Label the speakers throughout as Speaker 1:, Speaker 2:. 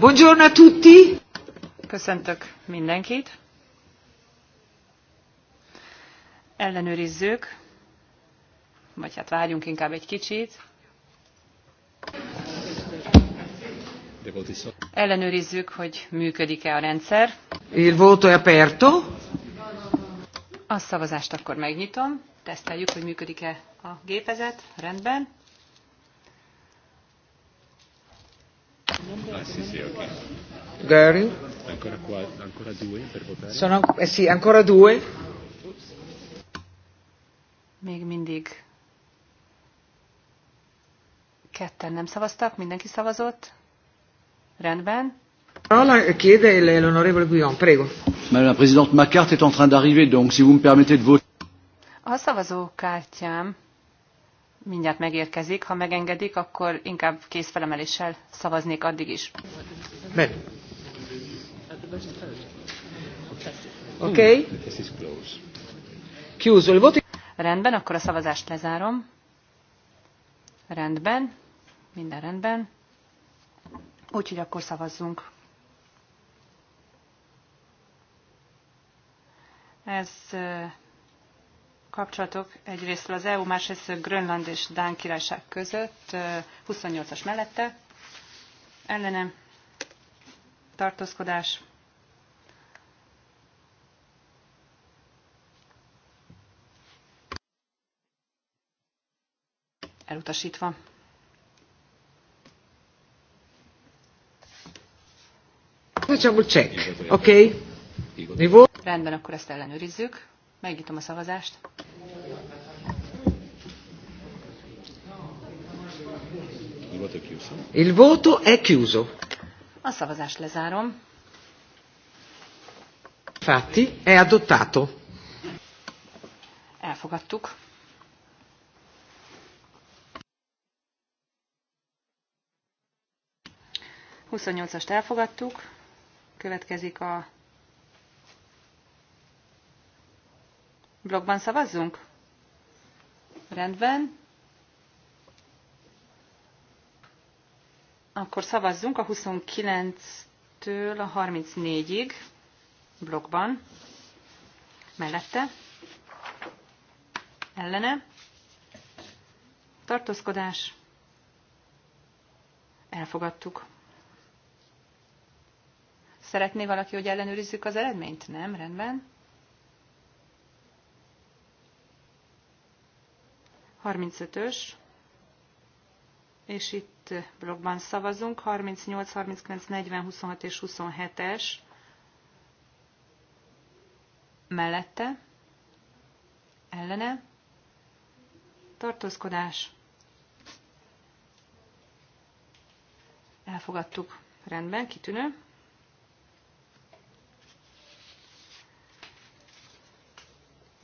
Speaker 1: Buongiorno a tutti! Köszöntök mindenkit! Ellenőrizzük, vagy hát várjunk inkább egy kicsit. Ellenőrizzük, hogy működik-e a rendszer. Il voto è aperto. A szavazást akkor megnyitom, teszteljük, hogy működik-e a gépezet, rendben. Ah, sì, sì, ok. Gary? Ancora, qua, ancora due per votare? Sono, eh sì, ancora due. Még mindig ketten nem szavaztak, mindenki szavazott. Rendben.
Speaker 2: Parola eh, chiede
Speaker 1: l'onorevole Guillaume, prego. Madame la Présidente, ma carte est en train d'arriver, donc si vous me permettez de voter. A szavazókártyám mindjárt megérkezik. Ha megengedik, akkor inkább kézfelemeléssel szavaznék addig is. Men. Oké. Okay. Hmm. Rendben, akkor a szavazást lezárom. Rendben, minden rendben. Úgyhogy akkor szavazzunk. Ez kapcsolatok egyrészt az EU, másrészt Grönland és Dán királyság között, 28-as mellette, ellenem tartózkodás, elutasítva. Facciamo check, ok? Rendben, akkor ezt ellenőrizzük. Megnyitom a szavazást. Il voto è chiuso. A szavazást lezárom.
Speaker 3: Fatti è adottato.
Speaker 1: Elfogadtuk. Huszonnyolcast elfogadtuk. Következik a Blogban szavazzunk? Rendben. Akkor szavazzunk a 29-től a 34-ig blogban. Mellette. Ellene. Tartózkodás. Elfogadtuk. Szeretné valaki, hogy ellenőrizzük az eredményt? Nem, rendben. 35-ös, és itt blogban szavazunk, 38, 39, 40, 26 és 27-es mellette, ellene, tartózkodás, elfogadtuk, rendben, kitűnő.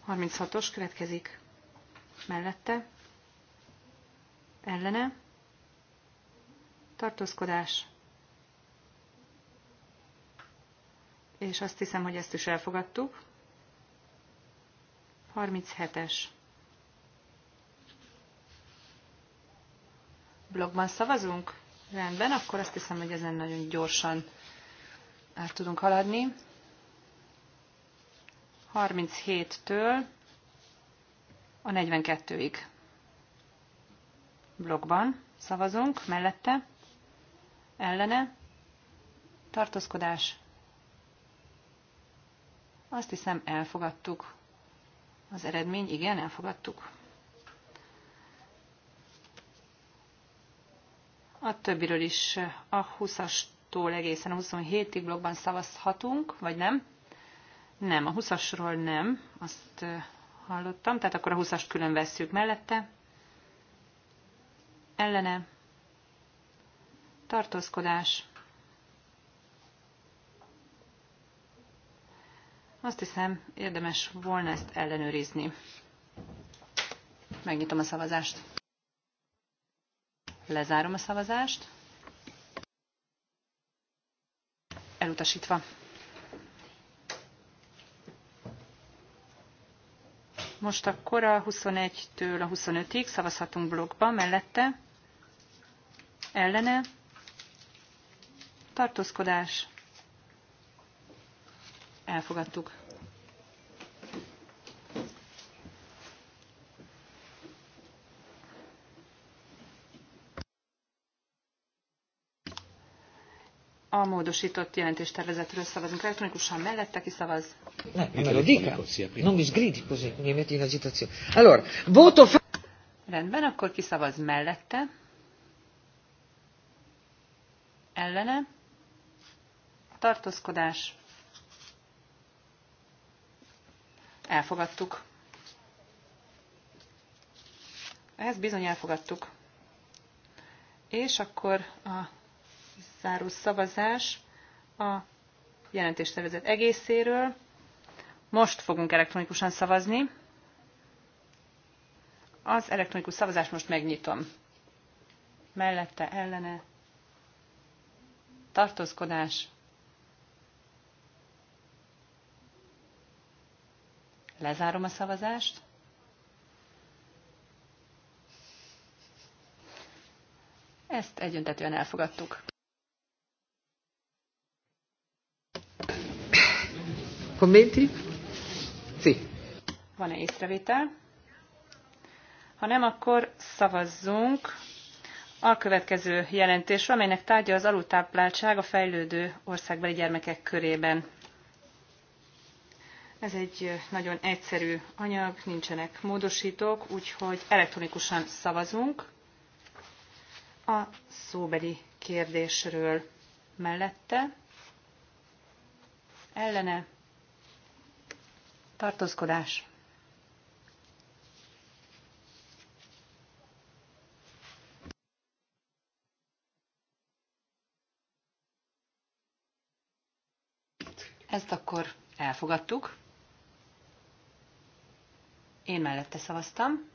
Speaker 1: Harminchatos következik mellette, ellene, tartózkodás, és azt hiszem, hogy ezt is elfogadtuk. 37-es. Blogban szavazunk? Rendben, akkor azt hiszem, hogy ezen nagyon gyorsan át tudunk haladni. 37-től a 42-ig. blogban szavazunk, mellette, ellene, tartózkodás. Azt hiszem elfogadtuk. Az eredmény, igen, elfogadtuk. A többiről is a 20-astól egészen a 27-ig blogban szavazhatunk, vagy nem? Nem, a 20-asról nem, azt hallottam, tehát akkor a 20-ast külön vesszük mellette. Ellene. Tartózkodás. Azt hiszem, érdemes volna ezt ellenőrizni. Megnyitom a szavazást. Lezárom a szavazást. Elutasítva. Most akkor a 21-től a 25-ig szavazhatunk blokkba, mellette, ellene, tartózkodás, elfogadtuk. A módosított jelentéstervezetről szavazunk elektronikusan, mellette ki szavaz? Ne, me lo Rendben, akkor ki szavaz mellette? Ellene? Tartózkodás? Elfogadtuk. Ezt bizony elfogadtuk. És akkor a záró szavazás a jelentéstervezet egészéről. Most fogunk elektronikusan szavazni. Az elektronikus szavazást most megnyitom. Mellette, ellene, tartózkodás, lezárom a szavazást, ezt egyöntetően elfogadtuk.
Speaker 3: Commenti? Sì.
Speaker 1: Van-e észrevétel? Ha nem, akkor szavazzunk a következő jelentésről, amelynek tárgya az alultápláltság a fejlődő országbeli gyermekek körében. Ez egy nagyon egyszerű anyag, nincsenek módosítók, úgyhogy elektronikusan szavazunk a szóbeli kérdésről mellette, ellene, tartózkodás. Ezt akkor elfogadtuk. Én mellette szavaztam.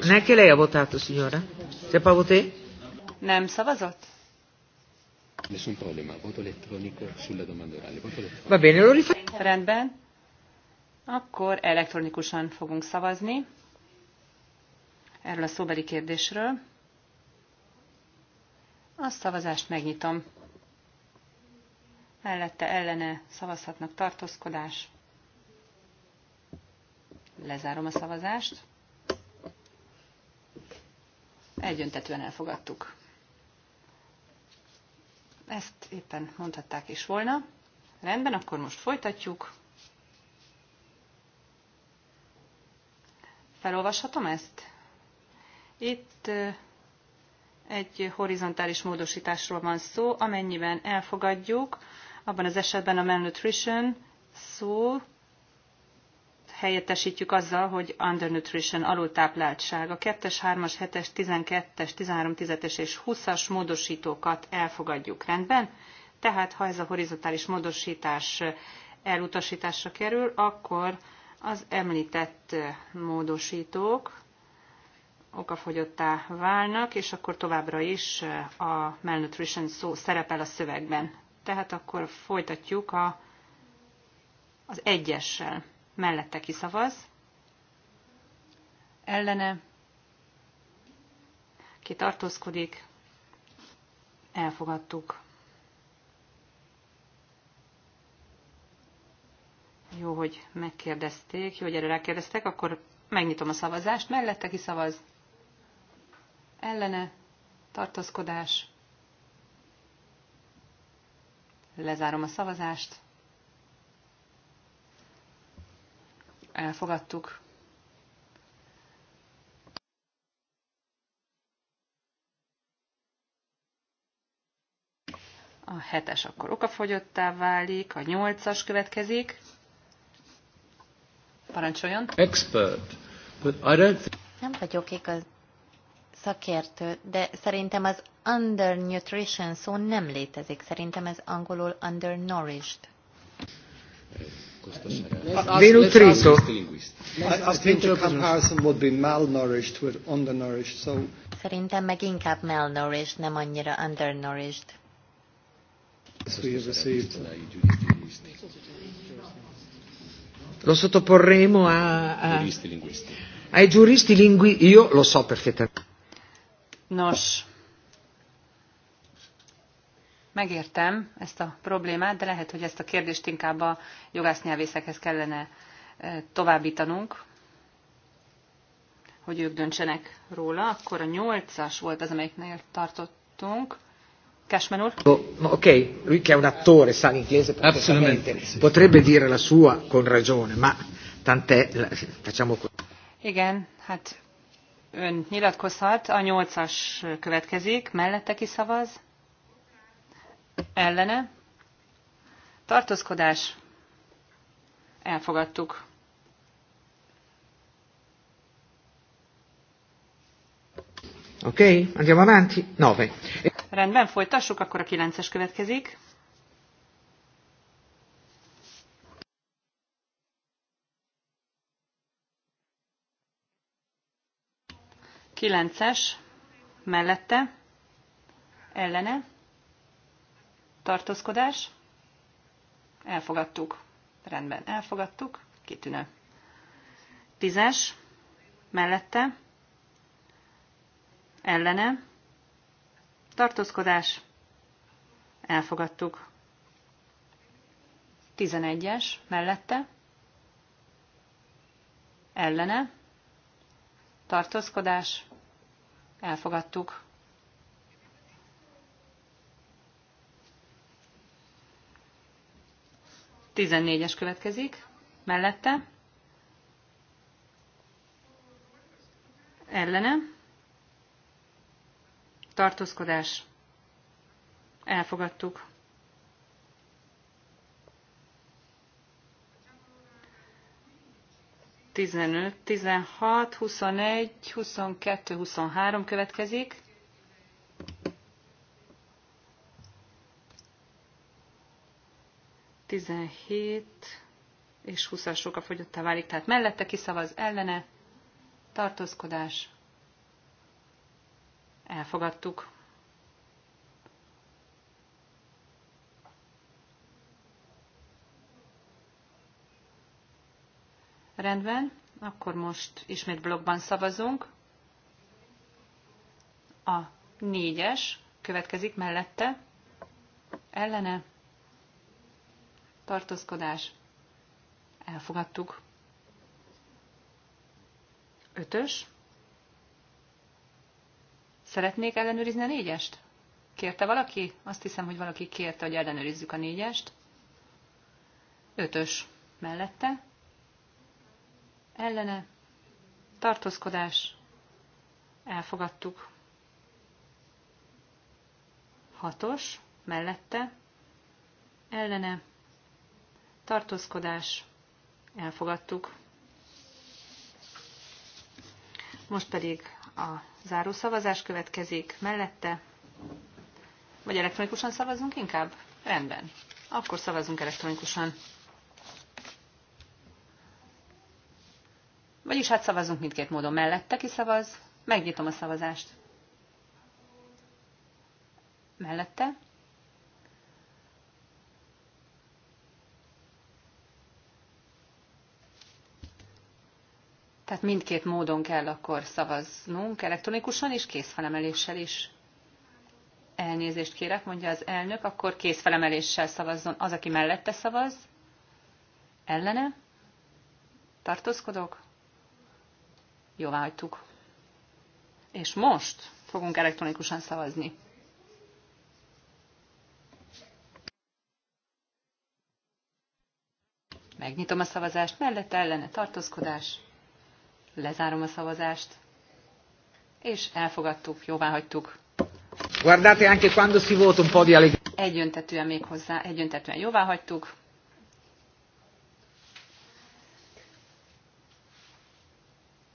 Speaker 1: Neanche kell a votátus, signora? Se pa voté? Nem szavazott?
Speaker 2: Nessun problema, voto elettronico sulla domanda orale. Voto elettronico. Va
Speaker 3: bene, lo
Speaker 1: rifaccio. Rendben. Akkor elektronikusan fogunk szavazni erről a szóbeli kérdésről. A szavazást megnyitom. Mellette ellene szavazhatnak tartózkodás. Lezárom a szavazást. Egyöntetően elfogadtuk. Ezt éppen mondhatták is volna. Rendben, akkor most folytatjuk. Felolvashatom ezt? Itt egy horizontális módosításról van szó, amennyiben elfogadjuk, abban az esetben a malnutrition szó helyettesítjük azzal, hogy undernutrition, alultápláltság. A 2-es, 3-as, 7-es, 12-es, 13-10-es és 20-as módosítókat elfogadjuk rendben. Tehát, ha ez a horizontális módosítás elutasításra kerül, akkor az említett módosítók okafogyottá válnak, és akkor továbbra is a malnutrition szó szerepel a szövegben. Tehát akkor folytatjuk a, az egyessel mellette kiszavaz, ellene, ki tartózkodik, elfogadtuk. Jó, hogy megkérdezték, jó, hogy erre rákérdeztek, akkor megnyitom a szavazást, mellette kiszavaz, ellene, tartózkodás, lezárom a szavazást, elfogadtuk. A hetes akkor okafogyottá válik, a nyolcas következik.
Speaker 3: Parancsoljon.
Speaker 2: Expert, but I don't
Speaker 3: Nem vagyok igaz szakértő, de szerintem az undernutrition szó nem létezik. Szerintem ez angolul undernourished.
Speaker 1: I think the comparison would be malnourished with undernourished,
Speaker 3: so... Szerintem meg inkább malnourished, nem annyira undernourished.
Speaker 1: Lo sottoporremo a, a, giuristi ai giuristi linguisti. Io lo so perfettamente. Nos, Megértem ezt a problémát, de lehet, hogy ezt a kérdést inkább a jogásznyelvészekhez kellene e, továbbítanunk, hogy ők döntsenek róla. Akkor a nyolcas volt az, amelyiknél tartottunk. Cashman úr? Oh,
Speaker 3: ok, lui che è un attore, sa l'inglese perfettamente, potrebbe dire la sua con ragione, ma tant'è, facciamo così.
Speaker 1: Igen, hát ön nyilatkozhat, a nyolcas következik, mellette kiszavaz ellene, tartózkodás, elfogadtuk. Oké, okay, andiamo avanti. 9. Rendben, folytassuk, akkor a kilences következik. Kilences, mellette, ellene, tartózkodás, elfogadtuk, rendben, elfogadtuk, kitűnő. Tízes, mellette, ellene, tartózkodás, elfogadtuk. Tizenegyes, mellette, ellene, tartózkodás, elfogadtuk. 14-es következik, mellette, ellene, tartózkodás, elfogadtuk. Tizenöt, tizenhat, huszonegy, huszonkettő, huszonhárom következik. 17 és 20-as sokkal fogyottá válik, tehát mellette kiszavaz ellene, tartózkodás, elfogadtuk. Rendben, akkor most ismét blogban szavazunk. A négyes következik mellette, ellene, tartózkodás, elfogadtuk. Ötös. Szeretnék ellenőrizni a négyest? Kérte valaki? Azt hiszem, hogy valaki kérte, hogy ellenőrizzük a négyest. Ötös. Mellette. Ellene. Tartózkodás. Elfogadtuk. Hatos. Mellette. Ellene tartózkodás, elfogadtuk. Most pedig a záró szavazás következik mellette. Vagy elektronikusan szavazunk inkább? Rendben. Akkor szavazunk elektronikusan. Vagyis hát szavazunk mindkét módon mellette, ki szavaz. Megnyitom a szavazást. Mellette. Tehát mindkét módon kell akkor szavaznunk, elektronikusan és készfelemeléssel is. Elnézést kérek, mondja az elnök, akkor készfelemeléssel szavazzon az, aki mellette szavaz. Ellene? Tartózkodok? Jóvá hagytuk. És most fogunk elektronikusan szavazni. Megnyitom a szavazást, mellette ellene tartózkodás. Lezárom a szavazást. És elfogadtuk, jóvá hagytuk.
Speaker 3: Guardate anche quando si vota un po' di allegria.
Speaker 1: Egyöntetően még hozzá, egyöntetően jóvá hagytuk.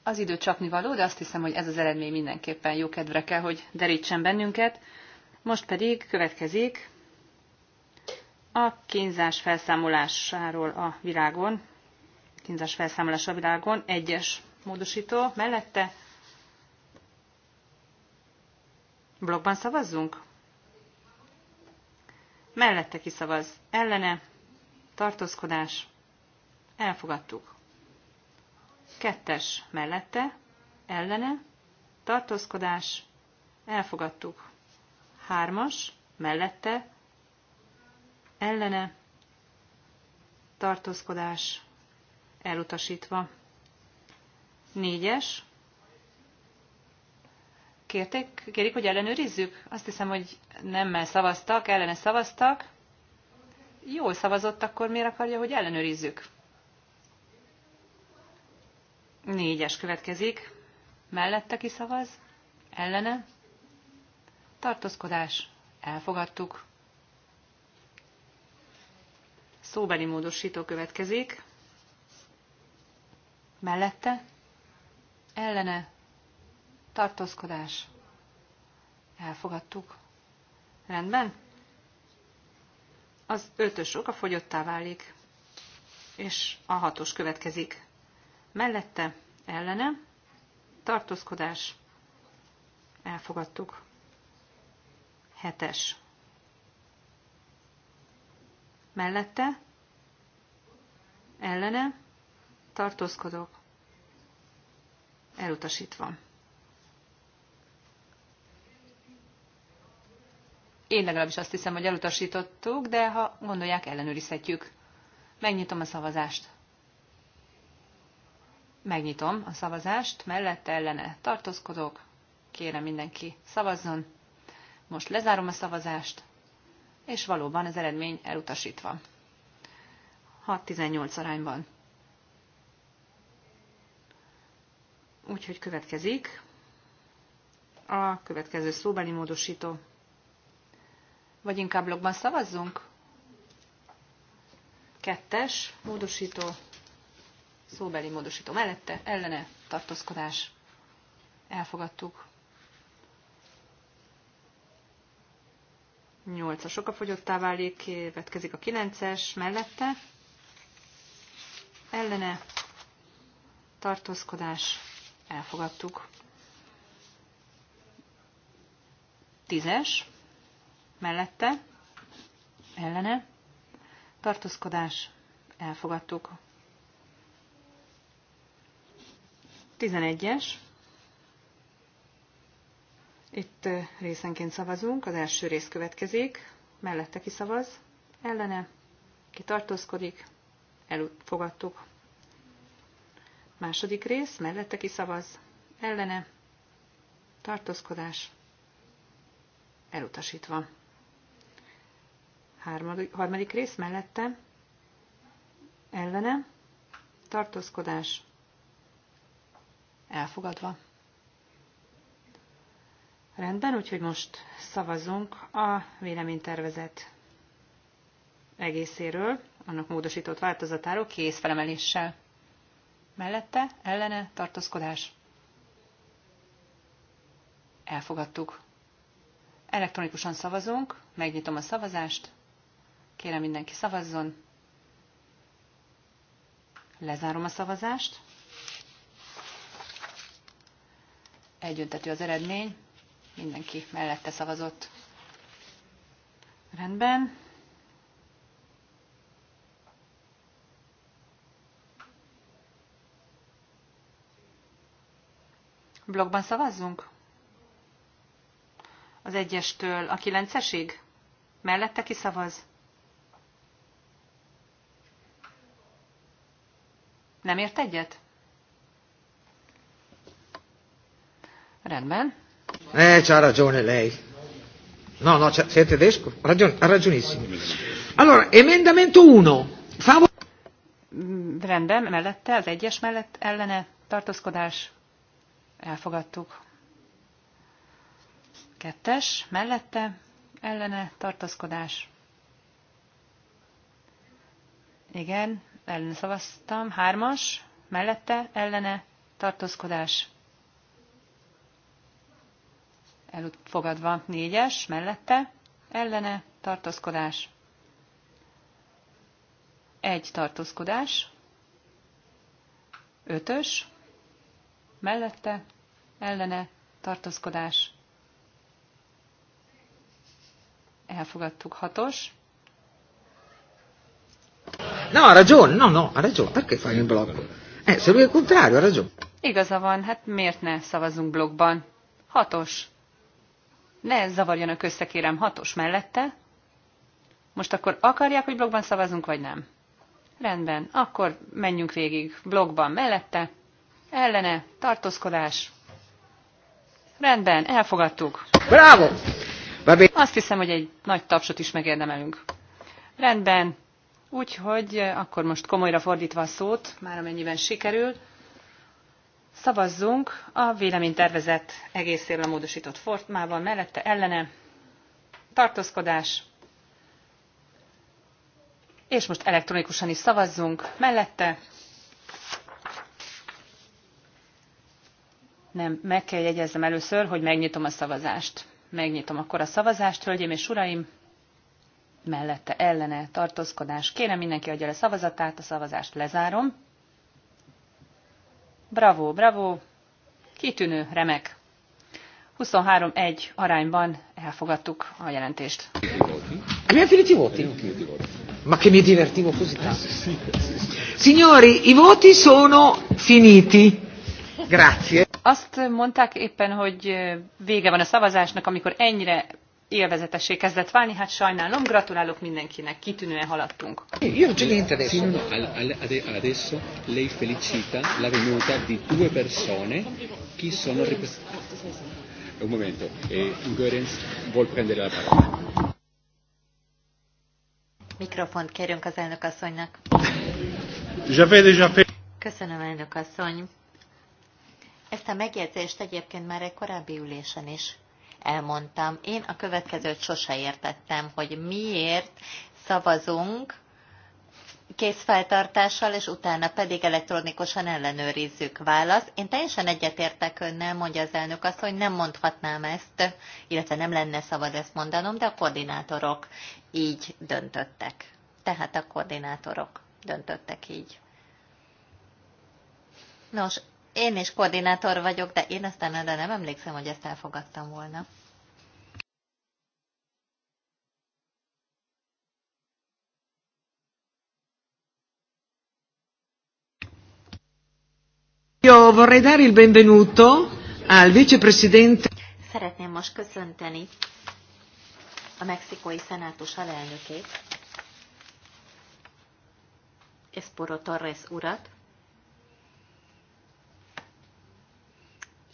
Speaker 1: Az idő csapni való, de azt hiszem, hogy ez az eredmény mindenképpen jó kedvre kell, hogy derítsen bennünket. Most pedig következik a kínzás felszámolásáról a világon, kínzás felszámolása a világon, egyes módosító mellette. Blogban szavazzunk? Mellette kiszavaz. Ellene. Tartózkodás. Elfogadtuk. Kettes mellette. Ellene. Tartózkodás. Elfogadtuk. Hármas mellette. Ellene. Tartózkodás. Elutasítva. Négyes. Kérték, kérik, hogy ellenőrizzük? Azt hiszem, hogy nemmel szavaztak, ellene szavaztak. Jól szavazott, akkor miért akarja, hogy ellenőrizzük? Négyes következik. Mellette szavaz. Ellene? Tartózkodás. Elfogadtuk. Szóbeli módosító következik. Mellette? ellene tartózkodás. Elfogadtuk. Rendben? Az ötös oka fogyottá válik, és a hatos következik. Mellette ellene tartózkodás. Elfogadtuk. Hetes. Mellette ellene tartózkodok elutasítva. Én legalábbis azt hiszem, hogy elutasítottuk, de ha gondolják, ellenőrizhetjük. Megnyitom a szavazást. Megnyitom a szavazást, mellette ellene tartózkodok. Kérem mindenki szavazzon. Most lezárom a szavazást, és valóban az eredmény elutasítva. 6-18 arányban. Úgyhogy következik a következő szóbeli módosító. Vagy inkább blogban szavazzunk? Kettes módosító, szóbeli módosító mellette, ellene tartózkodás. Elfogadtuk. a fogyottá válik, következik a kilences mellette, ellene tartózkodás elfogadtuk. Tízes, mellette, ellene, tartózkodás, elfogadtuk. Tizenegyes, itt részenként szavazunk, az első rész következik, mellette kiszavaz, ellene, tartózkodik, elfogadtuk. Második rész, mellette kiszavaz, ellene, tartózkodás, elutasítva. Harmadik, harmadik rész mellette, ellene, tartózkodás, elfogadva. Rendben, úgyhogy most szavazunk a véleménytervezet egészéről, annak módosított változatáról készfelemeléssel mellette, ellene, tartózkodás. Elfogadtuk. Elektronikusan szavazunk, megnyitom a szavazást, kérem mindenki szavazzon. Lezárom a szavazást. Egyöntetű az eredmény, mindenki mellette szavazott. Rendben, Blogban szavazzunk? Az egyestől a kilencesig? Mellette ki szavaz? Nem ért egyet? Rendben.
Speaker 3: Eh, c'ha ragione lei. No, no, sei tedesco? Ragion, ragionissimo. Allora, emendamento 1.
Speaker 1: Mm, rendben, mellette, az egyes mellett ellene tartózkodás elfogadtuk. Kettes, mellette, ellene, tartozkodás Igen, ellene szavaztam. Hármas, mellette, ellene, tartózkodás. Elfogadva. Négyes, mellette, ellene, tartózkodás. Egy tartózkodás. Ötös, mellette, ellene tartózkodás. Elfogadtuk hatos.
Speaker 3: No, ha ragione, no, no, ha ragione, perché fai un blog?
Speaker 2: Eh, se lui è contrario, ha ragione.
Speaker 1: Igaza van, hát miért ne szavazunk blogban? Hatos. Ne zavarjanak össze, kérem, hatos mellette. Most akkor akarják, hogy blogban szavazunk, vagy nem? Rendben, akkor menjünk végig. Blogban mellette, ellene, tartózkodás, Rendben, elfogadtuk. Bravo! Azt hiszem, hogy egy nagy tapsot is megérdemelünk. Rendben, úgyhogy eh, akkor most komolyra fordítva a szót, már amennyiben sikerül, szavazzunk a véleménytervezet egészéről a módosított formában, mellette ellene, tartózkodás, és most elektronikusan is szavazzunk, mellette, Nem, meg kell jegyeznem először, hogy megnyitom a szavazást. Megnyitom akkor a szavazást, hölgyeim és uraim. Mellette ellene tartózkodás. Kérem mindenki adja le szavazatát, a szavazást lezárom. Bravo, bravo. Kitűnő, remek. 23-1 arányban elfogadtuk a jelentést. Abbiamo finito i voti? Ma che mi divertivo così tanto. Signori, i voti sono finiti. Grazie. Azt mondták éppen, hogy vége van a szavazásnak, amikor ennyire élvezetessé kezdett válni, hát sajnálom, gratulálok mindenkinek, kitűnően haladtunk.
Speaker 3: Io non c'è niente adesso. lei felicita la venuta di due persone che sono
Speaker 1: Un momento, eh, Görens vuol prendere la parola.
Speaker 3: Mikrofont kérünk az elnök asszonynak. Köszönöm, elnök asszony. Ezt a megjegyzést egyébként már egy korábbi ülésen is elmondtam. Én a következőt sose értettem, hogy miért szavazunk készfeltartással, és utána pedig elektronikusan ellenőrizzük. Válasz. Én teljesen egyetértek önnel, mondja az elnök azt, hogy nem mondhatnám ezt, illetve nem lenne szabad ezt mondanom, de a koordinátorok így döntöttek. Tehát a koordinátorok döntöttek így. Nos, én is koordinátor vagyok, de én aztán de nem emlékszem, hogy ezt elfogadtam volna.
Speaker 1: Io vorrei dare il benvenuto al vicepresidente.
Speaker 3: Szeretném most köszönteni a mexikói szenátus alelnökét, Esporo Torres urat,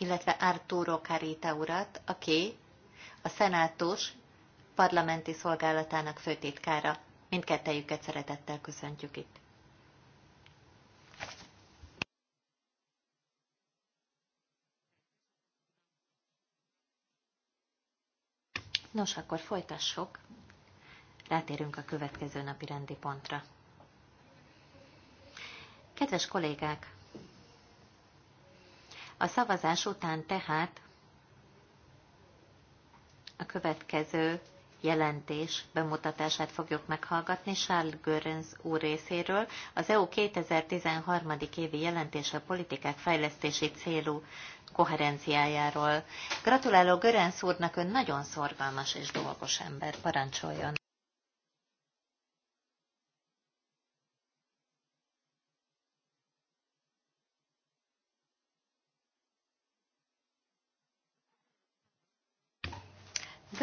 Speaker 3: illetve Arturo Carita urat, aki a szenátus parlamenti szolgálatának főtitkára. Mindkettejüket szeretettel köszöntjük itt. Nos, akkor folytassuk. Rátérünk a következő napi rendi pontra. Kedves kollégák! A szavazás után tehát a következő jelentés bemutatását fogjuk meghallgatni Charles Görens úr részéről, az EU 2013. évi jelentése a politikák fejlesztési célú koherenciájáról. Gratuláló Görens úrnak ön nagyon szorgalmas és dolgos ember, parancsoljon!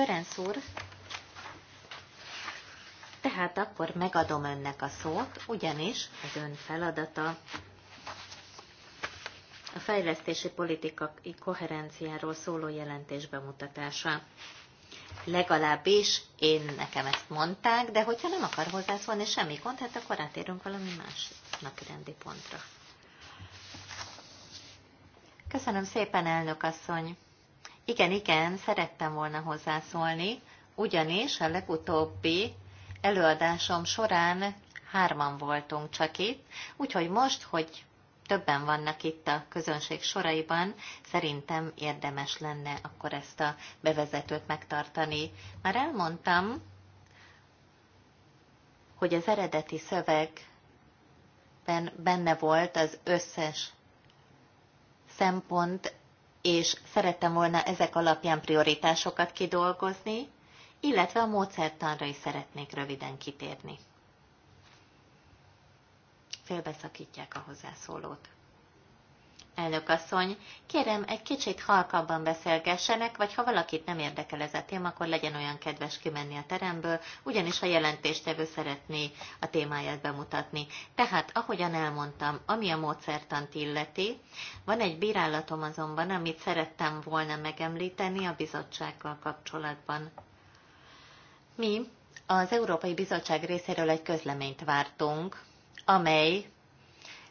Speaker 3: Ferenc úr, tehát akkor megadom önnek a szót, ugyanis az ön feladata a fejlesztési politikai koherenciáról szóló jelentés bemutatása. Legalábbis én nekem ezt mondták, de hogyha nem akar hozzászólni semmi gond, hát akkor átérünk valami más napi rendi pontra. Köszönöm szépen, elnök asszony! Igen, igen, szerettem volna hozzászólni, ugyanis a legutóbbi előadásom során hárman voltunk csak itt, úgyhogy most, hogy többen vannak itt a közönség soraiban, szerintem érdemes lenne akkor ezt a bevezetőt megtartani. Már elmondtam, hogy az eredeti szövegben benne volt az összes szempont, és szerettem volna ezek alapján prioritásokat kidolgozni, illetve a módszertanra is szeretnék röviden kitérni. Félbeszakítják a hozzászólót. Elnök asszony, kérem, egy kicsit halkabban beszélgessenek, vagy ha valakit nem érdekel ez a téma, akkor legyen olyan kedves kimenni a teremből, ugyanis a jelentéstevő szeretné a témáját bemutatni. Tehát, ahogyan elmondtam, ami a módszertant illeti, van egy bírálatom azonban, amit szerettem volna megemlíteni a bizottsággal kapcsolatban. Mi az Európai Bizottság részéről egy közleményt vártunk, amely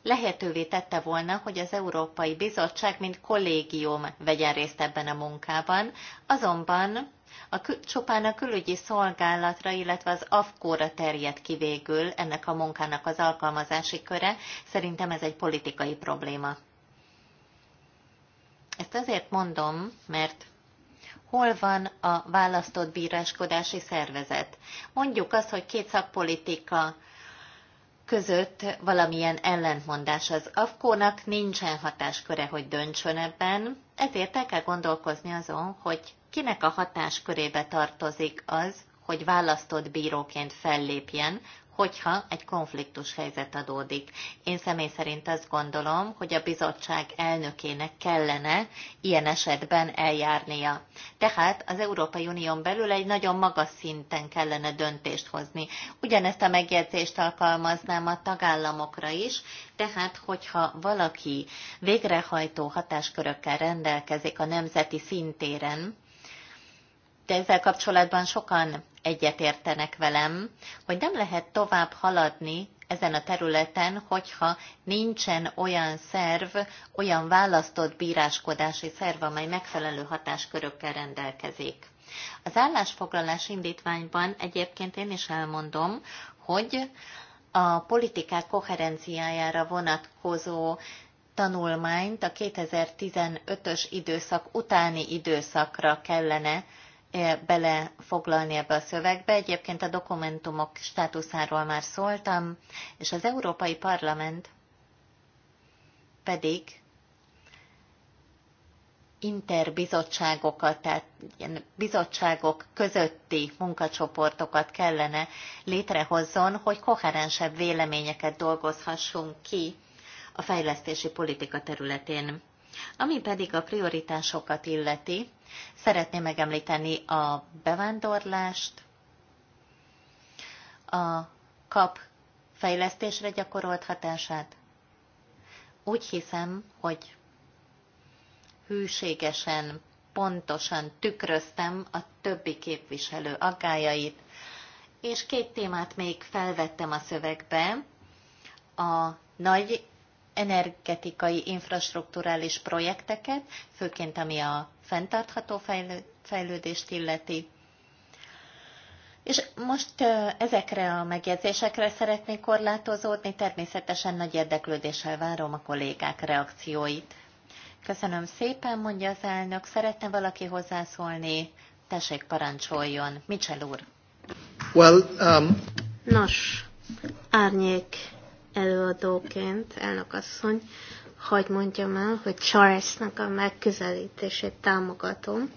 Speaker 3: lehetővé tette volna, hogy az Európai Bizottság, mint kollégium vegyen részt ebben a munkában, azonban a, csupán a külügyi szolgálatra, illetve az AFKÓ-ra terjed ki végül ennek a munkának az alkalmazási köre. Szerintem ez egy politikai probléma. Ezt azért mondom, mert hol van a választott bíráskodási szervezet? Mondjuk azt, hogy két szakpolitika között valamilyen ellentmondás. Az AFKÓ-nak nincsen hatásköre, hogy döntsön ebben, ezért el kell gondolkozni azon, hogy kinek a hatáskörébe tartozik az, hogy választott bíróként fellépjen, hogyha egy konfliktus helyzet adódik. Én személy szerint azt gondolom, hogy a bizottság elnökének kellene ilyen esetben eljárnia. Tehát az Európai Unión belül egy nagyon magas szinten kellene döntést hozni. Ugyanezt a megjegyzést alkalmaznám a tagállamokra is, tehát hogyha valaki végrehajtó hatáskörökkel rendelkezik a nemzeti szintéren, de ezzel kapcsolatban sokan egyetértenek velem, hogy nem lehet tovább haladni ezen a területen, hogyha nincsen olyan szerv, olyan választott bíráskodási szerv, amely megfelelő hatáskörökkel rendelkezik. Az állásfoglalás indítványban egyébként én is elmondom, hogy a politikák koherenciájára vonatkozó tanulmányt a 2015-ös időszak utáni időszakra kellene E, belefoglalni ebbe a szövegbe. Egyébként a dokumentumok státuszáról már szóltam, és az Európai Parlament pedig interbizottságokat, tehát ilyen bizottságok közötti munkacsoportokat kellene létrehozzon, hogy koherensebb véleményeket dolgozhassunk ki a fejlesztési politika területén. Ami pedig a prioritásokat illeti, szeretném megemlíteni a bevándorlást, a kap fejlesztésre gyakorolt hatását. Úgy hiszem, hogy hűségesen, pontosan tükröztem a többi képviselő aggájait, és két témát még felvettem a szövegbe, a nagy energetikai infrastruktúrális projekteket, főként ami a fenntartható fejlődést illeti. És most ezekre a megjegyzésekre szeretnék korlátozódni, természetesen nagy érdeklődéssel várom a kollégák reakcióit. Köszönöm szépen, mondja az elnök. Szeretne valaki hozzászólni? Tessék, parancsoljon. Mitchell úr.
Speaker 2: Well, um... Nos, árnyék előadóként, elnökasszony, hagyd mondjam el, hogy Charlesnak a megközelítését támogatom,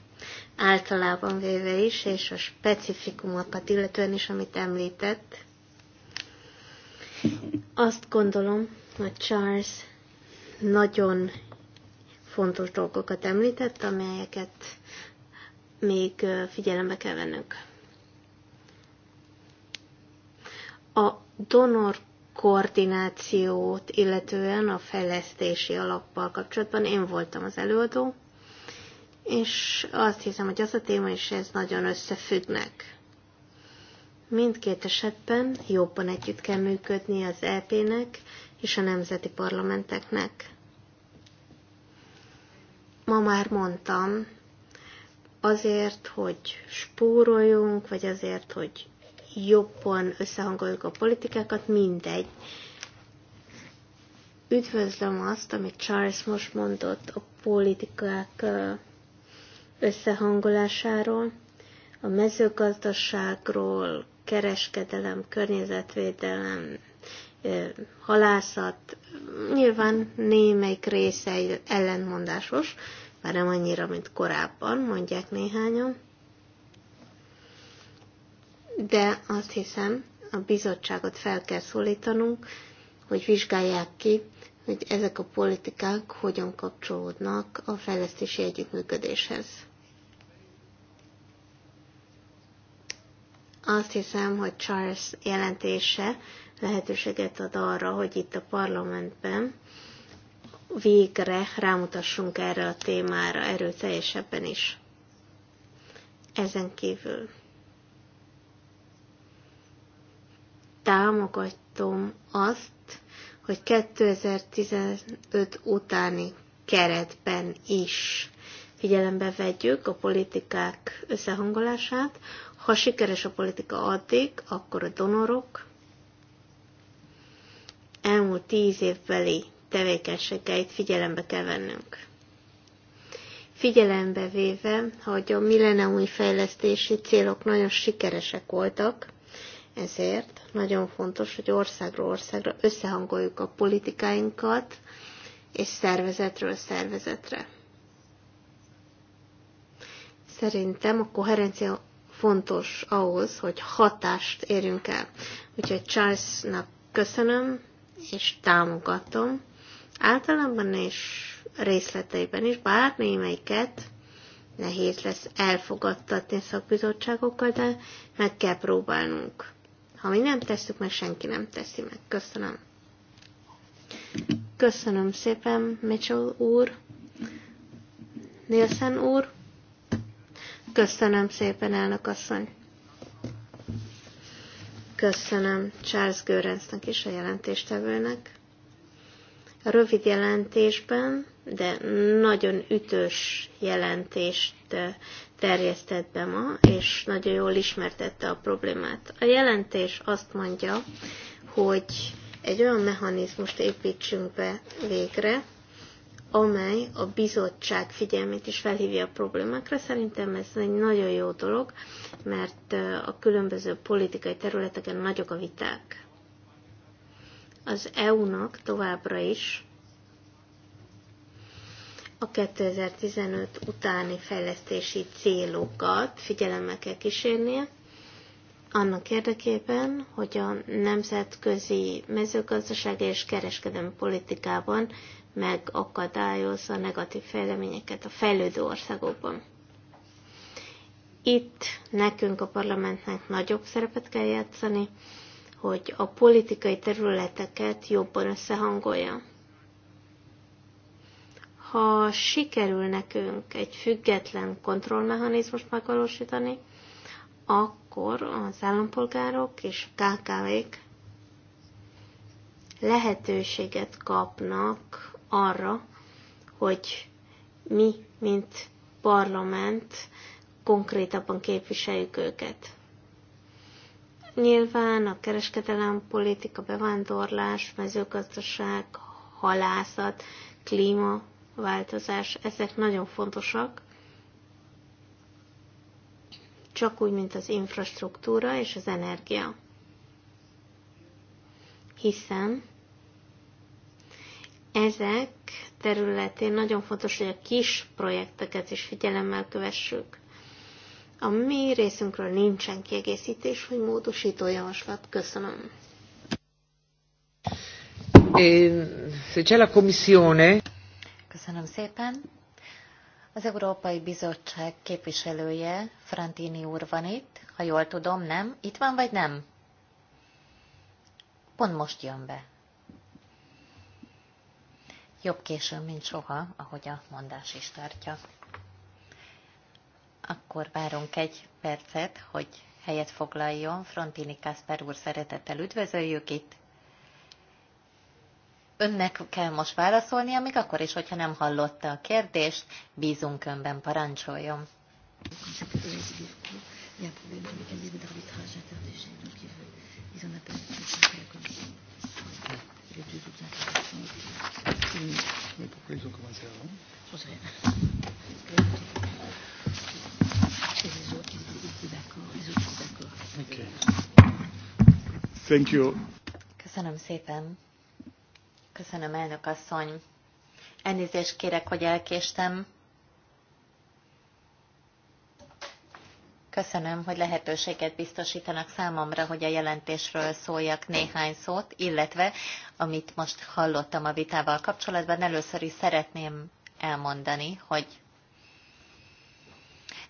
Speaker 2: általában véve is, és a specifikumokat illetően is, amit említett. Azt gondolom, hogy Charles nagyon fontos dolgokat említett, amelyeket még figyelembe kell vennünk. A donor koordinációt, illetően a fejlesztési alappal kapcsolatban én voltam az előadó, és azt hiszem, hogy az a téma és ez nagyon összefüggnek. Mindkét esetben jobban együtt kell működni az EP-nek és a nemzeti parlamenteknek. Ma már mondtam, azért, hogy spóroljunk, vagy azért, hogy jobban összehangoljuk a politikákat, mindegy. Üdvözlöm azt, amit Charles most mondott a politikák összehangolásáról, a mezőgazdaságról, kereskedelem, környezetvédelem, halászat, nyilván némelyik része ellentmondásos, már nem annyira, mint korábban, mondják néhányan, de azt hiszem, a bizottságot fel kell szólítanunk, hogy vizsgálják ki, hogy ezek a politikák hogyan kapcsolódnak a fejlesztési együttműködéshez. Azt hiszem, hogy Charles jelentése lehetőséget ad arra, hogy itt a parlamentben végre rámutassunk erre a témára erőteljesebben is. Ezen kívül támogatom azt, hogy 2015 utáni keretben is figyelembe vegyük a politikák összehangolását. Ha sikeres a politika addig, akkor a donorok elmúlt tíz évbeli tevékenységeit figyelembe kell vennünk. Figyelembe véve, hogy a millenniumi fejlesztési célok nagyon sikeresek voltak, ezért nagyon fontos, hogy országról országra összehangoljuk a politikáinkat, és szervezetről szervezetre. Szerintem a koherencia fontos ahhoz, hogy hatást érjünk el. Úgyhogy Charlesnak köszönöm, és támogatom. Általában és részleteiben is, bár némelyiket nehéz lesz elfogadtatni szakbizottságokkal, de meg kell próbálnunk. Ha mi nem tesszük meg, senki nem teszi meg. Köszönöm. Köszönöm szépen, Mitchell úr, Nielsen úr. Köszönöm szépen, elnök asszony. Köszönöm Charles Görensnek és a jelentéstevőnek. A rövid jelentésben, de nagyon ütős jelentést eh, terjesztett be ma, és nagyon jól ismertette a problémát. A jelentés azt mondja, hogy egy olyan mechanizmust építsünk be végre, amely a bizottság figyelmét is felhívja a problémákra. Szerintem ez egy nagyon jó dolog, mert a különböző politikai területeken nagyok a viták. Az EU-nak továbbra is a 2015 utáni fejlesztési célokat figyelemmel kell kísérnie, annak érdekében, hogy a nemzetközi mezőgazdaság és kereskedelmi politikában megakadályozza a negatív fejleményeket a fejlődő országokban. Itt nekünk a parlamentnek nagyobb szerepet kell játszani, hogy a politikai területeket jobban összehangolja ha sikerül nekünk egy független kontrollmechanizmust megvalósítani, akkor az állampolgárok és KKV-k lehetőséget kapnak arra, hogy mi, mint parlament, konkrétabban képviseljük őket. Nyilván a kereskedelem, politika, bevándorlás, mezőgazdaság, halászat, klíma, változás, ezek nagyon fontosak, csak úgy, mint az infrastruktúra és az energia. Hiszen ezek területén nagyon fontos, hogy a kis projekteket is figyelemmel kövessük. A mi részünkről nincsen kiegészítés, hogy módosító javaslat. Köszönöm.
Speaker 1: Ehm, se c'è la Commissione.
Speaker 3: Köszönöm szépen. Az Európai Bizottság képviselője, Frantini úr van itt, ha jól tudom, nem? Itt van, vagy nem? Pont most jön be. Jobb későn, mint soha, ahogy a mondás is tartja. Akkor várunk egy percet, hogy helyet foglaljon. Frontini Kászper úr szeretettel üdvözöljük itt. Önnek kell most válaszolnia, még akkor is, hogyha nem hallotta a kérdést, bízunk önben, parancsoljon.
Speaker 2: Thank you. Köszönöm szépen.
Speaker 3: Köszönöm, elnök asszony. Elnézést kérek, hogy elkéstem. Köszönöm, hogy lehetőséget biztosítanak számomra, hogy a jelentésről szóljak néhány szót, illetve amit most hallottam a vitával kapcsolatban, először is szeretném elmondani, hogy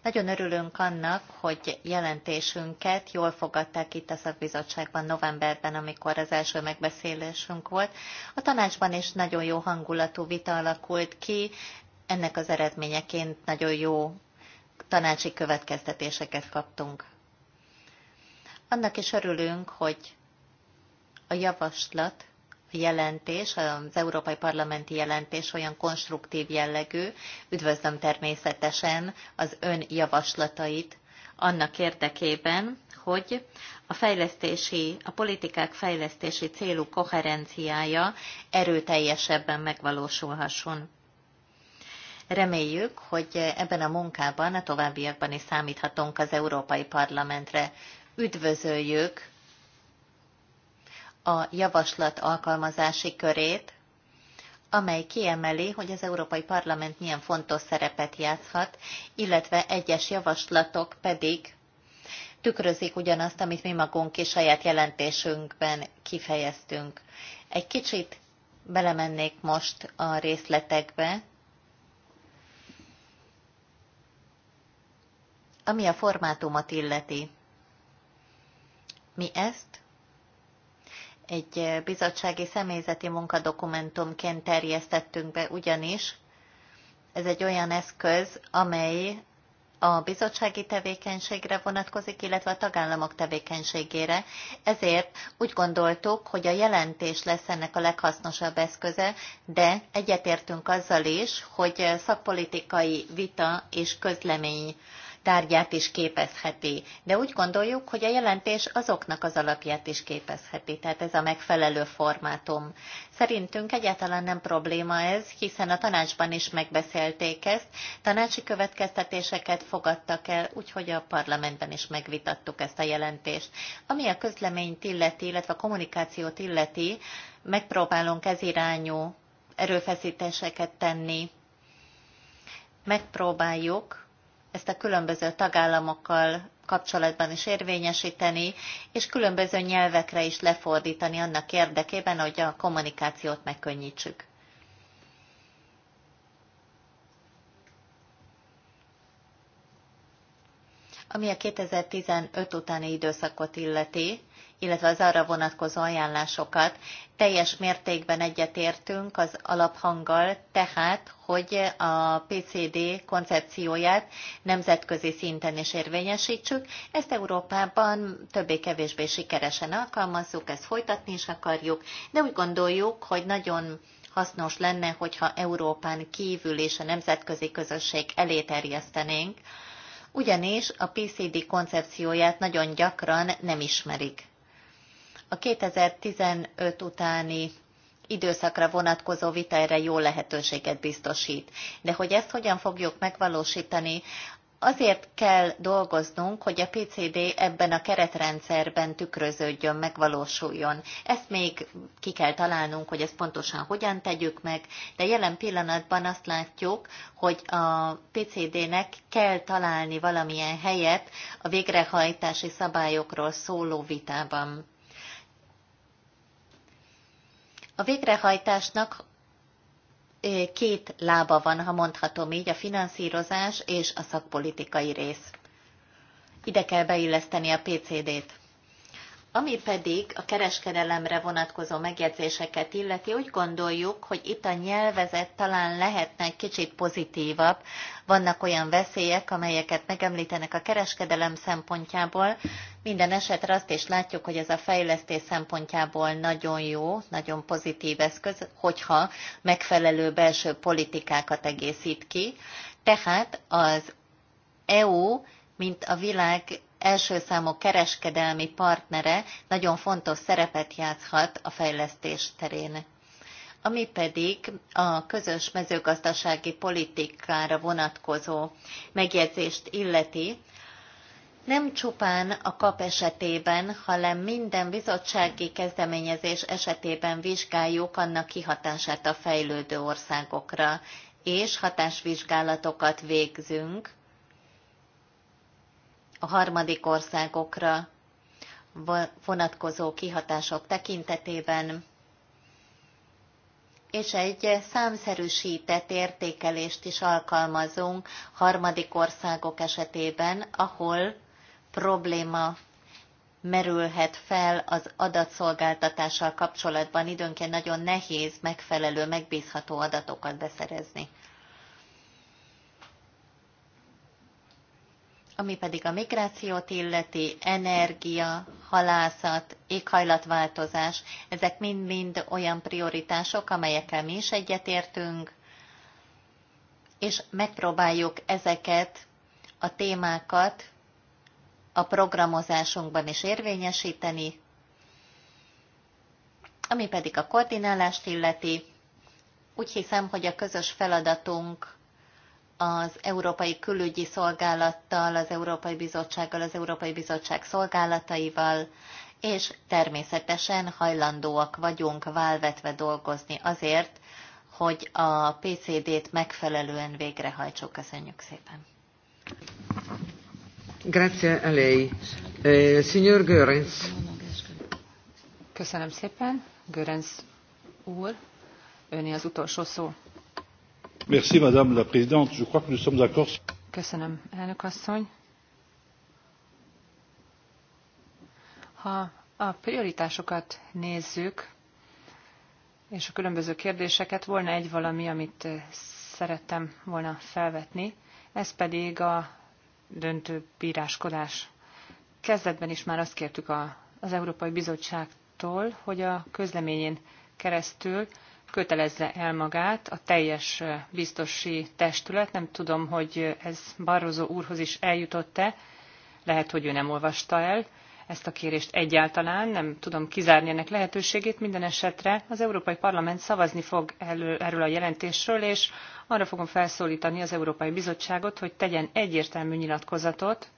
Speaker 3: nagyon örülünk annak, hogy jelentésünket jól fogadták itt a szakbizottságban novemberben, amikor az első megbeszélésünk volt. A tanácsban is nagyon jó hangulatú vita alakult ki, ennek az eredményeként nagyon jó tanácsi következtetéseket kaptunk. Annak is örülünk, hogy a javaslat jelentés, az Európai Parlamenti jelentés olyan konstruktív jellegű. Üdvözlöm természetesen az ön javaslatait annak érdekében, hogy a fejlesztési, a politikák fejlesztési célú koherenciája erőteljesebben megvalósulhasson. Reméljük, hogy ebben a munkában a továbbiakban is számíthatunk az Európai Parlamentre. Üdvözöljük a javaslat alkalmazási körét, amely kiemeli, hogy az Európai Parlament milyen fontos szerepet játszhat, illetve egyes javaslatok pedig tükrözik ugyanazt, amit mi magunk is saját jelentésünkben kifejeztünk. Egy kicsit belemennék most a részletekbe, ami a formátumot illeti. Mi ezt egy bizottsági személyzeti munkadokumentumként terjesztettünk be ugyanis. Ez egy olyan eszköz, amely a bizottsági tevékenységre vonatkozik, illetve a tagállamok tevékenységére. Ezért úgy gondoltuk, hogy a jelentés lesz ennek a leghasznosabb eszköze, de egyetértünk azzal is, hogy szakpolitikai vita és közlemény tárgyát is képezheti. De úgy gondoljuk, hogy a jelentés azoknak az alapját is képezheti, tehát ez a megfelelő formátum. Szerintünk egyáltalán nem probléma ez, hiszen a tanácsban is megbeszélték ezt, tanácsi következtetéseket fogadtak el, úgyhogy a parlamentben is megvitattuk ezt a jelentést. Ami a közleményt illeti, illetve a kommunikációt illeti, megpróbálunk ez irányú erőfeszítéseket tenni. Megpróbáljuk ezt a különböző tagállamokkal kapcsolatban is érvényesíteni, és különböző nyelvekre is lefordítani annak érdekében, hogy a kommunikációt megkönnyítsük. Ami a 2015 utáni időszakot illeti, illetve az arra vonatkozó ajánlásokat. Teljes mértékben egyetértünk az alaphanggal, tehát, hogy a PCD koncepcióját nemzetközi szinten is érvényesítsük. Ezt Európában többé-kevésbé sikeresen alkalmazzuk, ezt folytatni is akarjuk, de úgy gondoljuk, hogy nagyon hasznos lenne, hogyha Európán kívül és a nemzetközi közösség elé terjesztenénk, ugyanis a PCD koncepcióját nagyon gyakran nem ismerik. A 2015 utáni időszakra vonatkozó vita erre jó lehetőséget biztosít. De hogy ezt hogyan fogjuk megvalósítani, azért kell dolgoznunk, hogy a PCD ebben a keretrendszerben tükröződjön, megvalósuljon. Ezt még ki kell találnunk, hogy ezt pontosan hogyan tegyük meg, de jelen pillanatban azt látjuk, hogy a PCD-nek kell találni valamilyen helyet a végrehajtási szabályokról szóló vitában. A végrehajtásnak két lába van, ha mondhatom így, a finanszírozás és a szakpolitikai rész. Ide kell beilleszteni a PCD-t. Ami pedig a kereskedelemre vonatkozó megjegyzéseket illeti, úgy gondoljuk, hogy itt a nyelvezet talán lehetne egy kicsit pozitívabb. Vannak olyan veszélyek, amelyeket megemlítenek a kereskedelem szempontjából. Minden esetre azt is látjuk, hogy ez a fejlesztés szempontjából nagyon jó, nagyon pozitív eszköz, hogyha megfelelő belső politikákat egészít ki. Tehát az EU, mint a világ első számú kereskedelmi partnere nagyon fontos szerepet játszhat a fejlesztés terén ami pedig a közös mezőgazdasági politikára vonatkozó megjegyzést illeti, nem csupán a kap esetében, hanem minden bizottsági kezdeményezés esetében vizsgáljuk annak kihatását a fejlődő országokra, és hatásvizsgálatokat végzünk a harmadik országokra vonatkozó kihatások tekintetében, és egy számszerűsített értékelést is alkalmazunk harmadik országok esetében, ahol probléma merülhet fel az adatszolgáltatással kapcsolatban. Időnként nagyon nehéz megfelelő, megbízható adatokat beszerezni. ami pedig a migrációt illeti, energia, halászat, éghajlatváltozás, ezek mind-mind olyan prioritások, amelyekkel mi is egyetértünk, és megpróbáljuk ezeket a témákat a programozásunkban is érvényesíteni, ami pedig a koordinálást illeti. Úgy hiszem, hogy a közös feladatunk az Európai Külügyi Szolgálattal, az Európai Bizottsággal, az Európai Bizottság szolgálataival, és természetesen hajlandóak vagyunk válvetve dolgozni azért, hogy a PCD-t megfelelően végrehajtsuk. Köszönjük szépen! Grazie a lei. Eh, signor Görens.
Speaker 1: Köszönöm szépen, Görens úr. Öné az utolsó szó. Madame la Présidente. Je crois que nous sommes d'accord. Ha a prioritásokat nézzük, és a különböző kérdéseket, volna egy valami, amit eh, szerettem volna felvetni, ez pedig a döntő bíráskodás. Kezdetben is már azt kértük az Európai Bizottságtól, hogy a közleményén keresztül kötelezze el magát a teljes biztosi testület. Nem tudom, hogy ez Barrozó úrhoz is eljutott-e, lehet, hogy ő nem olvasta el ezt a kérést egyáltalán, nem tudom kizárni ennek lehetőségét. Minden esetre az Európai Parlament szavazni fog elő, erről a jelentésről, és arra fogom felszólítani az Európai Bizottságot, hogy tegyen egyértelmű nyilatkozatot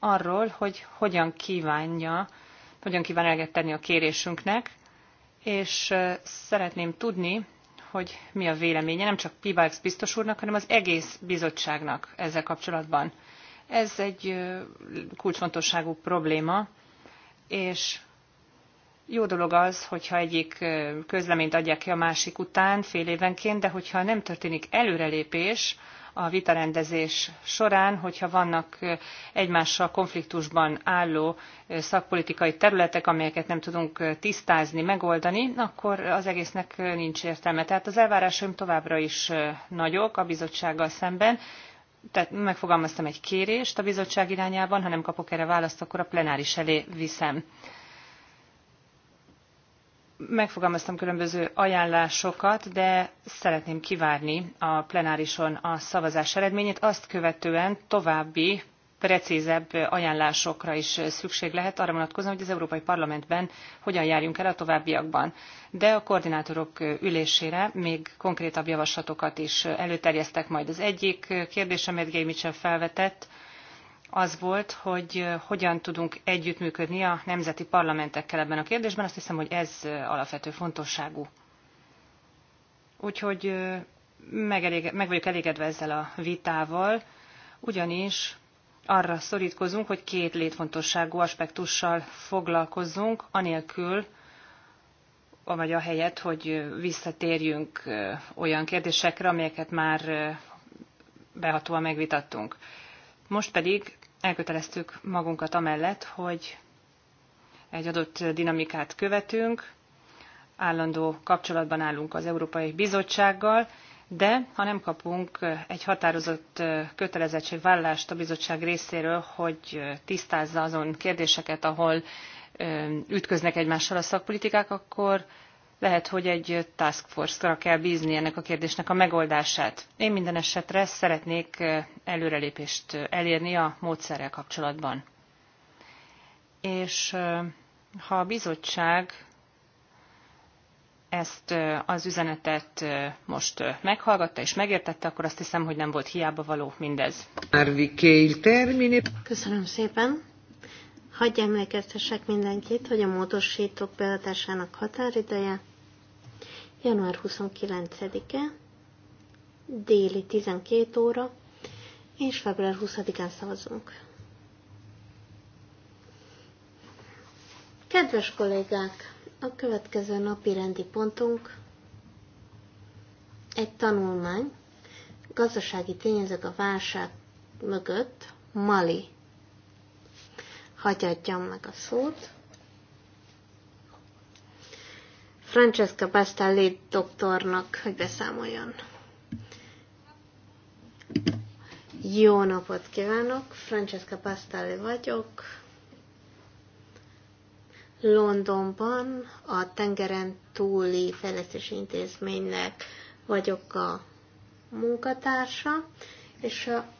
Speaker 1: arról, hogy hogyan kívánja, hogyan kíván elget tenni a kérésünknek, és szeretném tudni, hogy mi a véleménye, nem csak Pibax biztos úrnak, hanem az egész bizottságnak ezzel kapcsolatban. Ez egy kulcsfontosságú probléma, és jó dolog az, hogyha egyik közleményt adják ki a másik után fél évenként, de hogyha nem történik előrelépés a vitarendezés során, hogyha vannak egymással konfliktusban álló szakpolitikai területek, amelyeket nem tudunk tisztázni, megoldani, akkor az egésznek nincs értelme. Tehát az elvárásaim továbbra is nagyok a bizottsággal szemben, tehát megfogalmaztam egy kérést a bizottság irányában, ha nem kapok erre választ, akkor a plenáris elé viszem megfogalmaztam különböző ajánlásokat, de szeretném kivárni a plenárison a szavazás eredményét, azt követően további precízebb ajánlásokra is szükség lehet arra vonatkozóan, hogy az Európai Parlamentben hogyan járjunk el a továbbiakban. De a koordinátorok ülésére még konkrétabb javaslatokat is előterjesztek majd. Az egyik kérdés, amit Gay Mitchell felvetett, az volt, hogy hogyan tudunk együttműködni a nemzeti parlamentekkel ebben a kérdésben. Azt hiszem, hogy ez alapvető fontosságú. Úgyhogy meg vagyok elégedve ezzel a vitával, ugyanis arra szorítkozunk, hogy két létfontosságú aspektussal foglalkozzunk, anélkül, vagy a helyet, hogy visszatérjünk olyan kérdésekre, amelyeket már behatóan megvitattunk. Most pedig elköteleztük magunkat amellett, hogy egy adott dinamikát követünk, állandó kapcsolatban állunk az Európai Bizottsággal, de ha nem kapunk egy határozott kötelezettségvállást a bizottság részéről, hogy tisztázza azon kérdéseket, ahol ütköznek egymással a szakpolitikák, akkor lehet, hogy egy task force-ra kell bízni ennek a kérdésnek a megoldását. Én minden esetre szeretnék előrelépést elérni a módszerrel kapcsolatban. És ha a bizottság ezt az üzenetet most meghallgatta és megértette, akkor azt hiszem, hogy nem volt hiába való mindez.
Speaker 2: Köszönöm szépen. Hagyj emlékeztessek mindenkit, hogy a módosítók beadásának határideje január 29-e, déli 12 óra, és február 20-án szavazunk. Kedves kollégák, a következő napi rendi pontunk egy tanulmány, gazdasági tényezők a válság mögött, Mali hagyhatjam meg a szót. Francesca Pastelli doktornak, hogy beszámoljon. Jó napot kívánok! Francesca Pastelli vagyok. Londonban a tengeren túli fejlesztési intézménynek vagyok a munkatársa, és a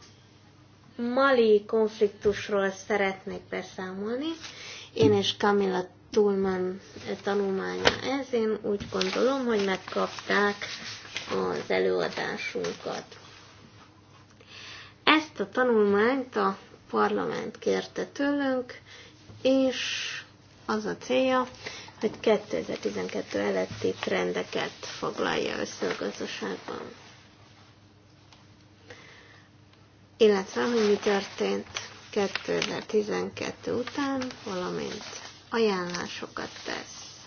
Speaker 2: mali konfliktusról szeretnék beszámolni. Én és Kamila Tulman tanulmánya ez. Én úgy gondolom, hogy megkapták az előadásunkat. Ezt a tanulmányt a parlament kérte tőlünk, és az a célja, hogy 2012 előtti trendeket foglalja össze a gazdaságban. illetve hogy mi történt 2012 után, valamint ajánlásokat tesz.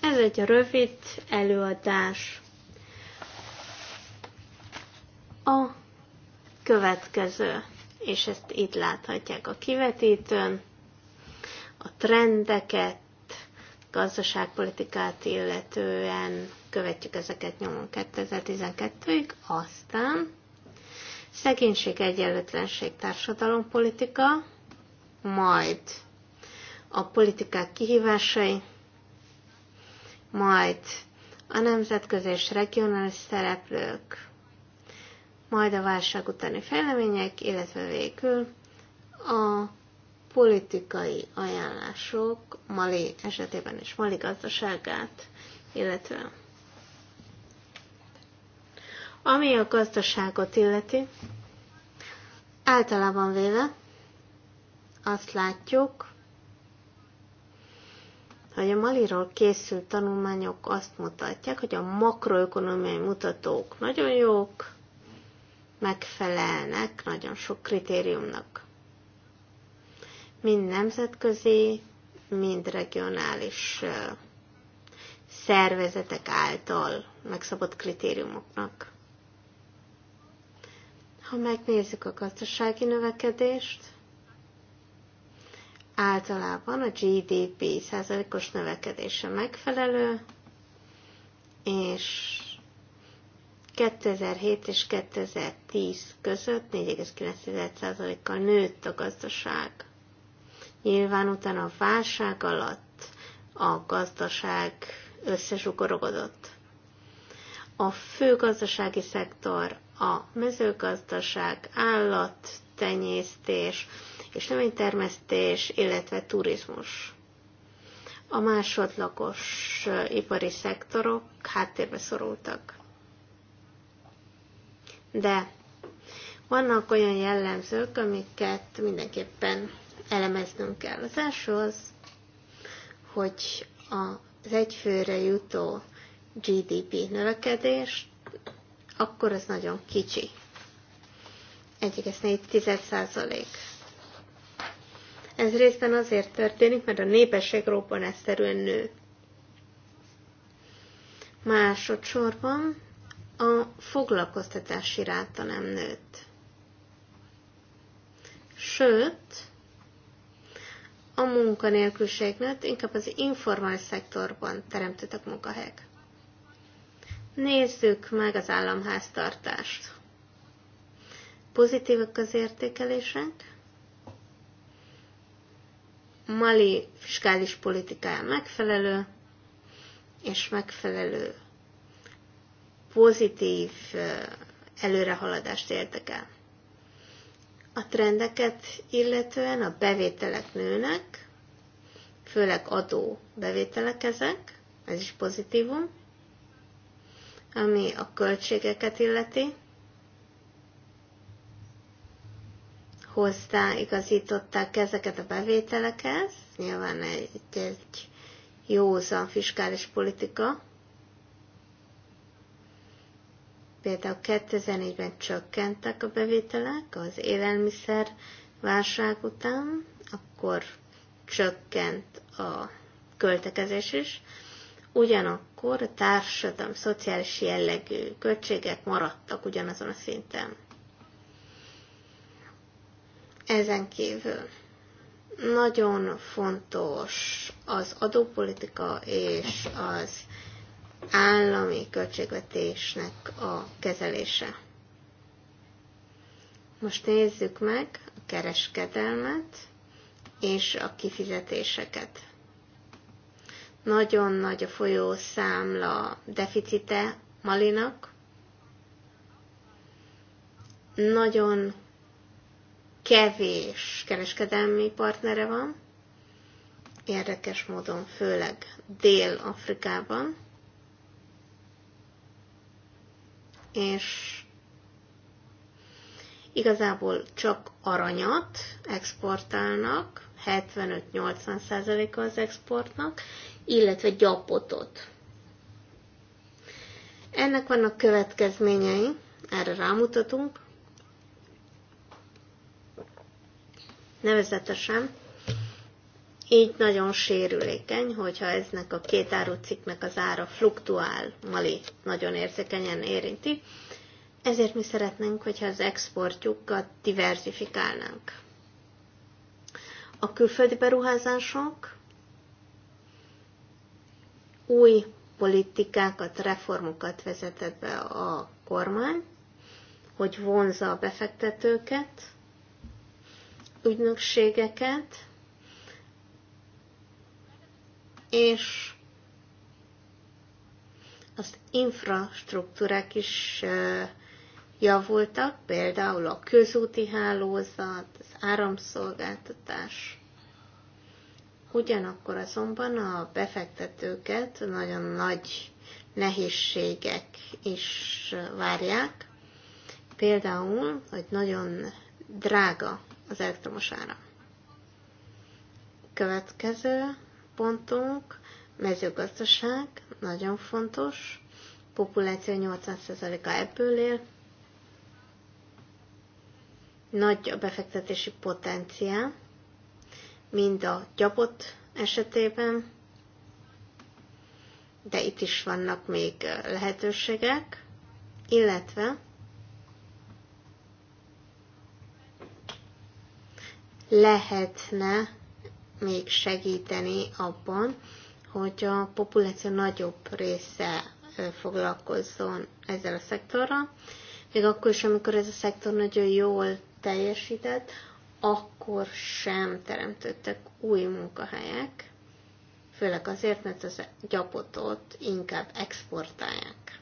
Speaker 2: Ez egy rövid előadás. A következő, és ezt itt láthatják a kivetítőn, a trendeket, gazdaságpolitikát illetően követjük ezeket nyomon 2012-ig, aztán Szegénység, egyenlőtlenség, társadalompolitika, majd a politikák kihívásai, majd a nemzetközi és regionális szereplők, majd a válság utáni fejlemények, illetve végül a politikai ajánlások Mali esetében és Mali gazdaságát, illetve ami a gazdaságot illeti, általában véve azt látjuk, hogy a Maliról készült tanulmányok azt mutatják, hogy a makroökonomiai mutatók nagyon jók, megfelelnek nagyon sok kritériumnak. Mind nemzetközi, mind regionális szervezetek által megszabott kritériumoknak. Ha megnézzük a gazdasági növekedést, általában a GDP százalékos növekedése megfelelő, és 2007 és 2010 között 4,9%-kal nőtt a gazdaság. Nyilván utána a válság alatt a gazdaság összesugorogodott. A fő gazdasági szektor a mezőgazdaság, állattenyésztés és növénytermesztés, illetve turizmus. A másodlagos eh, ipari szektorok háttérbe szorultak. De vannak olyan jellemzők, amiket mindenképpen elemeznünk kell. Az első az, hogy az egyfőre jutó GDP növekedést akkor az nagyon kicsi. 1,4 Ez részben azért történik, mert a népesség robbanásszerűen nő. Másodszorban a foglalkoztatási ráta nem nőtt. Sőt, a munkanélküliség nőtt, inkább az informális szektorban teremtettek munkahelyek. Nézzük meg az államháztartást. Pozitívak az értékelések. Mali fiskális politikája megfelelő, és megfelelő pozitív előrehaladást értek el. A trendeket illetően a bevételek nőnek, főleg adó bevételek ezek, ez is pozitívum ami a költségeket illeti. igazították ezeket a bevételekhez, nyilván egy, egy józan fiskális politika. Például 2004-ben csökkentek a bevételek az élelmiszer válság után, akkor csökkent a költekezés is, ugyanakkor a társadalom szociális jellegű költségek maradtak ugyanazon a szinten. Ezen kívül nagyon fontos az adópolitika és az állami költségvetésnek a kezelése. Most nézzük meg a kereskedelmet és a kifizetéseket. Nagyon nagy a folyószámla deficite Malinak. Nagyon kevés kereskedelmi partnere van, érdekes módon főleg Dél-Afrikában, és igazából csak aranyat exportálnak, 75-80%-a az exportnak, illetve gyapotot. Ennek vannak következményei, erre rámutatunk, nevezetesen így nagyon sérülékeny, hogyha eznek a két árucikknek az ára fluktuál, mali nagyon érzékenyen érinti. Ezért mi szeretnénk, hogyha az exportjukat diversifikálnánk a külföldi beruházások, új politikákat, reformokat vezetett be a kormány, hogy vonza a befektetőket, ügynökségeket, és az infrastruktúrák is javultak, például a közúti hálózat, az áramszolgáltatás. Ugyanakkor azonban a befektetőket nagyon nagy nehézségek is várják, például, hogy nagyon drága az elektromos áram. Következő pontunk, mezőgazdaság, nagyon fontos, populáció 80%-a ebből él, nagy a befektetési potenciál, mind a gyapot esetében, de itt is vannak még lehetőségek, illetve lehetne még segíteni abban, hogy a populáció nagyobb része foglalkozzon ezzel a szektorral, még akkor is, amikor ez a szektor nagyon jól teljesített, akkor sem teremtődtek új munkahelyek, főleg azért, mert az gyapotot inkább exportálják.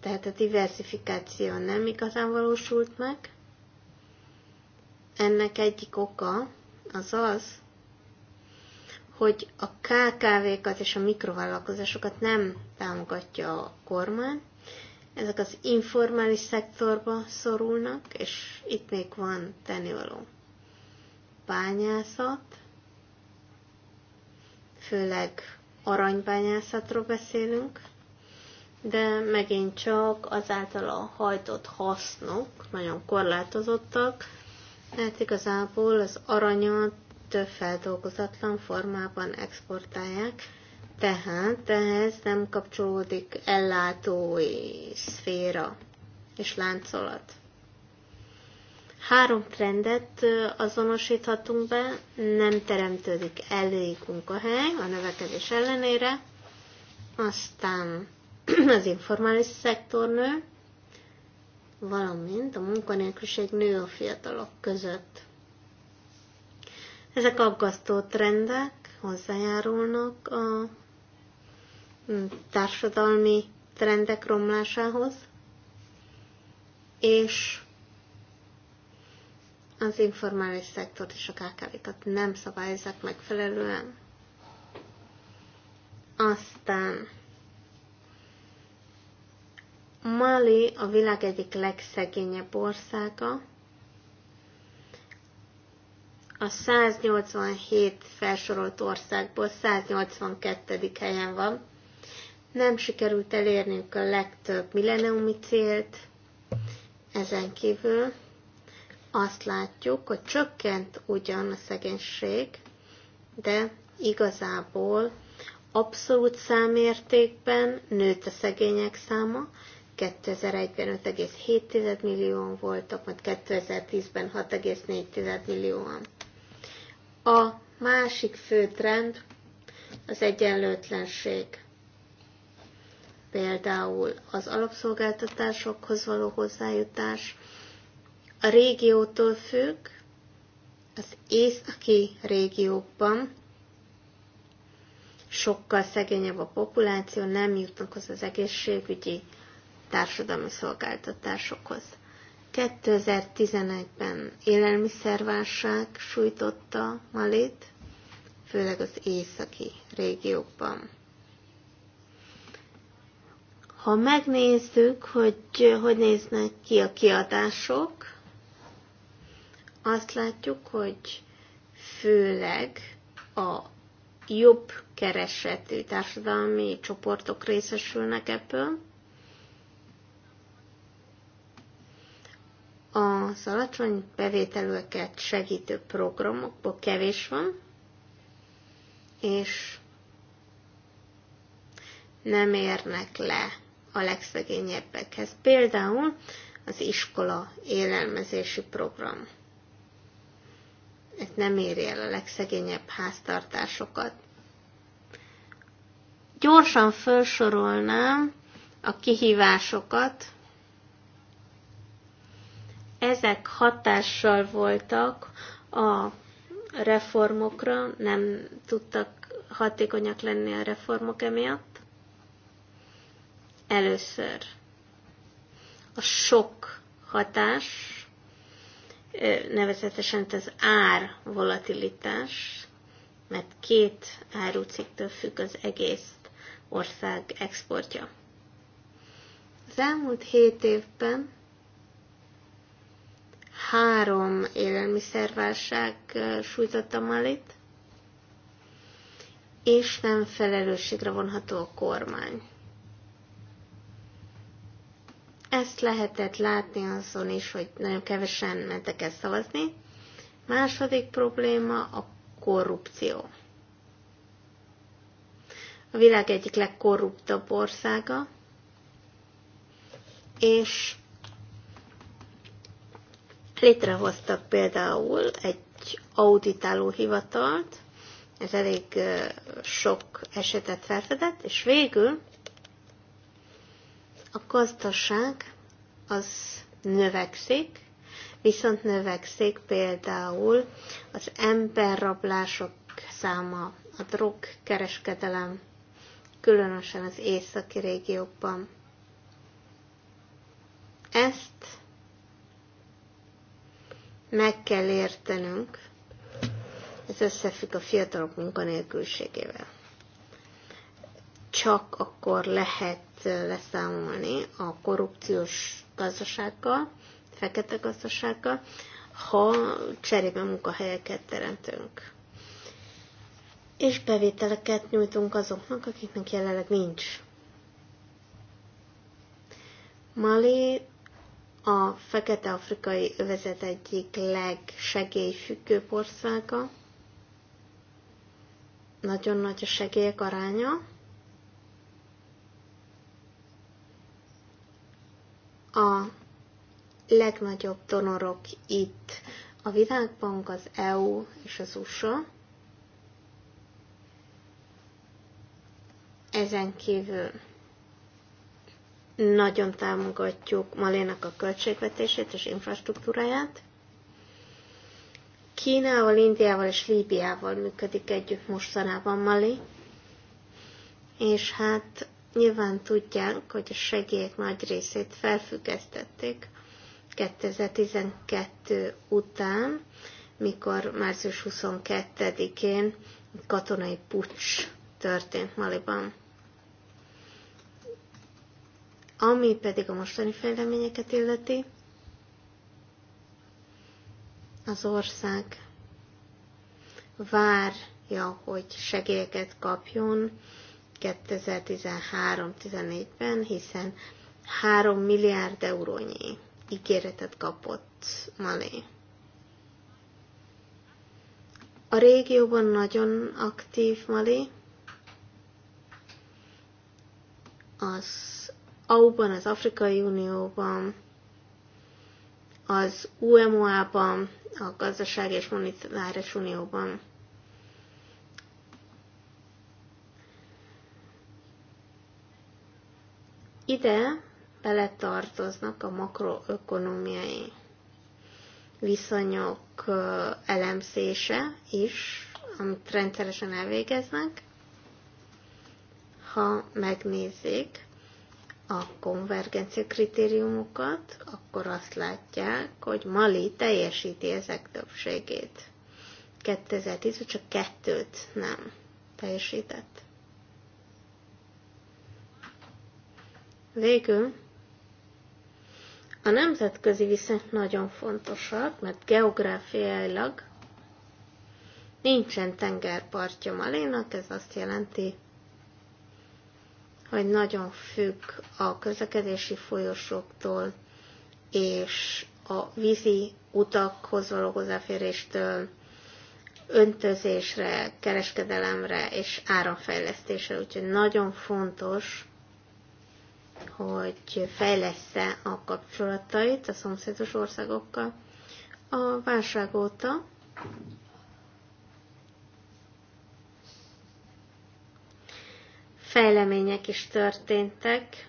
Speaker 2: Tehát a diversifikáció nem igazán valósult meg. Ennek egyik oka az az, hogy a KKV-kat és a mikrovállalkozásokat nem támogatja a kormány, ezek az informális szektorba szorulnak, és itt még van tennivaló. Bányászat, főleg aranybányászatról beszélünk, de megint csak azáltal, a hajtott hasznok nagyon korlátozottak, mert igazából az aranyat feldolgozatlan formában exportálják, tehát ehhez nem kapcsolódik ellátói szféra és láncolat. Három trendet azonosíthatunk be, nem teremtődik elég munkahely a növekedés ellenére, aztán az informális szektor nő, valamint a munkanélküliség nő a fiatalok között. Ezek aggasztó trendek hozzájárulnak a társadalmi trendek romlásához, és az informális szektort és a KKV-kat nem szabályozzák megfelelően. Aztán Mali a világ egyik legszegényebb országa. A 187 felsorolt országból 182. helyen van, nem sikerült elérnünk a legtöbb milleniumi célt, ezen kívül azt látjuk, hogy csökkent ugyan a szegénység, de igazából abszolút számértékben nőtt a szegények száma, 2001-ben 5,7 millióan voltak, majd 2010-ben 6,4 millióan. A másik fő trend az egyenlőtlenség például az alapszolgáltatásokhoz való hozzájutás a régiótól függ, az északi régiókban sokkal szegényebb a populáció, nem jutnak az az egészségügyi társadalmi szolgáltatásokhoz. 2011-ben élelmiszerválság sújtotta Malit, főleg az északi régiókban. Ha megnézzük, hogy hogy néznek ki a kiadások, azt látjuk, hogy főleg a jobb keresetű társadalmi csoportok részesülnek ebből. Az alacsony bevételőket segítő programokból kevés van, és nem érnek le a legszegényebbekhez. Például az iskola élelmezési program. Ez nem éri el a legszegényebb háztartásokat. Gyorsan felsorolnám a kihívásokat. Ezek hatással voltak a reformokra, nem tudtak hatékonyak lenni a reformok emiatt. Először a sok hatás, nevezetesen az ár volatilitás, mert két árucikktől függ az egész ország exportja. Az elmúlt hét évben három élelmiszerválság sújtotta Malit, és nem felelősségre vonható a kormány. Ezt lehetett látni azon is, hogy nagyon kevesen mentek el szavazni. Második probléma a korrupció. A világ egyik legkorruptabb országa, és létrehoztak például egy auditáló hivatalt, ez elég sok esetet felfedett, és végül a gazdaság az növekszik, viszont növekszik például az emberrablások száma, a drogkereskedelem, különösen az északi régiókban. Ezt meg kell értenünk, ez összefügg a fiatalok munkanélküliségével. Csak akkor lehet leszámolni a korrupciós gazdasággal, fekete gazdasággal, ha cserébe munkahelyeket teremtünk. És bevételeket nyújtunk azoknak, akiknek jelenleg nincs. Mali a fekete-afrikai övezet egyik legsegélyfüggőbb országa. Nagyon nagy a segélyek aránya, a legnagyobb donorok itt a világbank, az EU és az USA. Ezen kívül nagyon támogatjuk Malénak a költségvetését és infrastruktúráját. Kínával, Indiával és Líbiával működik együtt mostanában Mali, és hát Nyilván tudják, hogy a segélyek nagy részét felfüggesztették 2012 után, mikor március 22-én katonai pucs történt Maliban. Ami pedig a mostani fejleményeket illeti, az ország várja, hogy segélyeket kapjon, 2013-14-ben, hiszen 3 milliárd eurónyi ígéretet kapott Malé. A régióban nagyon aktív Mali, az AU-ban, az Afrikai Unióban, az UMOA-ban, a Gazdaság és Monetáris Unióban. Ide beletartoznak a makroökonomiai viszonyok elemzése is, amit rendszeresen elvégeznek. Ha megnézzék a konvergencia kritériumokat, akkor azt látják, hogy Mali teljesíti ezek többségét. 2010 csak kettőt nem teljesített. Végül a nemzetközi viszont nagyon fontosak, mert geográfiailag nincsen tengerpartja Malénak, ez azt jelenti, hogy nagyon függ a közlekedési folyosóktól és a vízi utakhoz való hozzáféréstől, öntözésre, kereskedelemre és áramfejlesztésre, úgyhogy nagyon fontos, hogy fejlesz-e a kapcsolatait a szomszédos országokkal. A válság óta fejlemények is történtek,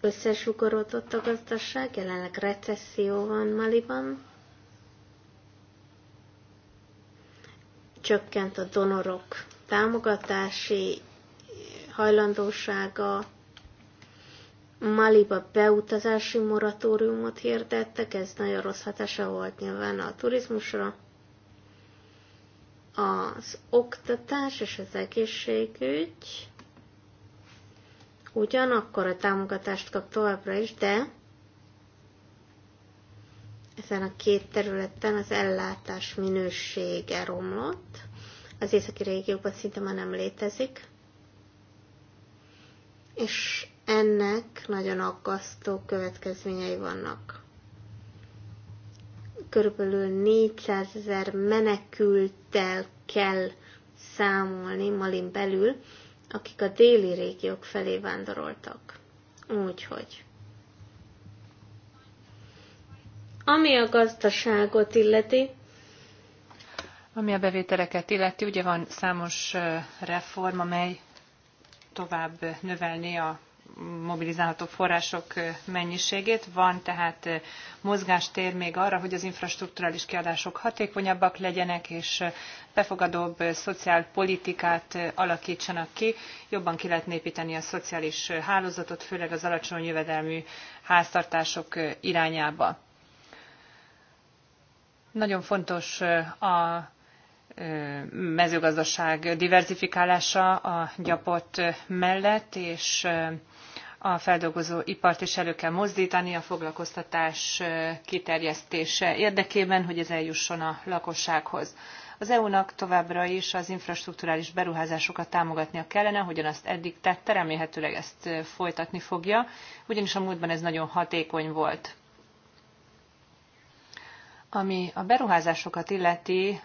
Speaker 2: összesugorodott a gazdaság, jelenleg recesszió van Maliban, csökkent a donorok támogatási hajlandósága, Maliba beutazási moratóriumot hirdettek, ez nagyon rossz hatása volt nyilván a turizmusra. Az oktatás és az egészségügy ugyanakkor a támogatást kap továbbra is, de ezen a két területen az ellátás minősége romlott. Az északi régióban szinte már nem létezik. És ennek nagyon aggasztó következményei vannak. Körülbelül 400 ezer menekülttel kell számolni Malin belül, akik a déli régiók felé vándoroltak. Úgyhogy. Ami a gazdaságot illeti,
Speaker 1: ami a bevételeket illeti, ugye van számos reform, amely tovább növelni a mobilizálható források mennyiségét. Van tehát mozgástér még arra, hogy az infrastruktúrális kiadások hatékonyabbak legyenek, és befogadóbb szociálpolitikát alakítsanak ki. Jobban ki lehet népíteni a szociális hálózatot, főleg az alacsony jövedelmű háztartások irányába. Nagyon fontos a mezőgazdaság diversifikálása a gyapot mellett, és a feldolgozó ipart is elő kell mozdítani a foglalkoztatás kiterjesztése érdekében, hogy ez eljusson a lakossághoz. Az EU-nak továbbra is az infrastruktúrális beruházásokat támogatnia kellene, hogyan azt eddig tette, remélhetőleg ezt folytatni fogja, ugyanis a múltban ez nagyon hatékony volt. Ami a beruházásokat illeti,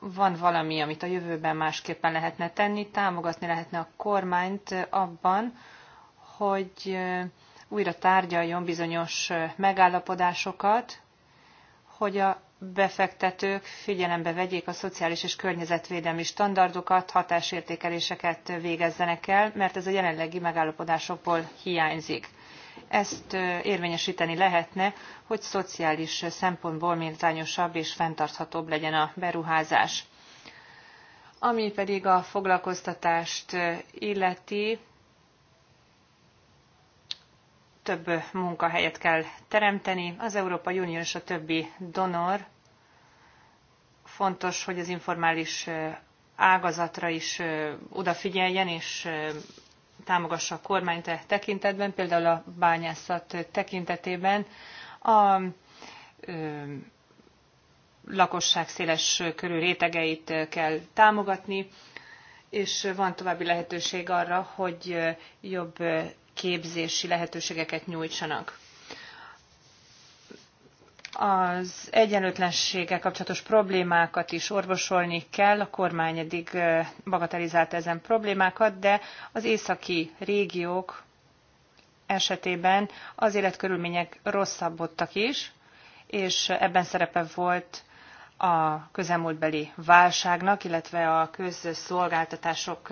Speaker 1: van valami, amit a jövőben másképpen lehetne tenni, támogatni lehetne a kormányt abban, hogy újra tárgyaljon bizonyos megállapodásokat, hogy a befektetők figyelembe vegyék a szociális és környezetvédelmi standardokat, hatásértékeléseket végezzenek el, mert ez a jelenlegi megállapodásokból hiányzik ezt érvényesíteni lehetne, hogy szociális szempontból méltányosabb és fenntarthatóbb legyen a beruházás. Ami pedig a foglalkoztatást illeti, több munkahelyet kell teremteni. Az Európai Unió és a többi donor fontos, hogy az informális ágazatra is odafigyeljen, és támogassa a kormányt e tekintetben, például a bányászat tekintetében. A ö, lakosság széles körű rétegeit kell támogatni, és van további lehetőség arra, hogy jobb képzési lehetőségeket nyújtsanak az egyenlőtlenséggel kapcsolatos problémákat is orvosolni kell, a kormány eddig bagatellizálta ezen problémákat, de az északi régiók esetében az életkörülmények rosszabbodtak is, és ebben szerepe volt a közelmúltbeli válságnak, illetve a közszolgáltatások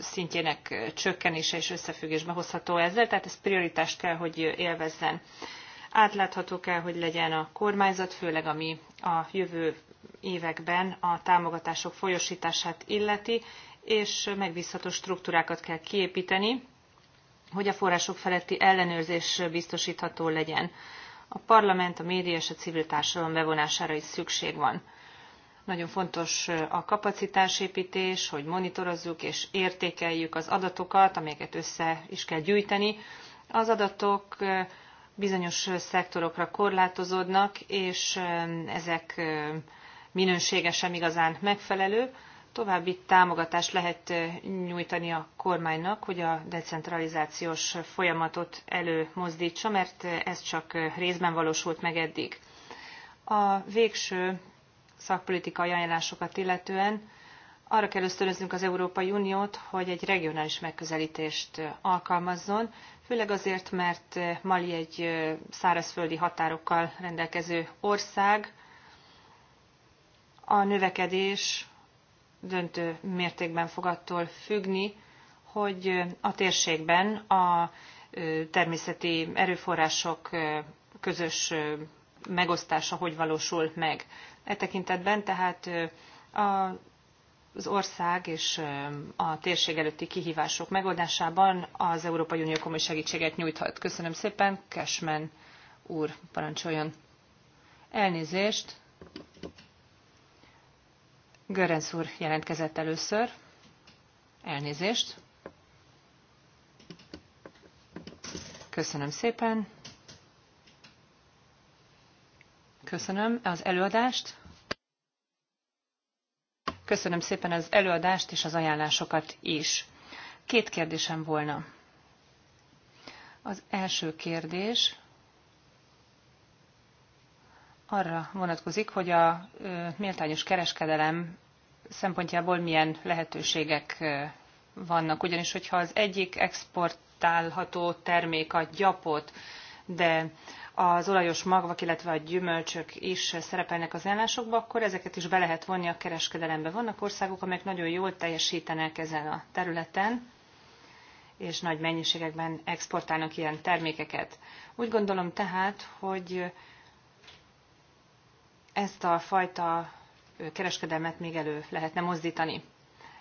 Speaker 1: szintjének csökkenése és összefüggésbe hozható ezzel, tehát ez prioritást kell, hogy élvezzen átlátható kell, hogy legyen a kormányzat, főleg ami a jövő években a támogatások folyosítását illeti, és megbízható struktúrákat kell kiépíteni, hogy a források feletti ellenőrzés biztosítható legyen. A parlament, a média és a civil társadalom bevonására is szükség van. Nagyon fontos a kapacitásépítés, hogy monitorozzuk és értékeljük az adatokat, amelyeket össze is kell gyűjteni. Az adatok bizonyos szektorokra korlátozódnak, és ezek minősége sem igazán megfelelő. További támogatást lehet nyújtani a kormánynak, hogy a decentralizációs folyamatot előmozdítsa, mert ez csak részben valósult meg eddig. A végső szakpolitikai ajánlásokat illetően arra kell ösztönöznünk az Európai Uniót, hogy egy regionális megközelítést alkalmazzon, főleg azért, mert eh, Mali egy eh, szárazföldi határokkal rendelkező ország. A növekedés döntő mértékben fog attól függni, hogy eh, a térségben a természeti erőforrások közös megosztása hogy valósul meg. E tekintetben tehát a az ország és a térség előtti kihívások megoldásában az Európai Unió komoly segítséget nyújthat. Köszönöm szépen, Kesmen úr, parancsoljon. Elnézést. Görenc úr jelentkezett először. Elnézést. Köszönöm szépen. Köszönöm az előadást. Köszönöm szépen az előadást és az ajánlásokat is. Két kérdésem volna. Az első kérdés arra vonatkozik, hogy a méltányos kereskedelem szempontjából milyen lehetőségek vannak. Ugyanis, hogyha az egyik exportálható termék a gyapot, de az olajos magvak, illetve a gyümölcsök is szerepelnek az állásokba, akkor ezeket is be lehet vonni a kereskedelembe. Vannak országok, amelyek nagyon jól teljesítenek ezen a területen, és nagy mennyiségekben exportálnak ilyen termékeket. Úgy gondolom tehát, hogy ezt a fajta kereskedelmet még elő lehetne mozdítani.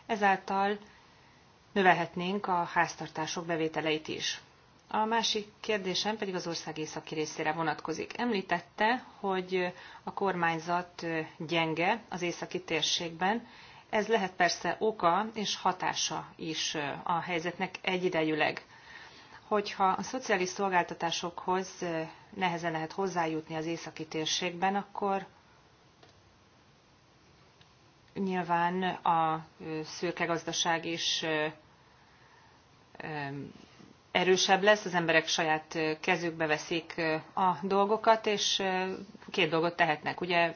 Speaker 1: Ezáltal növelhetnénk a háztartások bevételeit is. A másik kérdésem pedig az ország északi részére vonatkozik. Említette, hogy a kormányzat gyenge az északi térségben. Ez lehet persze oka és hatása is a helyzetnek egyidejüleg. Hogyha a szociális szolgáltatásokhoz nehezen lehet hozzájutni az északi térségben, akkor nyilván a szürke gazdaság is erősebb lesz, az emberek saját kezükbe veszik a dolgokat, és két dolgot tehetnek. Ugye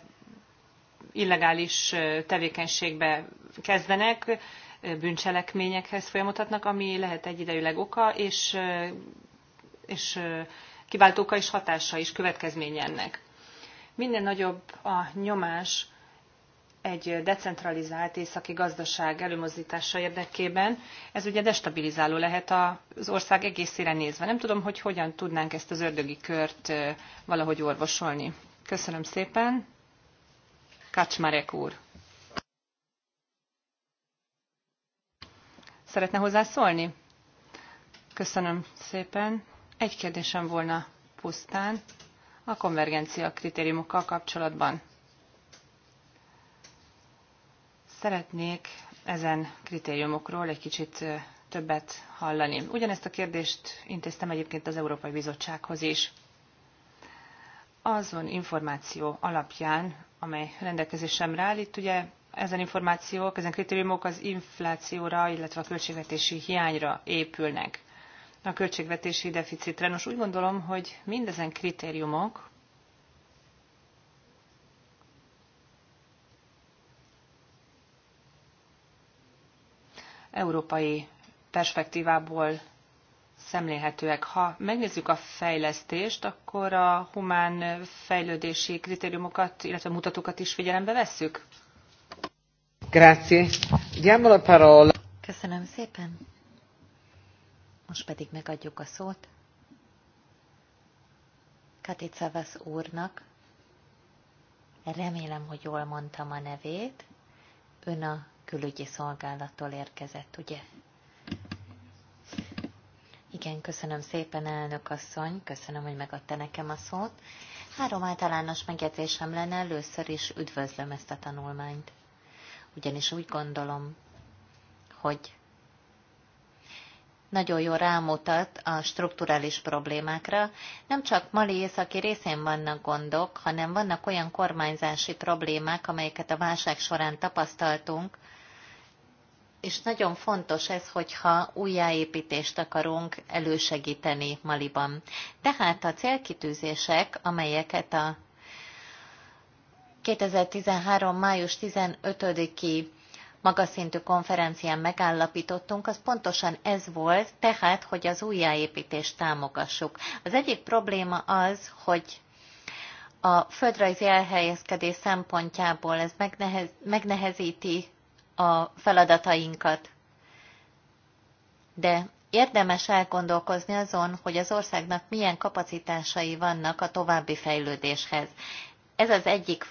Speaker 1: illegális tevékenységbe kezdenek, bűncselekményekhez folyamodhatnak, ami lehet idejűleg oka, és, és kiváltóka is hatása is, következménye ennek. Minden nagyobb a nyomás egy decentralizált északi gazdaság előmozdítása érdekében. Ez ugye destabilizáló lehet az ország egészére nézve. Nem tudom, hogy hogyan tudnánk ezt az ördögi kört valahogy orvosolni. Köszönöm szépen. Kacsmarek úr. Szeretne hozzászólni? Köszönöm szépen. Egy kérdésem volna pusztán a konvergencia kritériumokkal kapcsolatban. Szeretnék ezen kritériumokról egy kicsit többet hallani. Ugyanezt a kérdést intéztem egyébként az Európai Bizottsághoz is. Azon információ alapján, amely rendelkezésemre áll, itt ugye ezen információk, ezen kritériumok az inflációra, illetve a költségvetési hiányra épülnek. A költségvetési deficitre. Nos, úgy gondolom, hogy mindezen kritériumok európai perspektívából szemlélhetőek. Ha megnézzük a fejlesztést, akkor a humán fejlődési kritériumokat, illetve mutatókat is figyelembe vesszük?
Speaker 2: parola.
Speaker 3: Köszönöm szépen. Most pedig megadjuk a szót Katicavasz úrnak. Remélem, hogy jól mondtam a nevét. Ön a külügyi szolgálattól érkezett, ugye? Igen, köszönöm szépen, elnök asszony, köszönöm, hogy megadta nekem a szót. Három általános megjegyzésem lenne, először is üdvözlöm ezt a tanulmányt. Ugyanis úgy gondolom, hogy nagyon jól rámutat a strukturális problémákra. Nem csak Mali északi részén vannak gondok, hanem vannak olyan kormányzási problémák, amelyeket a válság során tapasztaltunk, és nagyon fontos ez, hogyha újjáépítést akarunk elősegíteni Maliban. Tehát a célkitűzések, amelyeket a 2013. május 15-i magaszintű konferencián megállapítottunk, az pontosan ez volt, tehát, hogy az újjáépítést támogassuk. Az egyik probléma az, hogy a földrajzi elhelyezkedés szempontjából ez megnehezíti a feladatainkat. De érdemes elgondolkozni azon, hogy az országnak milyen kapacitásai vannak a további fejlődéshez. Ez az egyik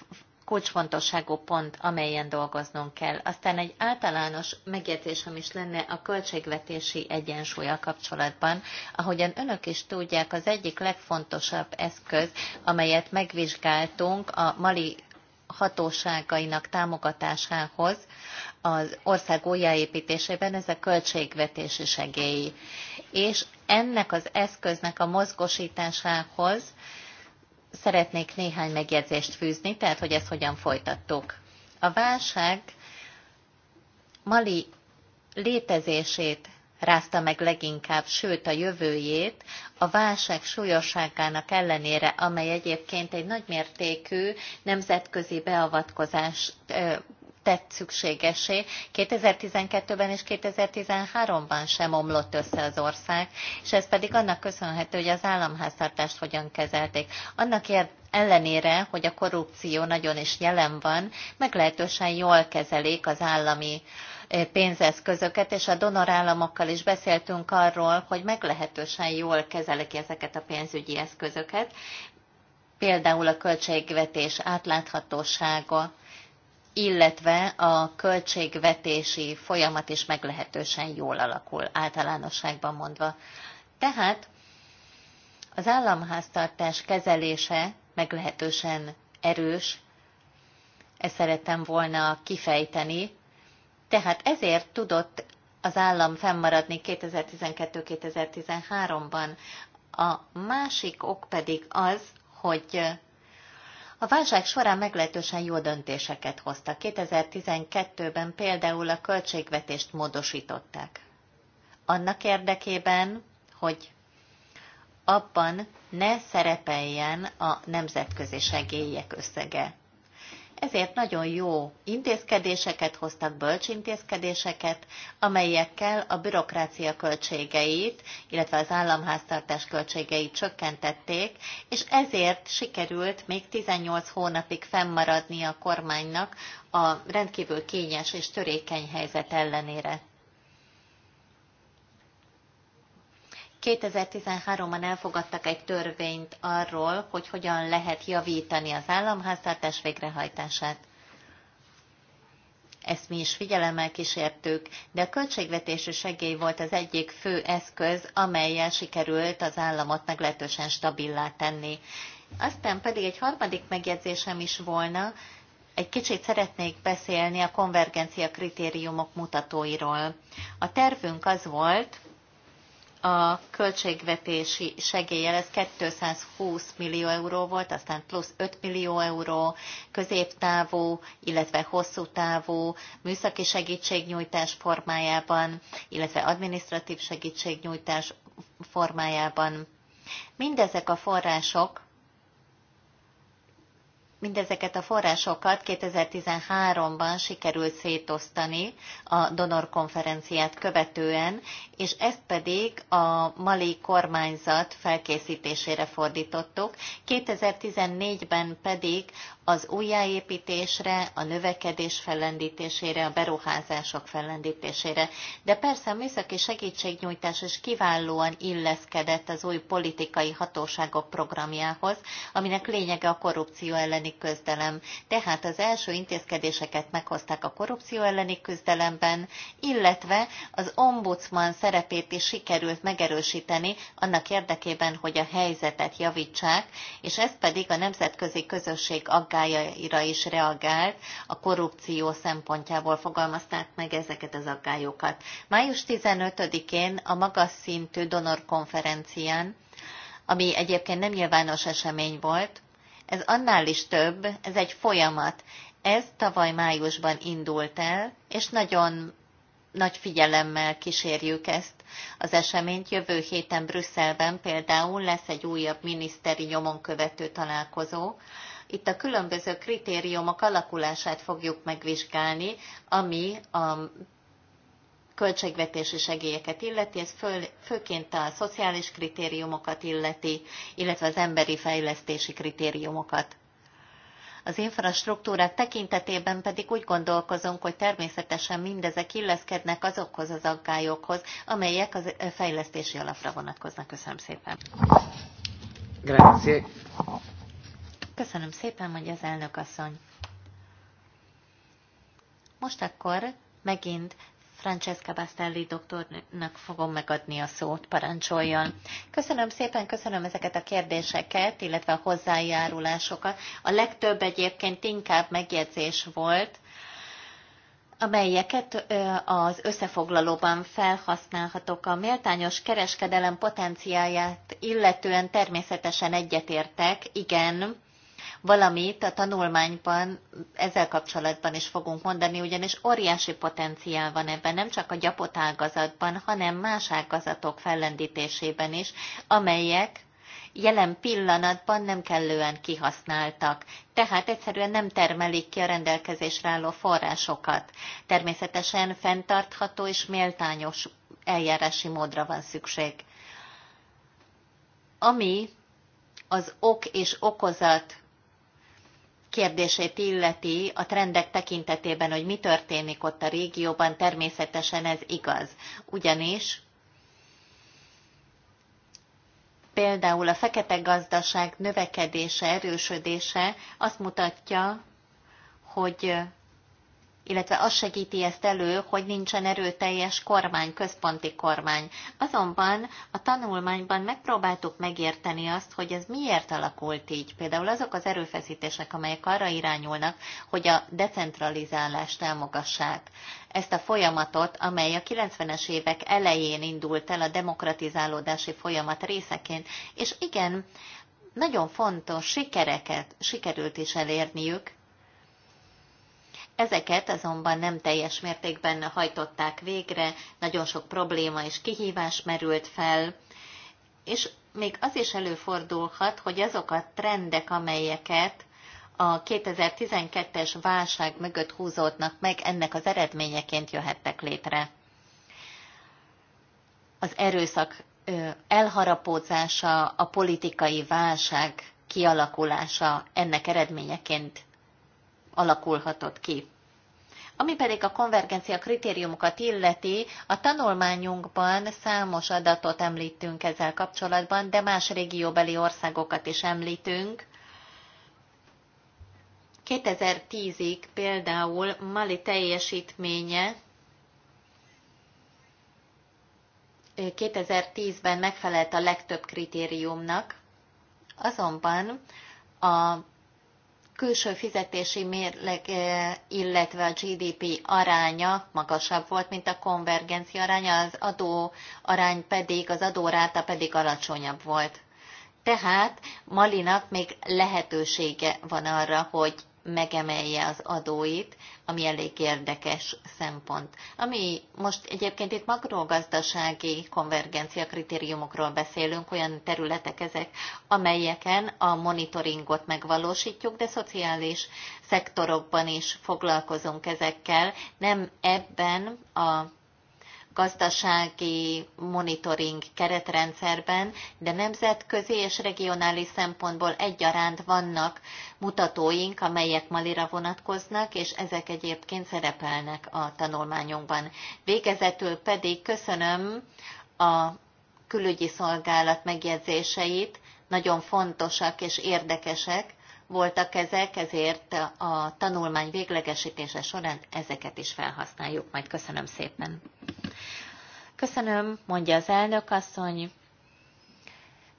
Speaker 3: kulcsfontosságú pont, amelyen dolgoznunk kell. Aztán egy általános megjegyzésem is lenne a költségvetési egyensúly kapcsolatban. Ahogyan önök is tudják, az egyik legfontosabb eszköz, amelyet megvizsgáltunk a mali hatóságainak támogatásához az ország újjáépítésében ez a költségvetési segély. És ennek az eszköznek a mozgosításához szeretnék néhány megjegyzést fűzni, tehát hogy ezt hogyan folytattuk. A válság Mali létezését rázta meg leginkább, sőt a jövőjét, a válság súlyosságának ellenére, amely egyébként egy nagymértékű nemzetközi beavatkozás tett szükségesé. 2012-ben és 2013-ban sem omlott össze az ország, és ez pedig annak köszönhető, hogy az államháztartást hogyan kezelték. Annak ellenére, hogy a korrupció nagyon is jelen van, meglehetősen jól kezelik az állami uh, pénzeszközöket, és a donorállamokkal is beszéltünk arról, hogy meglehetősen jól kezelik ezeket a pénzügyi eszközöket, például a költségvetés átláthatósága, illetve a költségvetési folyamat is meglehetősen jól alakul, általánosságban mondva. Tehát az államháztartás kezelése meglehetősen erős, ezt szerettem volna kifejteni, tehát ezért tudott az állam fennmaradni 2012-2013-ban. A másik ok pedig az, hogy a válság során meglehetősen jó döntéseket hoztak. 2012-ben például a költségvetést módosították. Annak érdekében, hogy abban ne szerepeljen a nemzetközi segélyek összege ezért nagyon jó intézkedéseket hoztak, bölcs intézkedéseket, amelyekkel a bürokrácia költségeit, illetve az államháztartás költségeit csökkentették, és ezért sikerült még 18 hónapig fennmaradni a kormánynak a rendkívül kényes és törékeny helyzet ellenére. 2013-ban elfogadtak egy törvényt arról, hogy hogyan lehet javítani az államháztartás végrehajtását. Ezt mi is figyelemmel kísértük, de a költségvetési segély volt az egyik fő eszköz, amelyel sikerült az államot meglehetősen stabilá tenni. Aztán pedig egy harmadik megjegyzésem is volna, egy kicsit szeretnék beszélni a konvergencia kritériumok mutatóiról. A tervünk az volt, a költségvetési segéllyel, ez 220 millió euró volt, aztán plusz 5 millió euró középtávú, illetve hosszú távú műszaki segítségnyújtás formájában, illetve administratív segítségnyújtás formájában. Mindezek a források Mindezeket a forrásokat 2013-ban sikerült szétosztani a donor konferenciát követően, és ezt pedig a mali kormányzat felkészítésére fordítottuk. 2014-ben pedig az újjáépítésre, a növekedés fellendítésére, a beruházások fellendítésére. De persze a műszaki segítségnyújtás is kiválóan illeszkedett az új politikai hatóságok programjához, aminek lényege a korrupció elleni küzdelem. Tehát az első intézkedéseket meghozták a korrupció elleni küzdelemben, illetve az ombudsman szerepét is sikerült megerősíteni annak érdekében, hogy a helyzetet javítsák, és ez pedig a nemzetközi közösség aggályát aggájaira is reagált, a korrupció szempontjából fogalmazták meg ezeket az aggályokat. Május 15-én a magas szintű donor konferencián, ami egyébként nem nyilvános esemény volt, ez annál is több, ez egy folyamat. Ez tavaly májusban indult el, és nagyon nagy figyelemmel kísérjük ezt az eseményt. Jövő héten Brüsszelben például lesz egy újabb miniszteri nyomonkövető találkozó, itt a különböző kritériumok alakulását fogjuk megvizsgálni, ami a költségvetési segélyeket illeti, ez föl, főként a szociális kritériumokat illeti, illetve az emberi fejlesztési kritériumokat. Az infrastruktúrák tekintetében pedig úgy gondolkozunk, hogy természetesen mindezek illeszkednek azokhoz az aggályokhoz, amelyek az fejlesztési alapra vonatkoznak. Köszönöm szépen.
Speaker 2: Grazie.
Speaker 3: Köszönöm szépen, mondja az elnök asszony. Most akkor megint Francesca Bastelli doktornak fogom megadni a szót, parancsoljon. Köszönöm szépen, köszönöm ezeket a kérdéseket, illetve a hozzájárulásokat. A legtöbb egyébként inkább megjegyzés volt, amelyeket az összefoglalóban felhasználhatok. A méltányos kereskedelem potenciáját illetően természetesen egyetértek, igen, valamit a tanulmányban ezzel kapcsolatban is fogunk mondani, ugyanis óriási potenciál van ebben, nem csak a gyapotágazatban, hanem más ágazatok fellendítésében is, amelyek jelen pillanatban nem kellően kihasználtak, tehát egyszerűen nem termelik ki a rendelkezésre álló forrásokat. Természetesen fenntartható és méltányos eljárási módra van szükség. Ami az ok és okozat kérdését illeti a trendek tekintetében, hogy mi történik ott a régióban, természetesen ez igaz. Ugyanis például a fekete gazdaság növekedése, erősödése azt mutatja, hogy illetve az segíti ezt elő, hogy nincsen erőteljes kormány, központi kormány. Azonban a tanulmányban megpróbáltuk megérteni azt, hogy ez miért alakult így. Például azok az erőfeszítések, amelyek arra irányulnak, hogy a decentralizálást támogassák. Ezt a folyamatot, amely a 90-es évek elején indult el a demokratizálódási folyamat részeként, és igen, nagyon fontos sikereket sikerült is elérniük, Ezeket azonban nem teljes mértékben hajtották végre, nagyon sok probléma és kihívás merült fel, és még az is előfordulhat, hogy azok a trendek, amelyeket a 2012-es válság mögött húzódnak meg, ennek az eredményeként jöhettek létre. Az erőszak elharapódzása, a politikai válság kialakulása ennek eredményeként alakulhatott ki. Ami pedig a konvergencia kritériumokat illeti, a tanulmányunkban számos adatot említünk ezzel kapcsolatban, de más régióbeli országokat is említünk. 2010-ig például Mali teljesítménye 2010-ben megfelelt a legtöbb kritériumnak, azonban a külső fizetési mérleg, eh, illetve a GDP aránya magasabb volt, mint a konvergencia aránya, az adó arány pedig, az adóráta pedig alacsonyabb volt. Tehát Malinak még lehetősége van arra, hogy megemelje az adóit, ami elég érdekes szempont. Ami most egyébként itt makrogazdasági konvergencia kritériumokról beszélünk, olyan területek ezek, amelyeken a monitoringot megvalósítjuk, de szociális szektorokban is foglalkozunk ezekkel. Nem ebben a gazdasági monitoring keretrendszerben, de nemzetközi és regionális szempontból egyaránt vannak mutatóink, amelyek Malira vonatkoznak, és ezek egyébként szerepelnek a tanulmányunkban. Végezetül pedig köszönöm a külügyi szolgálat megjegyzéseit, nagyon fontosak és érdekesek voltak ezek, ezért a tanulmány véglegesítése során ezeket is felhasználjuk. Majd köszönöm szépen. Köszönöm, mondja az elnök asszony.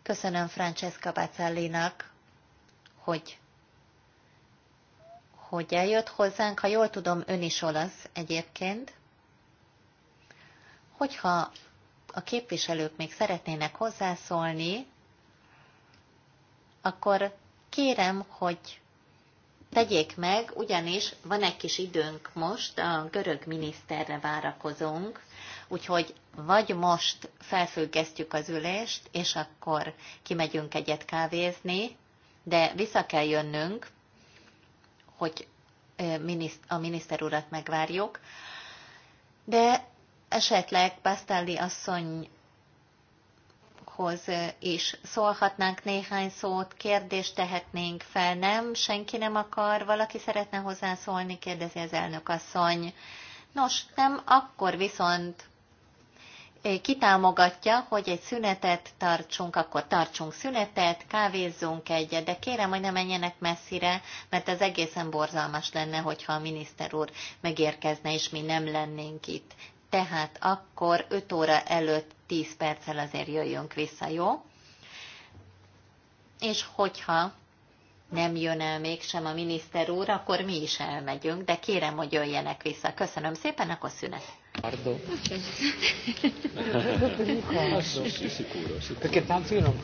Speaker 3: Köszönöm Francesca Bacellinak, hogy hogy eljött hozzánk, ha jól tudom, ön is olasz egyébként. Hogyha a képviselők még szeretnének hozzászólni, akkor kérem, hogy tegyék meg, ugyanis van egy kis időnk most, a görög miniszterre várakozunk, úgyhogy vagy most felfüggesztjük az ülést, és akkor kimegyünk egyet kávézni, de vissza kell jönnünk, hogy a miniszter urat megvárjuk, de esetleg Pasztelli asszony Hoz is szólhatnánk néhány szót, kérdést tehetnénk fel, nem? Senki nem akar, valaki szeretne hozzászólni, kérdezi az elnök asszony. Nos, nem, akkor viszont kitámogatja, hogy egy szünetet tartsunk, akkor tartsunk szünetet, kávézzunk egyet, de kérem, hogy ne menjenek messzire, mert ez egészen borzalmas lenne, hogyha a miniszter úr megérkezne, és mi nem lennénk itt. Tehát akkor 5 óra előtt 10 perccel azért jöjjünk vissza, jó? És hogyha nem jön el mégsem a miniszter úr, akkor mi is elmegyünk, de kérem, hogy jöjjenek vissza. Köszönöm szépen, akkor szünet.
Speaker 1: Pardon. Perché tanto io non...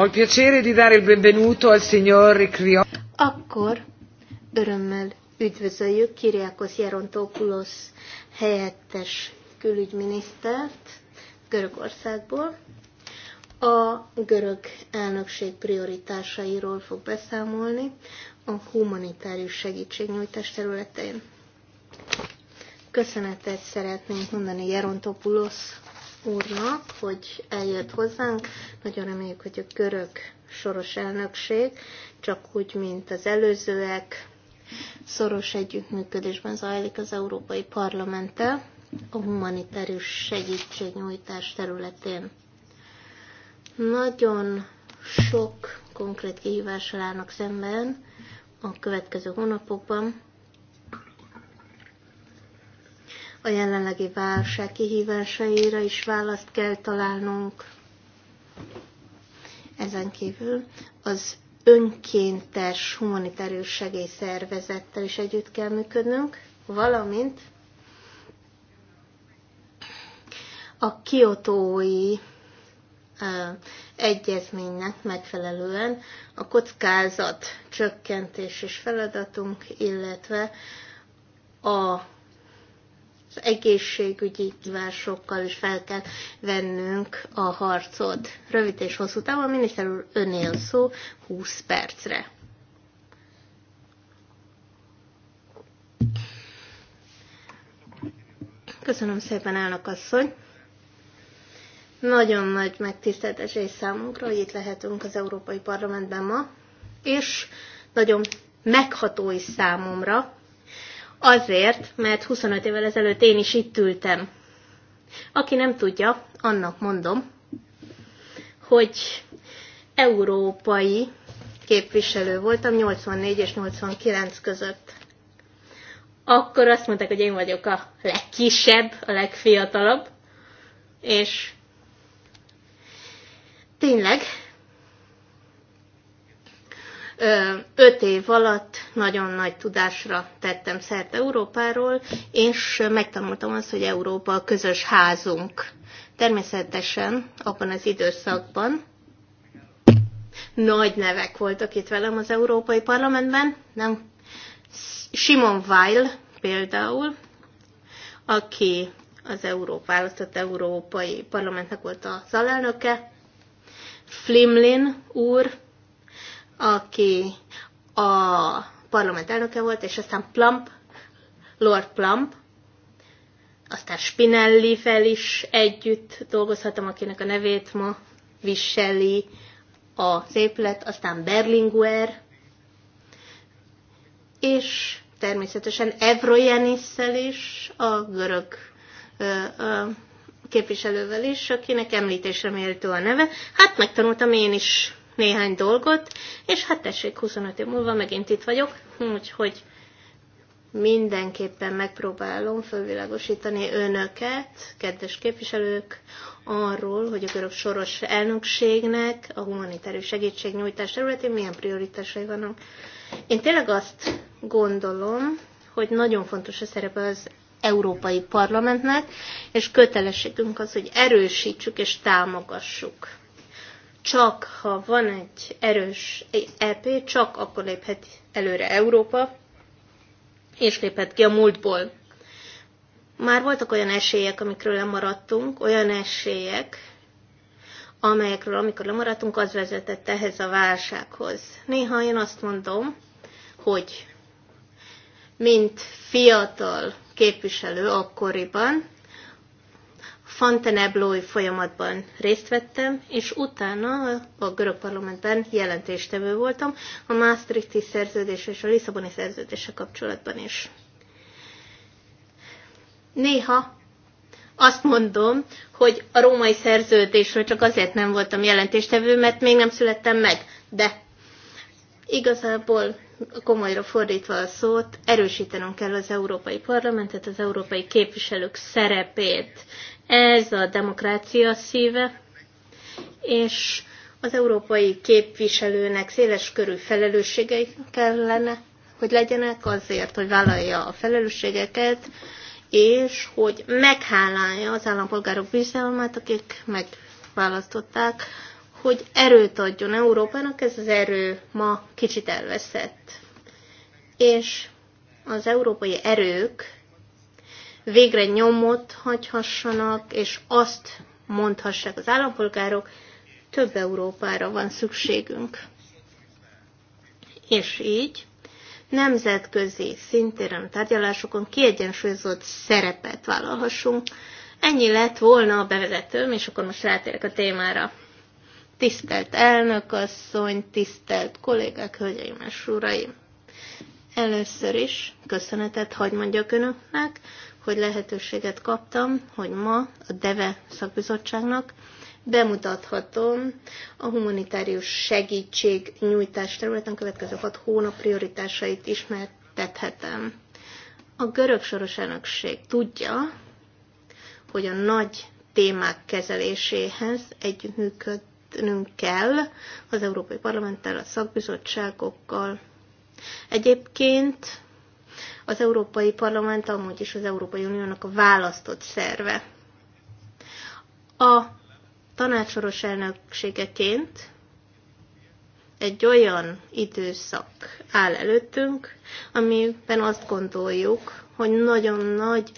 Speaker 1: Ho il piacere di dare il benvenuto al signor Ricrio.
Speaker 2: Akkor örömmel üdvözöljük Kiriakos Jerontopoulos helyettes külügyminisztert Görögországból. A görög elnökség prioritásairól fog beszámolni a humanitárius segítségnyújtás területén. Köszönetet szeretnénk mondani Jerontopoulos úrnak, hogy eljött hozzánk. Nagyon reméljük, hogy a görög soros elnökség, csak úgy, mint az előzőek, szoros együttműködésben zajlik az Európai Parlamenttel a humanitárius segítségnyújtás területén. Nagyon sok konkrét kihívással állnak szemben a következő hónapokban, a jelenlegi válság kihívásaira is választ kell találnunk. Ezen kívül az önkéntes humanitárius segélyszervezettel is együtt kell működnünk, valamint a kiotói egyezménynek megfelelően a kockázat csökkentés és feladatunk, illetve a az egészségügyi kívásokkal is fel kell vennünk a harcod. Rövid és hosszú távon, miniszter úr, önél szó 20 percre. Köszönöm szépen, elnök asszony! Nagyon nagy megtiszteltetés és számunkra, hogy itt lehetünk az Európai Parlamentben ma, és nagyon megható is számomra, Azért, mert 25 évvel ezelőtt én is itt ültem. Aki nem tudja, annak mondom, hogy európai képviselő voltam 84 és 89 között. Akkor azt mondták, hogy én vagyok a legkisebb, a legfiatalabb, és tényleg öt év alatt nagyon nagy tudásra tettem szert Európáról, és megtanultam azt, hogy Európa a közös házunk. Természetesen abban az időszakban nagy nevek voltak itt velem az Európai Parlamentben, nem? Simon Weil például, aki az Európa választott Európai Parlamentnek volt az alelnöke, Flimlin úr, aki a parlament elnöke volt, és aztán Plump, Lord Plump, aztán Spinelli-fel is együtt dolgozhatom, akinek a nevét ma viseli az épület, aztán Berlinguer, és természetesen Evroyanisszel is, a görög ö, ö, képviselővel is, akinek említésre méltó a neve. Hát megtanultam én is néhány dolgot, és hát tessék, 25 év múlva megint itt vagyok, úgyhogy mindenképpen megpróbálom fölvilágosítani önöket, kedves képviselők, arról, hogy a görög soros elnökségnek a humanitárius segítségnyújtás területén milyen prioritásai vannak. Én tényleg azt gondolom, hogy nagyon fontos a szerepe az Európai Parlamentnek, és kötelességünk az, hogy erősítsük és támogassuk csak ha van egy erős EP, csak akkor léphet előre Európa, és léphet ki a múltból. Már voltak olyan esélyek, amikről lemaradtunk, olyan esélyek, amelyekről amikor lemaradtunk, az vezetett ehhez a válsághoz. Néha én azt mondom, hogy mint fiatal képviselő akkoriban, Fontainebleau folyamatban részt vettem, és utána a görög parlamentben jelentéstevő voltam a Maastrichti szerződés és a Lisszaboni szerződése kapcsolatban is. Néha azt mondom, hogy a római szerződésről csak azért nem voltam jelentéstevő, mert még nem születtem meg. De igazából komolyra fordítva a szót, erősítenünk kell az Európai Parlamentet, az európai képviselők szerepét. Ez a demokrácia szíve, és az európai képviselőnek széles körű felelősségei kellene, hogy legyenek azért, hogy vállalja a felelősségeket, és hogy meghálálja az állampolgárok bizalmát, akik megválasztották, hogy erőt adjon Európának, ez az erő ma kicsit elveszett. És az európai erők végre nyomot hagyhassanak, és azt mondhassák az állampolgárok, több Európára van szükségünk. És így nemzetközi szintéren tárgyalásokon kiegyensúlyozott szerepet vállalhassunk. Ennyi lett volna a bevezetőm, és akkor most rátérek a témára. Tisztelt elnökasszony, tisztelt kollégák, hölgyeim és uraim! Először is köszönetet hagy mondjak önöknek, hogy lehetőséget kaptam, hogy ma a DEVE szakbizottságnak bemutathatom a humanitárius segítség nyújtás területen következő hat hónap prioritásait ismertethetem. A görög soros elnökség tudja, hogy a nagy témák kezeléséhez együttműköd egyeztetnünk kell az Európai Parlamenttel, a szakbizottságokkal. Egyébként az Európai Parlament amúgy is az Európai Uniónak a választott szerve. A tanácsoros elnökségeként egy olyan időszak áll előttünk, amiben azt gondoljuk, hogy nagyon nagy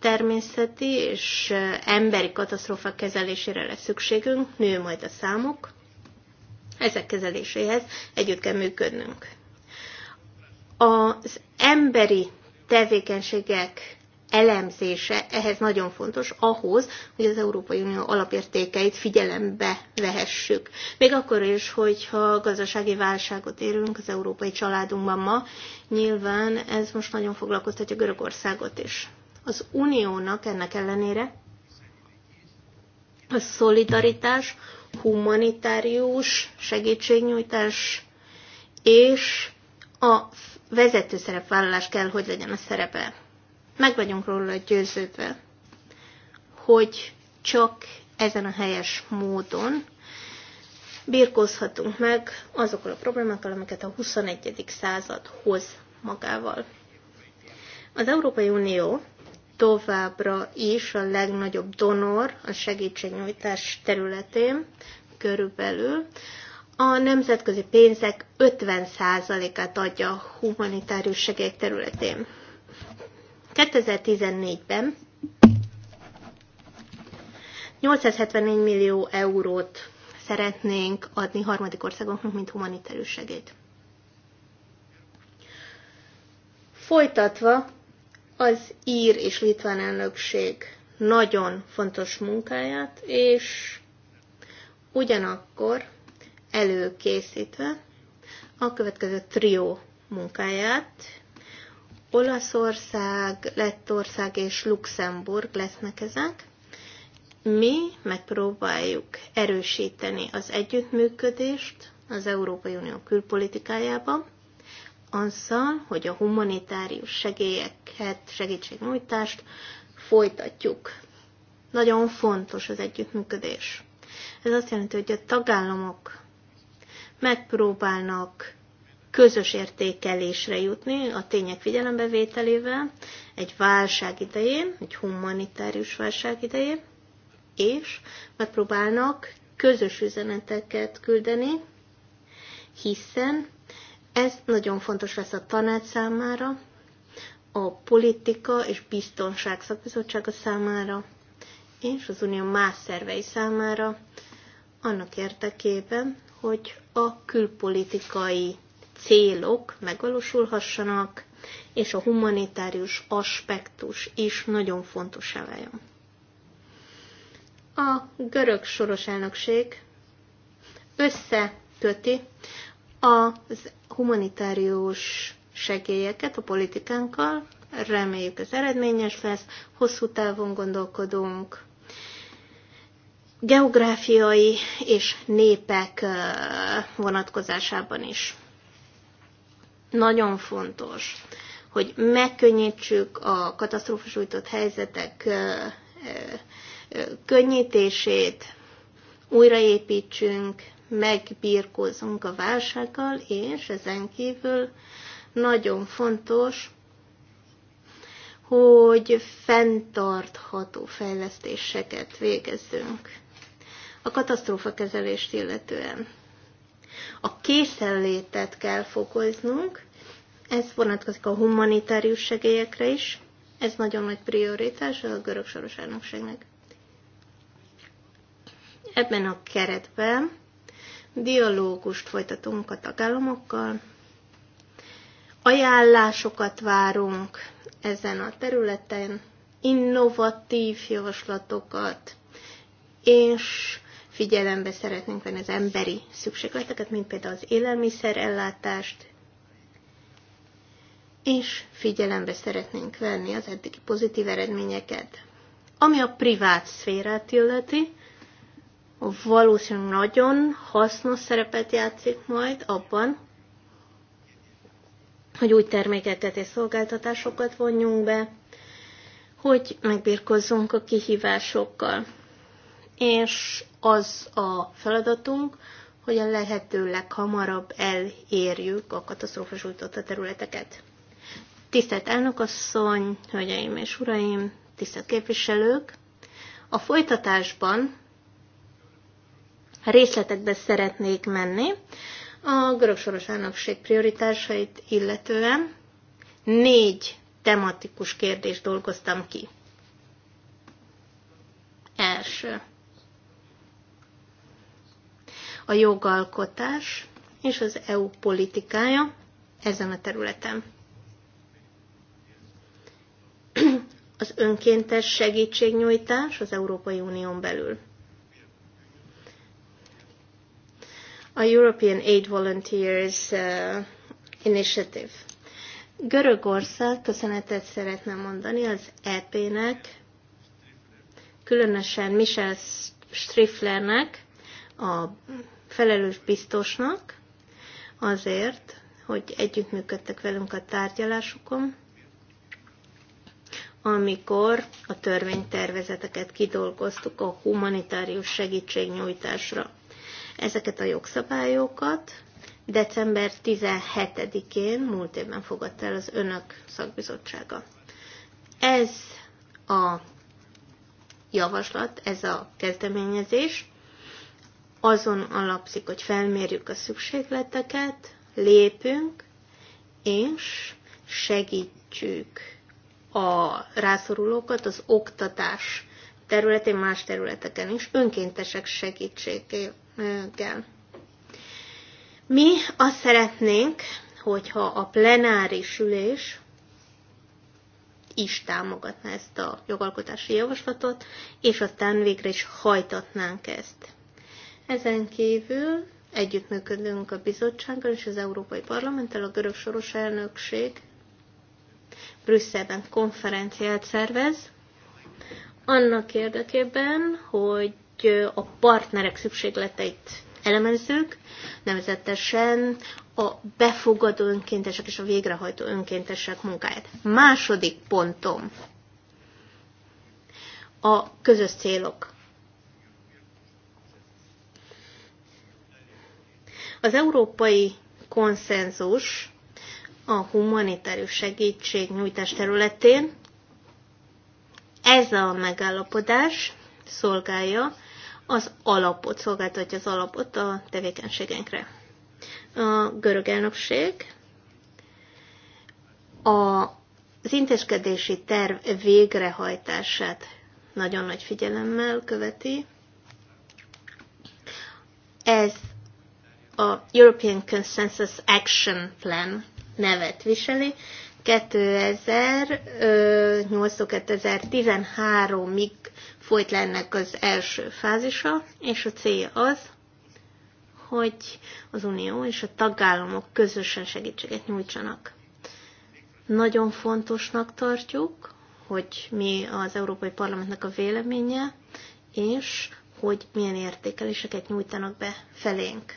Speaker 2: természeti és emberi katasztrófa kezelésére lesz szükségünk, nő majd a számuk. Ezek kezeléséhez együtt kell működnünk. Az emberi tevékenységek elemzése ehhez nagyon fontos ahhoz, hogy az Európai Unió alapértékeit figyelembe vehessük. Még akkor is, hogyha gazdasági válságot érünk az európai családunkban ma, nyilván ez most nagyon foglalkoztatja Görögországot is az uniónak ennek ellenére a szolidaritás, humanitárius segítségnyújtás és a vezető szerepvállalás kell, hogy legyen a szerepe. Meg vagyunk róla győződve, hogy csak ezen a helyes módon birkózhatunk meg azokkal a problémákkal, amiket a 21. század hoz magával. Az Európai Unió továbbra is a legnagyobb donor a segítségnyújtás területén körülbelül. A nemzetközi pénzek 50%-át adja a humanitárius segély területén. 2014-ben 874 millió eurót szeretnénk adni harmadik országoknak, mint humanitárius segélyt. Folytatva az ír és litván elnökség nagyon fontos munkáját, és ugyanakkor előkészítve a következő trió munkáját. Olaszország, Lettország és Luxemburg lesznek ezek. Mi megpróbáljuk erősíteni az együttműködést az Európai Unió külpolitikájában, azzal, hogy a humanitárius segélyeket, segítségnyújtást folytatjuk. Nagyon fontos az együttműködés. Ez azt jelenti, hogy a tagállamok megpróbálnak közös értékelésre jutni a tények figyelembevételével egy válság idején, egy humanitárius válság idején, és megpróbálnak közös üzeneteket küldeni, hiszen ez nagyon fontos lesz a tanács számára, a politika és biztonság szakbizottsága számára, és az unió más szervei számára, annak érdekében, hogy a külpolitikai célok megvalósulhassanak, és a humanitárius aspektus is nagyon fontos eleje. A görög soros elnökség összeköti az humanitárius segélyeket a politikánkkal, reméljük ez eredményes lesz, hosszú távon gondolkodunk, geográfiai és népek vonatkozásában is. Nagyon fontos, hogy megkönnyítsük a katasztrófasújtott helyzetek könnyítését, újraépítsünk, megbírkozunk a válsággal, és ezen kívül nagyon fontos, hogy fenntartható fejlesztéseket végezzünk a katasztrófa kezelést illetően. A készenlétet kell fokoznunk, ez vonatkozik a humanitárius segélyekre is, ez nagyon nagy prioritás a görög soros elnökségnek. Ebben a keretben dialógust folytatunk a tagállamokkal, ajánlásokat várunk ezen a területen, innovatív javaslatokat, és figyelembe szeretnénk venni az emberi szükségleteket, mint például az élelmiszerellátást, és figyelembe szeretnénk venni az eddigi pozitív eredményeket. Ami a privát szférát illeti, valószínűleg nagyon hasznos szerepet játszik majd abban, hogy új termékeket és szolgáltatásokat vonjunk be, hogy megbírkozzunk a kihívásokkal. És az a feladatunk, hogy a lehető leghamarabb elérjük a katasztrófa a területeket. Tisztelt elnökasszony, hölgyeim és uraim, tisztelt képviselők! A folytatásban részletekbe szeretnék menni a görög soros elnökség prioritásait illetően. Négy tematikus kérdést dolgoztam ki. Első. A jogalkotás és az EU politikája ezen a területen. Az önkéntes segítségnyújtás az Európai Unión belül. a European Aid Volunteers uh, Initiative. Görögország köszönetet szeretne mondani az EP-nek, különösen Michel Strifflernek, a felelős biztosnak, azért, hogy együttműködtek velünk a tárgyalásukon, amikor a törvénytervezeteket kidolgoztuk a humanitárius segítségnyújtásra ezeket a jogszabályokat. December 17-én, múlt évben fogadta el az Önök szakbizottsága. Ez a javaslat, ez a kezdeményezés azon alapszik, hogy felmérjük a szükségleteket, lépünk, és segítsük a rászorulókat az oktatás területén, más területeken is, önkéntesek segítségével. Mi azt szeretnénk, hogyha a plenáris ülés is támogatná ezt a jogalkotási javaslatot, és aztán végre is hajtatnánk ezt. Ezen kívül együttműködünk a bizottsággal és az Európai Parlamenttel, a görög soros elnökség Brüsszelben konferenciát szervez, annak érdekében, hogy a partnerek szükségleteit elemezzük, nevezetesen a befogadó önkéntesek és a végrehajtó önkéntesek munkáját. Második pontom a közös célok. Az európai konszenzus a humanitárius segítség nyújtás területén ez a megállapodás szolgálja az alapot, szolgáltatja az alapot a tevékenységünkre. A görög elnökség a, az intézkedési terv végrehajtását nagyon nagy figyelemmel követi. Ez a European Consensus Action Plan nevet viseli, 2008-2013-ig folyt le ennek az első fázisa, és a célja az, hogy az Unió és a tagállamok közösen segítséget nyújtsanak. Nagyon fontosnak tartjuk, hogy mi az Európai Parlamentnek a véleménye, és hogy milyen értékeléseket nyújtanak be felénk.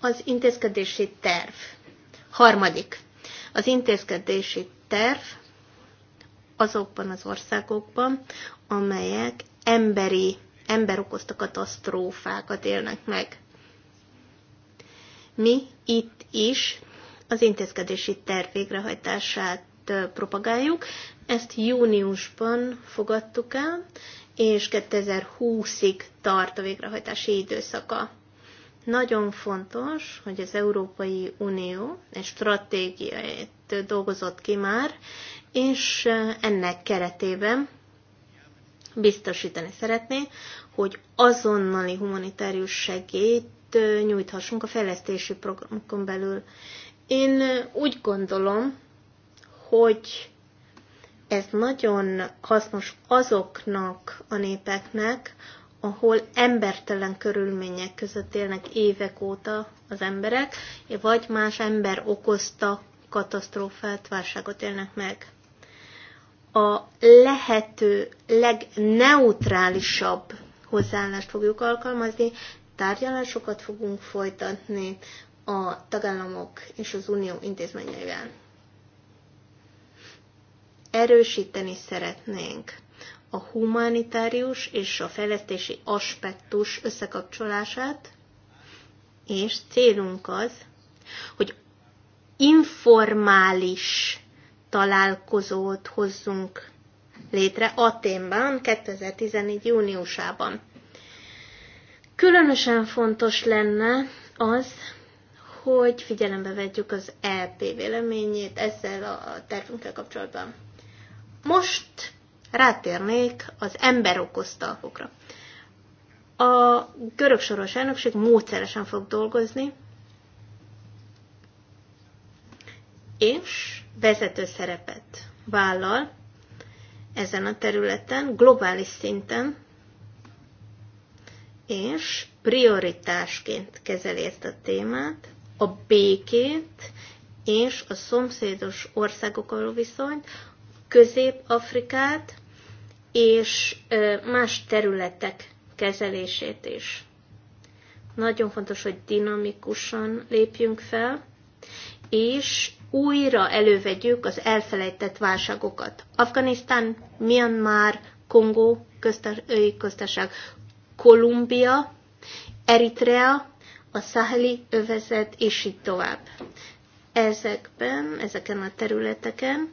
Speaker 2: Az intézkedési terv. Harmadik az intézkedési terv azokban az országokban, amelyek emberi, ember okozta katasztrófákat élnek meg. Mi itt is az intézkedési terv végrehajtását propagáljuk. Ezt júniusban fogadtuk el, és 2020-ig tart a végrehajtási időszaka. Nagyon fontos, hogy az Európai Unió egy stratégiát dolgozott ki már, és ennek keretében biztosítani szeretné, hogy azonnali humanitárius segélyt nyújthassunk a fejlesztési programokon belül. Én úgy gondolom, hogy ez nagyon hasznos azoknak a népeknek, ahol embertelen körülmények között élnek évek óta az emberek, vagy más ember okozta katasztrófát, válságot élnek meg. A lehető legneutrálisabb hozzáállást fogjuk alkalmazni, tárgyalásokat fogunk folytatni a tagállamok és az unió intézményeivel. Erősíteni szeretnénk a humanitárius és a fejlesztési aspektus összekapcsolását, és célunk az, hogy informális találkozót hozzunk létre Aténban 2014. júniusában. Különösen fontos lenne az, hogy figyelembe vegyük az LP e véleményét ezzel a tervünkkel kapcsolatban. Most rátérnék az ember okozta okokra. A görög soros elnökség módszeresen fog dolgozni, és vezető szerepet vállal ezen a területen, globális szinten, és prioritásként kezeli ezt a témát, a békét és a szomszédos országokkal viszonyt, Közép-Afrikát és más területek kezelését is. Nagyon fontos, hogy dinamikusan lépjünk fel, és újra elővegyük az elfelejtett válságokat. Afganisztán, Myanmar, Kongó köztársaság, Kolumbia, Eritrea, a Szaheli övezet, és így tovább. Ezekben, ezeken a területeken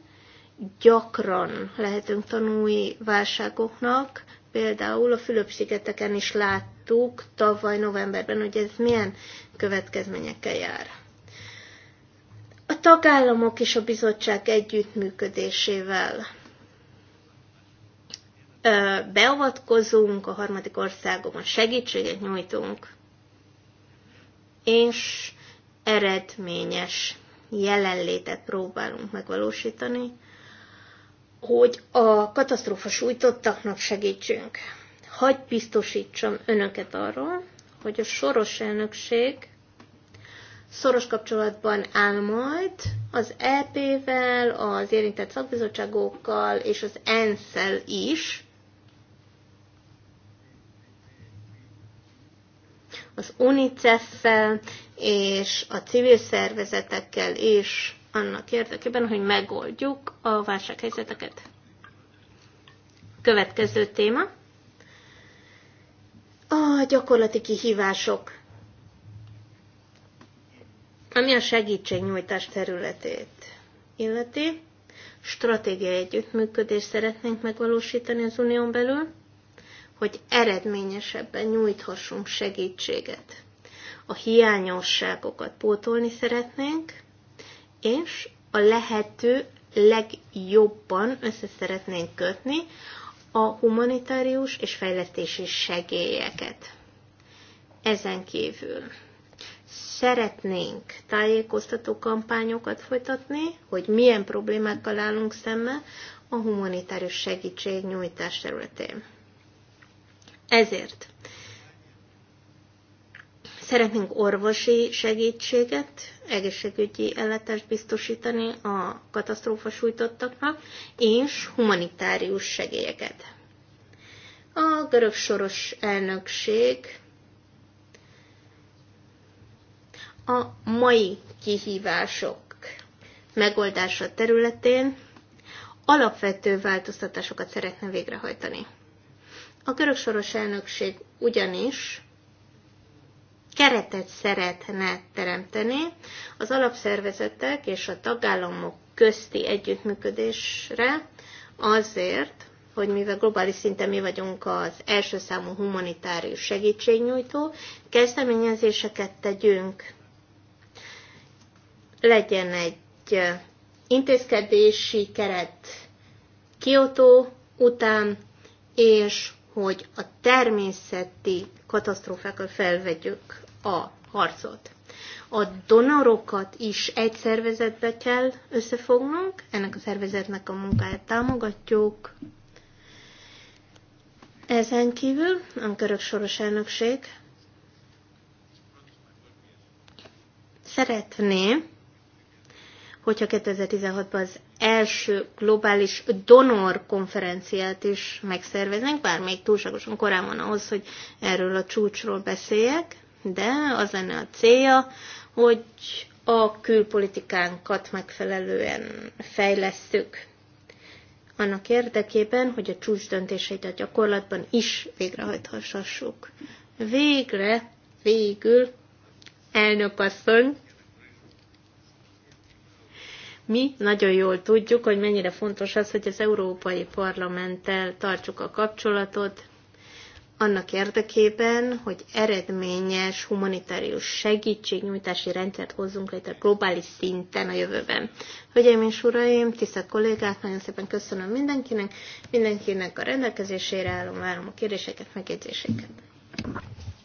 Speaker 2: gyakran lehetünk tanulni válságoknak, például a Fülöp-szigeteken is láttuk tavaly novemberben, hogy ez milyen következményekkel jár. A tagállamok és a bizottság együttműködésével beavatkozunk a harmadik országokon, segítséget nyújtunk, és eredményes jelenlétet próbálunk megvalósítani, hogy a katasztrófa sújtottaknak segítsünk. Hagy biztosítsam önöket arról, hogy a soros elnökség szoros kapcsolatban áll majd az EP-vel, az érintett szakbizottságokkal és az ENSZ-el is. Az UNICEF-fel és a civil szervezetekkel is annak érdekében, hogy megoldjuk a válsághelyzeteket. Következő téma. A gyakorlati kihívások. Ami a segítségnyújtás területét illeti, stratégiai együttműködést szeretnénk megvalósítani az unión belül, hogy eredményesebben nyújthassunk segítséget. A hiányosságokat pótolni szeretnénk, és a lehető legjobban össze szeretnénk kötni a humanitárius és fejlesztési segélyeket. Ezen kívül szeretnénk tájékoztató kampányokat folytatni, hogy milyen problémákkal állunk szembe a humanitárius segítségnyújtás területén. Ezért Szeretnénk orvosi segítséget, egészségügyi ellátást biztosítani a katasztrófa sújtottaknak, és humanitárius segélyeket. A görög soros elnökség a mai kihívások megoldása területén alapvető változtatásokat szeretne végrehajtani. A görög soros elnökség ugyanis keretet szeretne teremteni az alapszervezetek és a tagállamok közti együttműködésre azért, hogy mivel globális szinten mi vagyunk az első számú humanitárius segítségnyújtó, kezdeményezéseket tegyünk. Legyen egy intézkedési keret Kyoto után, és hogy a természeti katasztrófákkal felvegyük a harcot. A donorokat is egy szervezetbe kell összefognunk, ennek a szervezetnek a munkáját támogatjuk. Ezen kívül a Körök soros elnökség szeretné, hogyha 2016-ban az első globális donor konferenciát is megszerveznénk, bár még túlságosan korán van ahhoz, hogy erről a csúcsról beszéljek de az lenne a célja, hogy a külpolitikánkat megfelelően fejlesztük Annak érdekében, hogy a csúcs döntéseit a gyakorlatban is végrehajthassuk. Végre, végül, elnökasszony, mi nagyon jól tudjuk, hogy mennyire fontos az, hogy az Európai Parlamenttel tartsuk a kapcsolatot, annak érdekében, hogy eredményes humanitárius segítségnyújtási rendszert hozzunk létre globális szinten a jövőben. Hölgyeim és uraim, tisztelt kollégák, nagyon szépen köszönöm mindenkinek, mindenkinek a rendelkezésére állom, várom a kérdéseket, megjegyzéseket.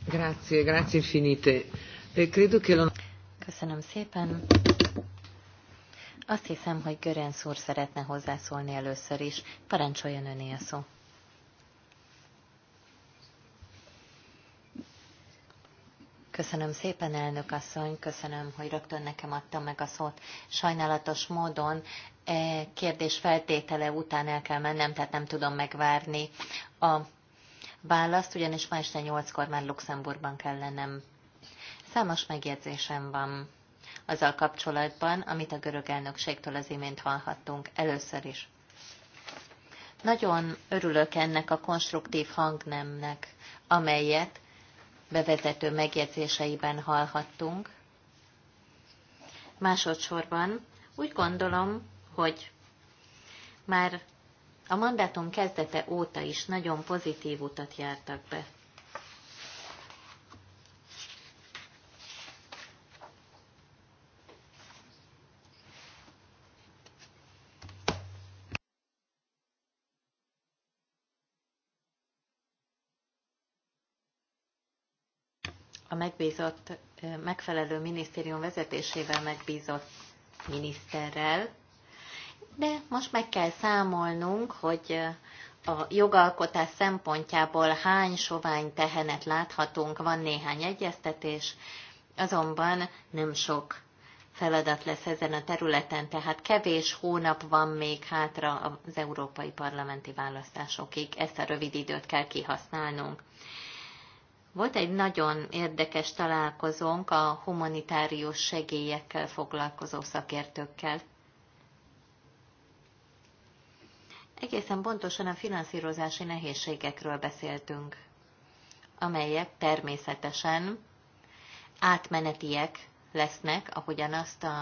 Speaker 3: Grazie, grazie infinite. E, credo che lo... Köszönöm szépen. Azt hiszem, hogy Görenc úr szeretne hozzászólni először is. Parancsoljon öné a szó. Köszönöm szépen, elnök asszony, köszönöm, hogy rögtön nekem adta meg a szót. Sajnálatos módon e, kérdés feltétele után el kell mennem, tehát nem tudom megvárni a választ, ugyanis ma este nyolckor már Luxemburgban kell lennem. Számos megjegyzésem van azzal kapcsolatban, amit a görög elnökségtől az imént hallhattunk először is. Nagyon örülök ennek a konstruktív hangnemnek, amelyet bevezető megjegyzéseiben hallhattunk. Másodszorban úgy gondolom, hogy már a mandátum kezdete óta is nagyon pozitív utat jártak be. a megbízott, megfelelő minisztérium vezetésével megbízott miniszterrel, de most meg kell számolnunk, hogy a jogalkotás szempontjából hány sovány tehenet láthatunk, van néhány egyeztetés, azonban nem sok feladat lesz ezen a területen, tehát kevés hónap van még hátra az európai parlamenti választásokig, ezt a rövid időt kell kihasználnunk. Volt egy nagyon érdekes találkozónk a humanitárius segélyekkel foglalkozó szakértőkkel. Egészen pontosan a finanszírozási nehézségekről beszéltünk, amelyek természetesen átmenetiek lesznek, ahogyan azt a,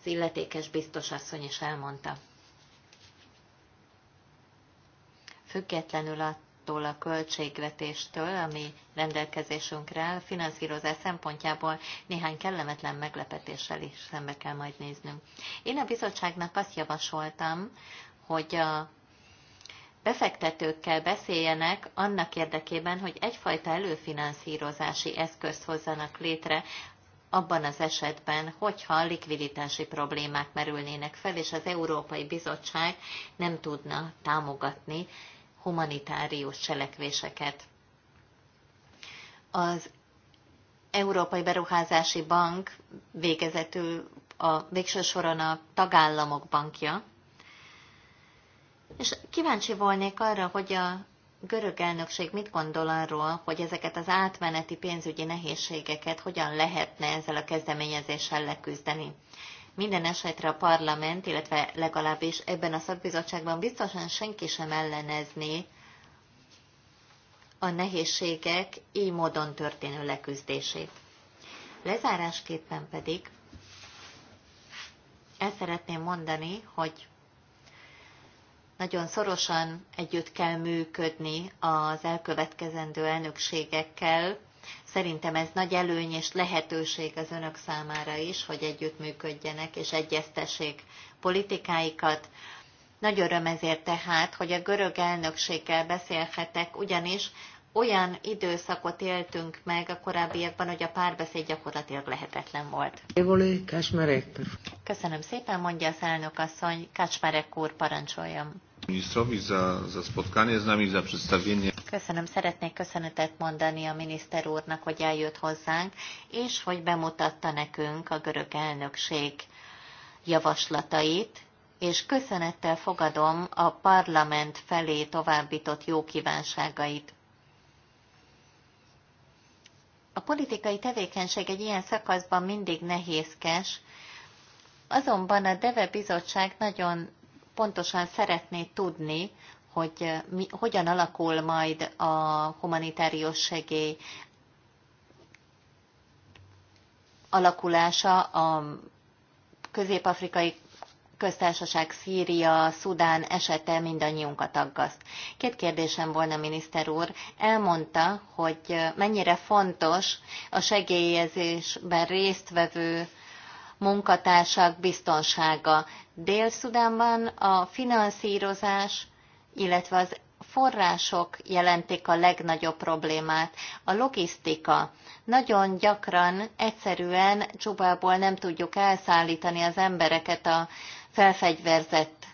Speaker 3: az illetékes biztosasszony is elmondta. Függetlenül attól, attól a költségvetéstől, ami rendelkezésünkre áll, finanszírozás szempontjából néhány kellemetlen meglepetéssel is szembe kell majd néznünk. Én a bizottságnak azt javasoltam, hogy a befektetőkkel beszéljenek annak érdekében, hogy egyfajta előfinanszírozási eszközt hozzanak létre, abban az esetben, hogyha likviditási problémák merülnének fel, és az Európai Bizottság nem tudna támogatni humanitárius cselekvéseket. Az Európai Beruházási Bank végezetű a végső soron a tagállamok bankja, és kíváncsi volnék arra, hogy a görög elnökség mit gondol arról, hogy ezeket az átmeneti pénzügyi nehézségeket hogyan lehetne ezzel a kezdeményezéssel leküzdeni. Minden esetre a parlament, illetve legalábbis ebben a szakbizottságban biztosan senki sem ellenezné a nehézségek így módon történő leküzdését. Lezárásképpen pedig el szeretném mondani, hogy nagyon szorosan együtt kell működni az elkövetkezendő elnökségekkel, Szerintem ez nagy előny és lehetőség az önök számára is, hogy együttműködjenek és egyeztessék politikáikat. Nagy öröm ezért tehát, hogy a görög elnökséggel beszélhetek, ugyanis olyan időszakot éltünk meg a korábbiakban, hogy a párbeszéd gyakorlatilag lehetetlen volt. Köszönöm szépen, mondja az elnök asszony, Kacsmerek úr parancsoljam.
Speaker 1: Ministrowi za, za spotkanie z nami, za przedstawienie.
Speaker 3: Köszönöm, szeretnék köszönetet mondani a miniszter úrnak, hogy eljött hozzánk, és hogy bemutatta nekünk a görög elnökség javaslatait, és köszönettel fogadom a parlament felé továbbított jó kívánságait. A politikai tevékenység egy ilyen szakaszban mindig nehézkes, azonban a DEVE bizottság nagyon pontosan szeretné tudni, hogy eh, mi, hogyan alakul majd a humanitárius segély alakulása a közép-afrikai köztársaság Szíria, Szudán esete mindannyiunkat aggaszt. Két kérdésem volna, miniszter úr. Elmondta, hogy eh, mennyire fontos a segélyezésben résztvevő munkatársak biztonsága. Dél-Szudánban a finanszírozás, illetve az források jelentik a legnagyobb problémát. A logisztika. Nagyon gyakran egyszerűen csubából nem tudjuk elszállítani az embereket a felfegyverzett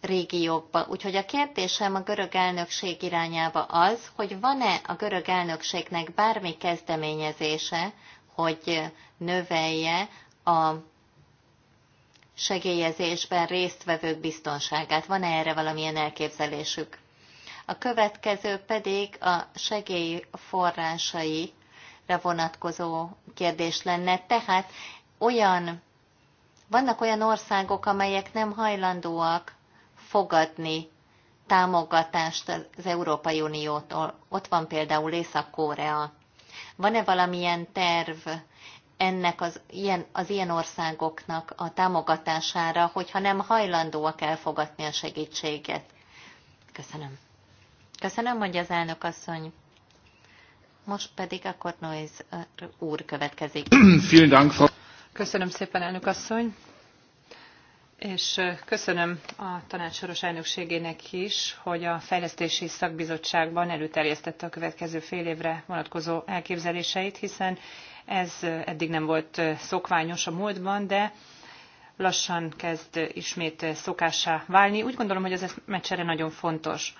Speaker 3: régiókba. Úgyhogy a kérdésem a görög elnökség irányába az, hogy van-e a görög elnökségnek bármi kezdeményezése hogy növelje a segélyezésben résztvevők biztonságát. Van -e erre valamilyen elképzelésük? A következő pedig a segély forrásaira vonatkozó kérdés lenne. Tehát olyan, vannak olyan országok, amelyek nem hajlandóak fogadni támogatást az Európai Uniótól. Ott van például Észak-Korea. Van-e valamilyen terv ennek az ilyen, az ilyen országoknak a támogatására, hogyha nem hajlandóak elfogadni a segítséget? Köszönöm. Köszönöm, hogy az elnök asszony. Most pedig akkor Noiz úr következik. Köszönöm szépen, elnök asszony és
Speaker 1: köszönöm a tanácsoros elnökségének is, hogy a fejlesztési szakbizottságban előterjesztette a következő fél évre vonatkozó elképzeléseit, hiszen ez eddig nem volt szokványos a múltban, de lassan kezd ismét szokássá válni. Úgy gondolom, hogy ez a meccsere nagyon fontos.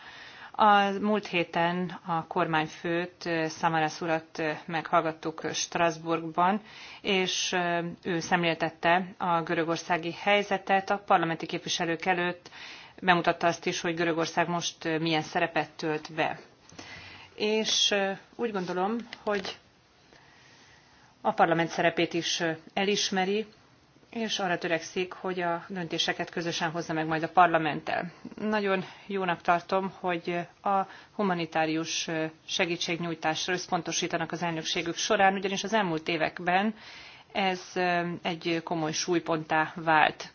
Speaker 1: A múlt héten a kormányfőt, eh, Samaras urat eh, meghallgattuk Strasbourgban, és eh, ő szemléltette a görögországi helyzetet a parlamenti képviselők előtt, bemutatta azt is, hogy Görögország most milyen szerepet tölt be. És úgy gondolom, hogy a parlament szerepét is elismeri, és arra törekszik, hogy a döntéseket közösen hozza meg majd a parlamenttel. Nagyon jónak tartom, hogy a humanitárius segítségnyújtásra összpontosítanak az elnökségük során, ugyanis az elmúlt években ez egy komoly súlypontá vált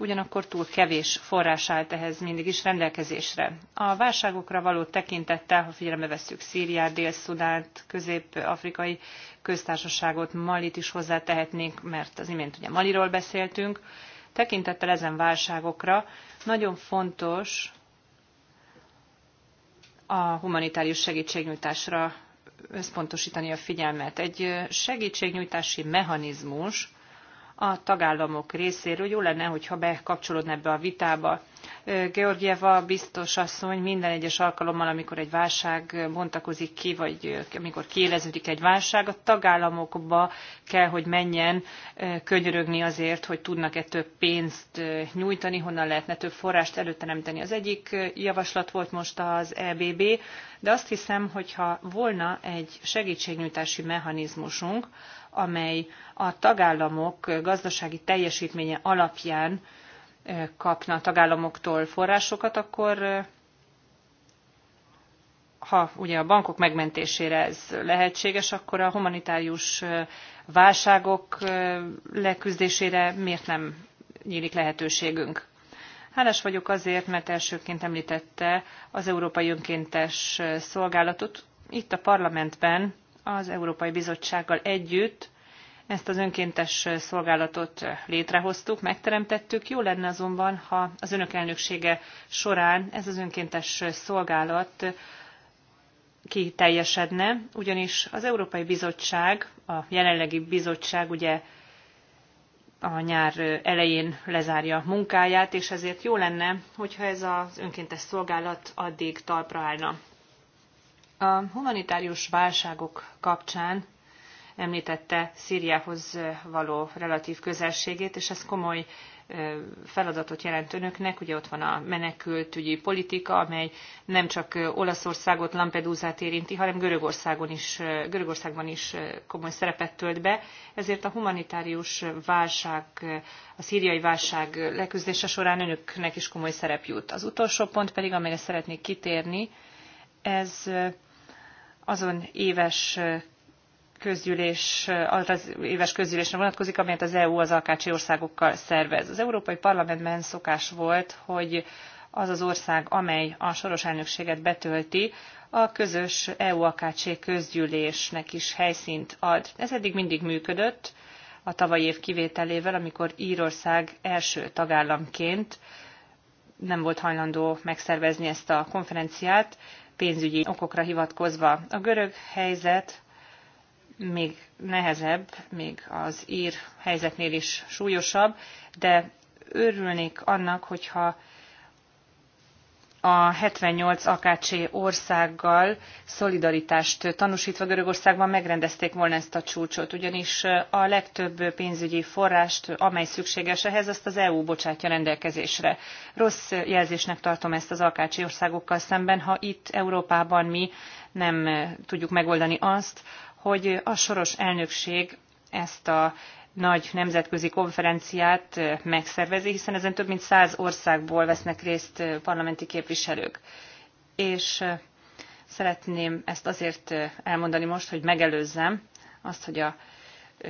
Speaker 1: ugyanakkor túl kevés forrás állt ehhez mindig is rendelkezésre. A válságokra való tekintettel, ha figyelembe vesszük Szíriát, Dél-Szudánt, Közép-Afrikai Köztársaságot, Malit is hozzátehetnénk, mert az imént ugye Maliról beszéltünk, tekintettel ezen válságokra nagyon fontos a humanitárius segítségnyújtásra összpontosítani a figyelmet. Egy segítségnyújtási mechanizmus, a tagállamok részéről. Jó lenne, hogyha bekapcsolódna ebbe a vitába. Georgieva biztos asszony minden egyes alkalommal, amikor egy válság bontakozik ki, vagy amikor kiéleződik egy válság, a tagállamokba kell, hogy menjen könyörögni azért, hogy tudnak-e több pénzt nyújtani, honnan lehetne több forrást előteremteni. Az egyik javaslat volt most az EBB, de azt hiszem, hogyha volna egy segítségnyújtási mechanizmusunk, amely a tagállamok gazdasági teljesítménye alapján kapna a tagállamoktól forrásokat, akkor ha ugye a bankok megmentésére ez lehetséges, akkor a humanitárius válságok leküzdésére miért nem nyílik lehetőségünk? Hálás vagyok azért, mert elsőként említette az Európai Önkéntes Szolgálatot. Itt a parlamentben az Európai Bizottsággal együtt ezt az önkéntes szolgálatot létrehoztuk, megteremtettük. Jó lenne azonban, ha az önök elnöksége során ez az önkéntes szolgálat kiteljesedne, ugyanis az Európai Bizottság, a jelenlegi bizottság ugye a nyár elején lezárja munkáját, és ezért jó lenne, hogyha ez az önkéntes szolgálat addig talpra állna. A humanitárius válságok kapcsán említette Szíriához való relatív közelségét, és ez komoly feladatot jelent önöknek. Ugye ott van a menekültügyi politika, amely nem csak Olaszországot, Lampedusát érinti, hanem Görögországon is, Görögországban is komoly szerepet tölt be. Ezért a humanitárius válság, a szíriai válság leküzdése során önöknek is komoly szerep jut. Az utolsó pont pedig, amelyre szeretnék kitérni, ez azon éves közgyűlés, arra az éves közgyűlésre vonatkozik, amelyet az EU az alkácsi országokkal szervez. Az Európai Parlamentben szokás volt, hogy az az ország, amely a soros elnökséget betölti, a közös eu akácsi közgyűlésnek is helyszínt ad. Ez eddig mindig működött, a tavalyi év kivételével, amikor Írország első tagállamként nem volt hajlandó megszervezni ezt a konferenciát, pénzügyi okokra hivatkozva. A görög helyzet még nehezebb, még az ír helyzetnél is súlyosabb, de örülnék annak, hogyha a 78 akácsi országgal szolidaritást tanúsítva Görögországban megrendezték volna ezt a csúcsot, ugyanis a legtöbb pénzügyi forrást, amely szükséges ehhez, azt az EU bocsátja rendelkezésre. Rossz jelzésnek tartom ezt az akácsi országokkal szemben, ha itt Európában mi nem tudjuk megoldani azt, hogy a soros elnökség ezt a nagy nemzetközi konferenciát megszervezi, hiszen ezen több mint száz országból vesznek részt parlamenti képviselők. És szeretném ezt azért elmondani most, hogy megelőzzem azt, hogy a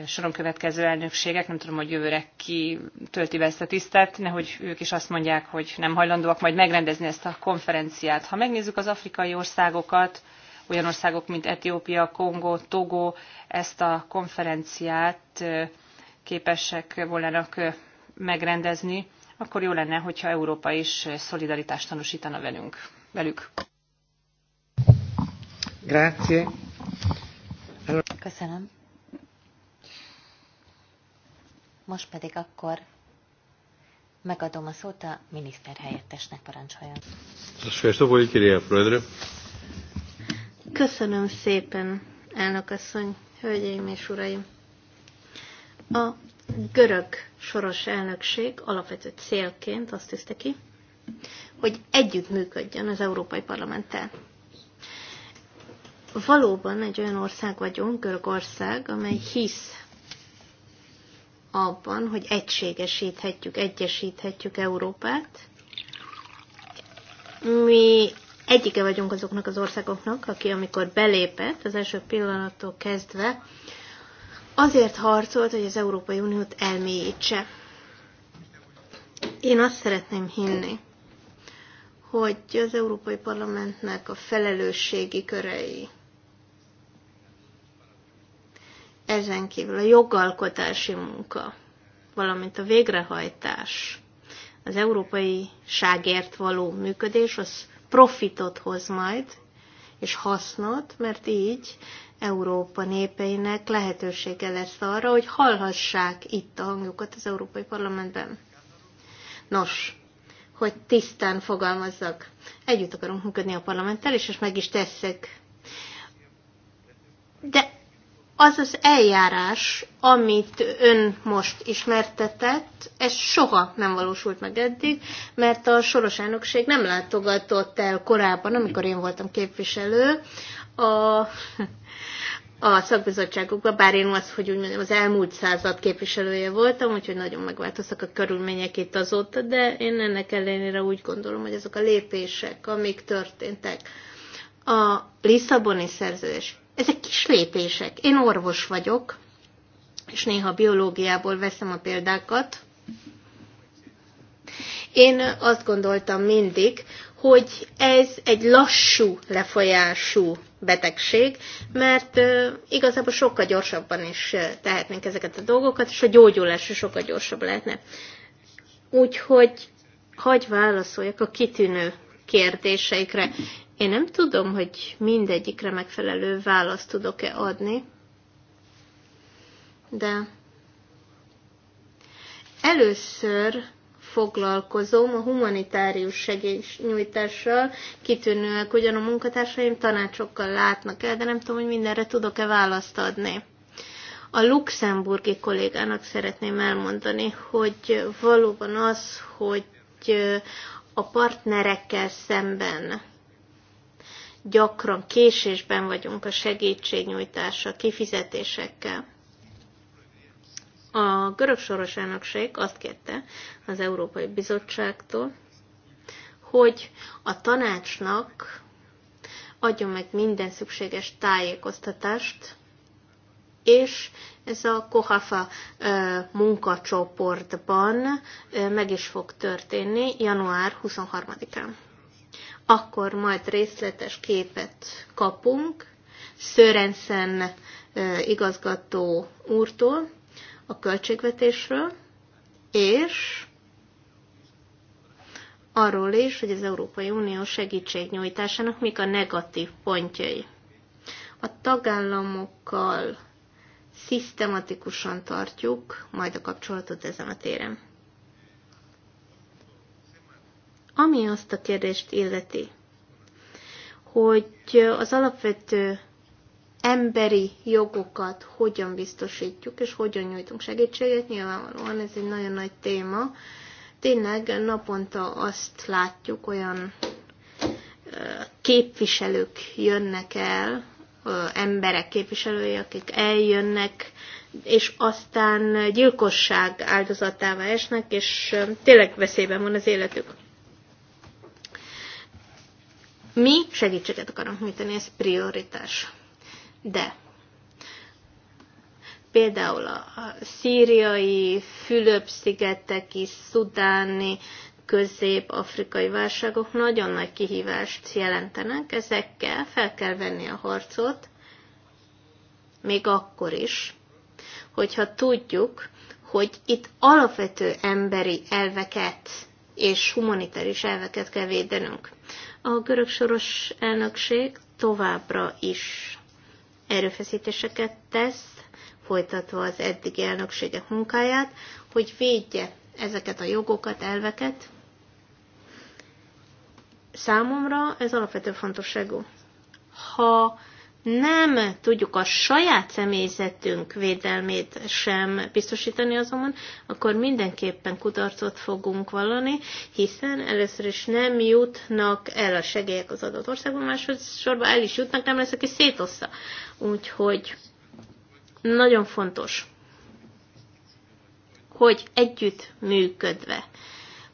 Speaker 1: soron következő elnökségek, nem tudom, hogy jövőre ki tölti be ezt a tisztet, nehogy ők is azt mondják, hogy nem hajlandóak majd megrendezni ezt a konferenciát. Ha megnézzük az afrikai országokat, olyan országok, mint Etiópia, Kongo, Togo ezt a konferenciát képesek volnának megrendezni, akkor jó lenne, hogyha Európa is szolidaritást tanúsítana velünk, velük.
Speaker 3: Grazie. Köszönöm. Most pedig akkor megadom a szót a miniszterhelyettesnek parancsoljon.
Speaker 2: Köszönöm szépen, elnök asszony, hölgyeim és uraim! A görög soros elnökség alapvető célként azt tűzte ki, hogy együttműködjön az Európai Parlamenttel. Valóban egy olyan ország vagyunk, Görögország, amely hisz abban, hogy egységesíthetjük, egyesíthetjük Európát. Mi egyike vagyunk azoknak az országoknak, aki amikor belépett, az első pillanattól kezdve azért harcolt, hogy az Európai Uniót elmélyítse. Én azt szeretném hinni, hogy az Európai Parlamentnek a felelősségi körei, ezen kívül a jogalkotási munka, valamint a végrehajtás, az európai ságért való működés, az profitot hoz majd, és hasznot, mert így Európa népeinek lehetősége lesz arra, hogy hallhassák itt a hangjukat az Európai Parlamentben. Nos, hogy tisztán fogalmazzak. Együtt akarunk működni a parlamenttel, és ezt meg is tesszük. De az az eljárás, amit ön most ismertetett, ez soha nem valósult meg eddig, mert a soros elnökség nem látogatott el korábban, amikor én voltam képviselő, a, a szakbizottságokba, bár én az, hogy úgy mondjam, az elmúlt század képviselője voltam, úgyhogy nagyon megváltoztak a körülmények itt azóta, de én ennek ellenére úgy gondolom, hogy azok a lépések, amik történtek, a Lisszaboni szerződés, ezek kis lépések. Én orvos vagyok, és néha biológiából veszem a példákat. Én azt gondoltam mindig, hogy ez egy lassú lefolyású betegség, mert igazából sokkal gyorsabban is tehetnénk ezeket a dolgokat, és a gyógyulás is sokkal gyorsabb lehetne. Úgyhogy hagy válaszoljak a kitűnő kérdéseikre. Én nem tudom, hogy mindegyikre megfelelő választ tudok-e adni, de először foglalkozom a humanitárius segélynyújtással, kitűnőek ugyan a munkatársaim tanácsokkal látnak el, de nem tudom, hogy mindenre tudok-e választ adni. A luxemburgi kollégának szeretném elmondani, hogy valóban az, hogy a partnerekkel szemben gyakran késésben vagyunk a segítségnyújtása, kifizetésekkel a görög soros elnökség azt kérte az Európai Bizottságtól, hogy a tanácsnak adjon meg minden szükséges tájékoztatást, és ez a Kohafa munkacsoportban meg is fog történni január 23-án. Akkor majd részletes képet kapunk szörenszen igazgató úrtól, a költségvetésről, és arról is, hogy az Európai Unió segítségnyújtásának mik a negatív pontjai. A tagállamokkal szisztematikusan tartjuk majd a kapcsolatot ezen a téren. Ami azt a kérdést illeti, hogy az alapvető emberi jogokat hogyan biztosítjuk, és hogyan nyújtunk segítséget, nyilvánvalóan ez egy nagyon nagy téma. Tényleg naponta azt látjuk, olyan képviselők jönnek el, emberek képviselői, akik eljönnek, és aztán gyilkosság áldozatává esnek, és tényleg veszélyben van az életük. Mi segítséget akarunk nyújtani, ez prioritás. De például a szíriai, Fülöp-szigeteki, szudáni, közép-afrikai válságok nagyon nagy kihívást jelentenek, ezekkel fel kell venni a harcot, még akkor is, hogyha tudjuk, hogy itt alapvető emberi elveket és humanitáris elveket kell védenünk. A görög soros elnökség továbbra is erőfeszítéseket tesz, folytatva az eddigi elnökségek munkáját, hogy védje ezeket a jogokat, elveket. Számomra ez alapvető fontosságú. Ha nem tudjuk a saját személyzetünk védelmét sem biztosítani azonban, akkor mindenképpen kudarcot fogunk vallani, hiszen először is nem jutnak el a segélyek az adott országban, másodszorban el is jutnak, nem lesz, aki szétossza. Úgyhogy nagyon fontos, hogy együtt működve,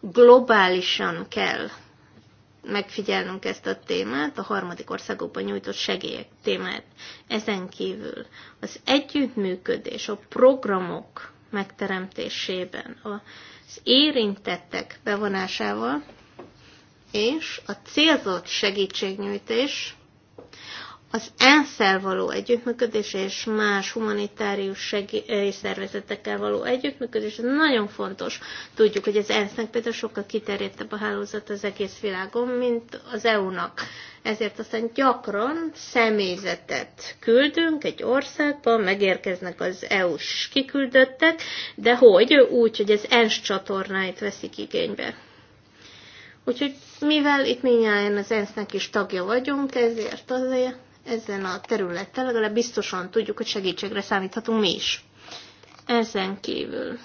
Speaker 2: globálisan kell megfigyelnünk ezt a témát, a harmadik országokban nyújtott segélyek témát. Ezen kívül az együttműködés, a programok megteremtésében, az érintettek bevonásával és a célzott segítségnyújtás az ENSZ-el való együttműködés és más humanitárius segély szervezetekkel való együttműködés, ez nagyon fontos. Tudjuk, hogy az ENSZ-nek például sokkal kiterjedtebb a hálózat az egész világon, mint az EU-nak. Ezért aztán gyakran személyzetet küldünk egy országba, megérkeznek az EU-s kiküldöttek, de hogy? Úgy, hogy az ENSZ csatornáit veszik igénybe. Úgyhogy mivel itt minnyáján az ENSZ-nek is tagja vagyunk, ezért azért ezen a területen, legalább biztosan tudjuk, hogy segítségre számíthatunk mi is. Ezen kívül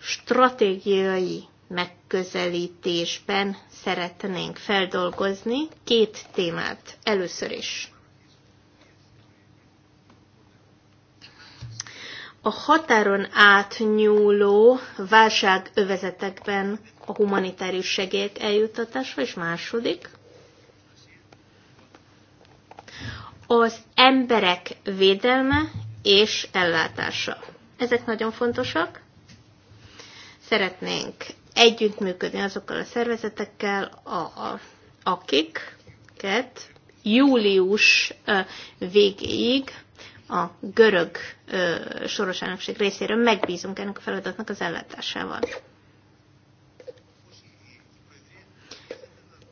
Speaker 2: stratégiai megközelítésben szeretnénk feldolgozni két témát először is. A határon átnyúló válságövezetekben a humanitárius segélyek eljutatása, és második, az emberek védelme és ellátása. Ezek nagyon fontosak. Szeretnénk együttműködni azokkal a szervezetekkel, a, a, akiket július végéig a görög soros elnökség részéről megbízunk ennek a feladatnak az ellátásával.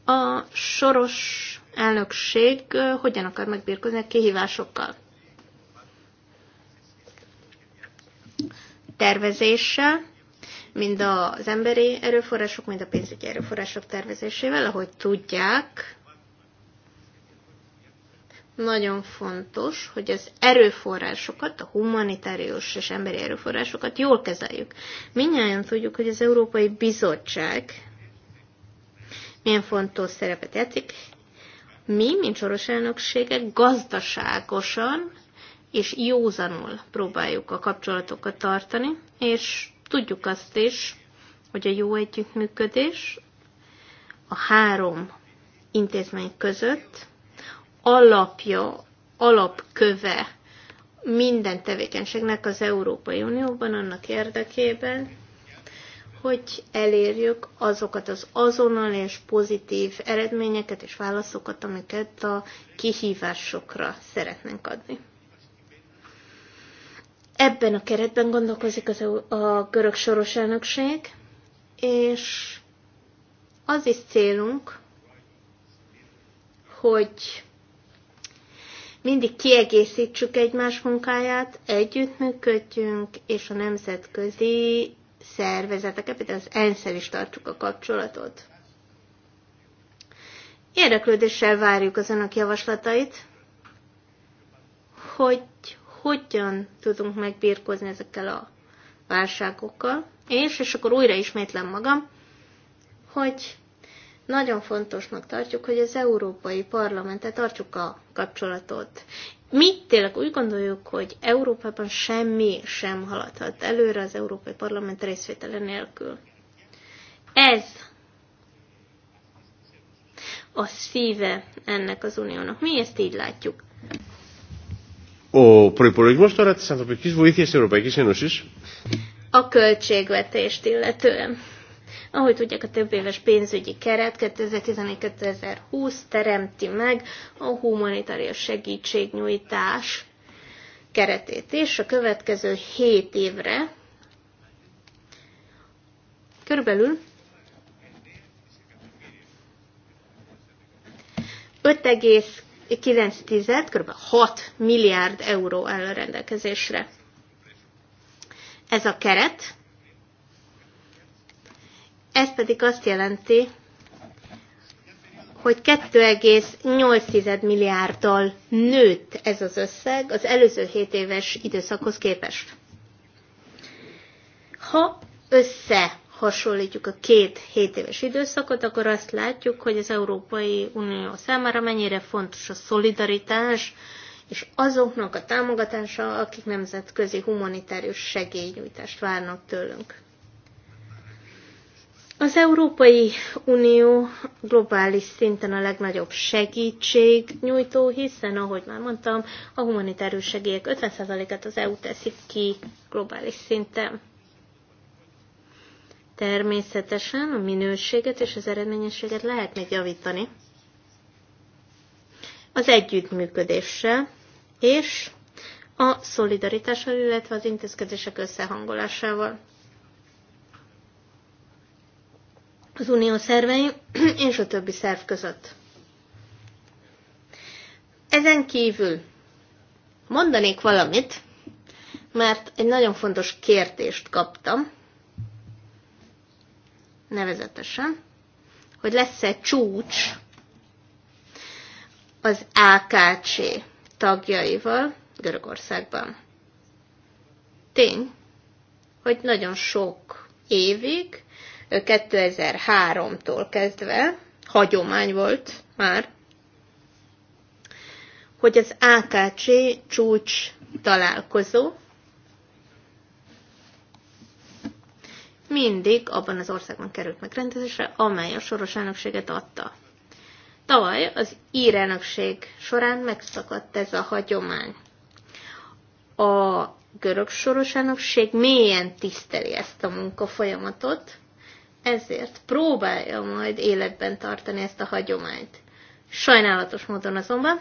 Speaker 2: A soros elnökség hogyan akar megbírkozni a kihívásokkal. Tervezéssel, mind az emberi erőforrások, mind a pénzügyi erőforrások tervezésével, ahogy tudják, nagyon fontos, hogy az erőforrásokat, a humanitárius és emberi erőforrásokat jól kezeljük. Mindnyáján tudjuk, hogy az Európai Bizottság milyen fontos szerepet játszik, mi, mint soros elnöksége, gazdaságosan és józanul próbáljuk a kapcsolatokat tartani, és tudjuk azt is, hogy a jó együttműködés a három intézmény között alapja, alapköve minden tevékenységnek az Európai Unióban annak érdekében, hogy elérjük azokat az azonnal és pozitív eredményeket és válaszokat, amiket a kihívásokra szeretnénk adni. Ebben a keretben gondolkozik az, a görög soros elnökség, és az is célunk, hogy mindig kiegészítsük egymás munkáját, együttműködjünk, és a nemzetközi szervezeteket, például az ensz is tartsuk a kapcsolatot. Érdeklődéssel várjuk az önök javaslatait, hogy hogyan tudunk megbírkozni ezekkel a válságokkal, és, és akkor újra ismétlem magam, hogy nagyon fontosnak tartjuk, hogy az Európai Parlamentet tartsuk a kapcsolatot. Mi tényleg úgy gondoljuk, hogy Európában semmi sem haladhat előre az Európai Parlament részvétele nélkül. Ez a szíve ennek az uniónak. Mi ezt így látjuk.
Speaker 1: Ο προπολογισμό τώρα τη ανθρωπική βοήθεια európai Ένωση.
Speaker 2: A költségvetést illetően. Ahogy tudják, a több éves pénzügyi keret 2014-2020 teremti meg a humanitárius segítségnyújtás keretét és a következő 7 évre. Körülbelül 5,9, kb. 6 milliárd euró áll a rendelkezésre. Ez a keret ez pedig azt jelenti, hogy 2,8 milliárddal nőtt ez az összeg az előző 7 éves időszakhoz képest. Ha összehasonlítjuk a két 7 éves időszakot, akkor azt látjuk, hogy az Európai Unió számára mennyire fontos a szolidaritás, és azoknak a támogatása, akik nemzetközi humanitárius segélynyújtást várnak tőlünk. Az Európai Unió globális szinten a legnagyobb segítségnyújtó, hiszen, ahogy már mondtam, a humanitárius segélyek 50%-át az EU teszik ki globális szinten. Természetesen a minőséget és az eredményességet lehet még javítani az együttműködéssel és a szolidaritással, illetve az intézkedések összehangolásával. az unió szervei és a többi szerv között. Ezen kívül mondanék valamit, mert egy nagyon fontos kérdést kaptam, nevezetesen, hogy lesz egy csúcs az AKC tagjaival Görögországban. Tény, hogy nagyon sok évig 2003-tól kezdve hagyomány volt már, hogy az AKC csúcs találkozó mindig abban az országban került megrendezésre, amely a soros elnökséget adta. Tavaly az ír elnökség során megszakadt ez a hagyomány. A görög soros elnökség mélyen tiszteli ezt a munkafolyamatot, ezért próbálja majd életben tartani ezt a hagyományt. Sajnálatos módon azonban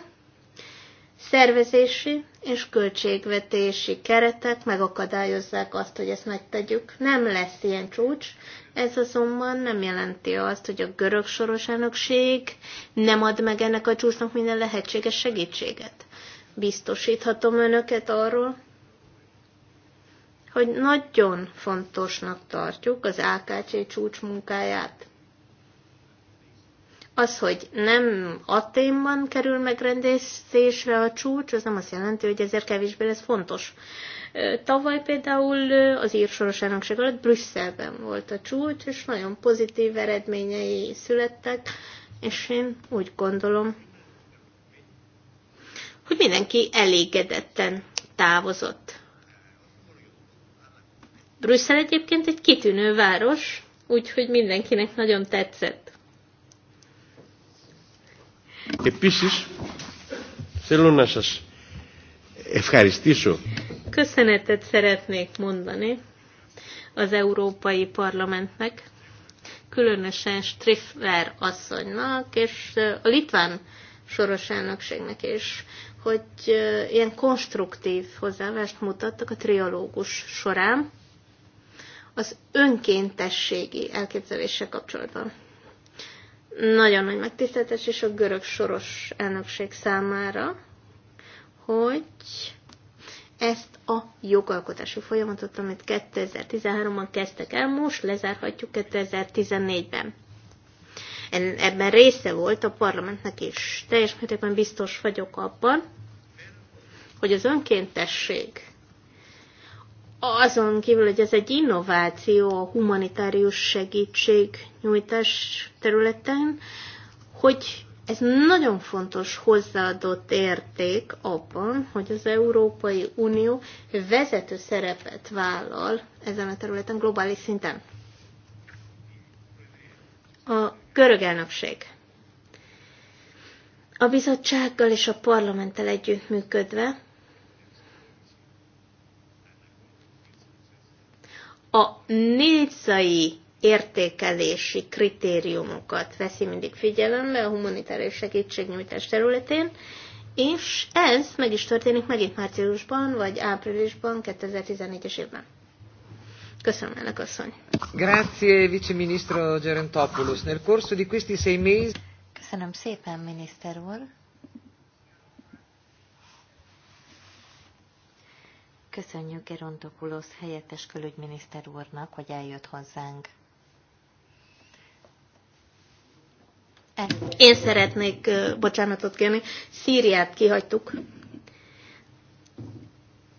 Speaker 2: szervezési és költségvetési keretek megakadályozzák azt, hogy ezt megtegyük. Nem lesz ilyen csúcs, ez azonban nem jelenti azt, hogy a görög soros elnökség nem ad meg ennek a csúcsnak minden lehetséges segítséget. Biztosíthatom önöket arról, hogy nagyon fontosnak tartjuk az AKC csúcs munkáját. Az, hogy nem Aténban kerül megrendezésre a csúcs, az nem azt jelenti, hogy ezért kevésbé lesz fontos. Tavaly például az írsoros elnökség alatt Brüsszelben volt a csúcs, és nagyon pozitív eredményei születtek, és én úgy gondolom, hogy mindenki elégedetten távozott. Brüsszel egyébként egy kitűnő város, úgyhogy mindenkinek nagyon tetszett.
Speaker 1: Επίσης, θέλω να σας ευχαριστήσω.
Speaker 2: Köszönetet szeretnék mondani az Európai Parlamentnek, különösen Striffer asszonynak, és a litván soros elnökségnek is, hogy ilyen konstruktív hozzáállást mutattak a triológus során, az önkéntességi elképzeléssel kapcsolatban. Nagyon nagy megtiszteltetés és a görög soros elnökség számára, hogy ezt a jogalkotási folyamatot, amit 2013-ban kezdtek el, most lezárhatjuk 2014-ben. Ebben része volt a parlamentnek is. Teljes mértékben biztos vagyok abban, hogy az önkéntesség azon kívül, hogy ez egy innováció a humanitárius segítségnyújtás területen, hogy ez nagyon fontos hozzáadott érték abban, hogy az Európai Unió vezető szerepet vállal ezen a területen globális szinten. A görög elnökség. A bizottsággal és a parlamenttel együttműködve a nézai értékelési kritériumokat veszi mindig figyelembe a humanitárius segítségnyújtás területén, és ez meg is történik megint márciusban, vagy áprilisban 2014-es évben. Köszönöm, elnök asszony.
Speaker 3: Grazie, viceministro Gerentopoulos. Nel corso di questi sei mesi... Köszönöm szépen, miniszter úr. Köszönjük Gerontopulosz helyettes külügyminiszter úrnak, hogy eljött hozzánk.
Speaker 2: Én szeretnék bocsánatot kérni. Szíriát kihagytuk.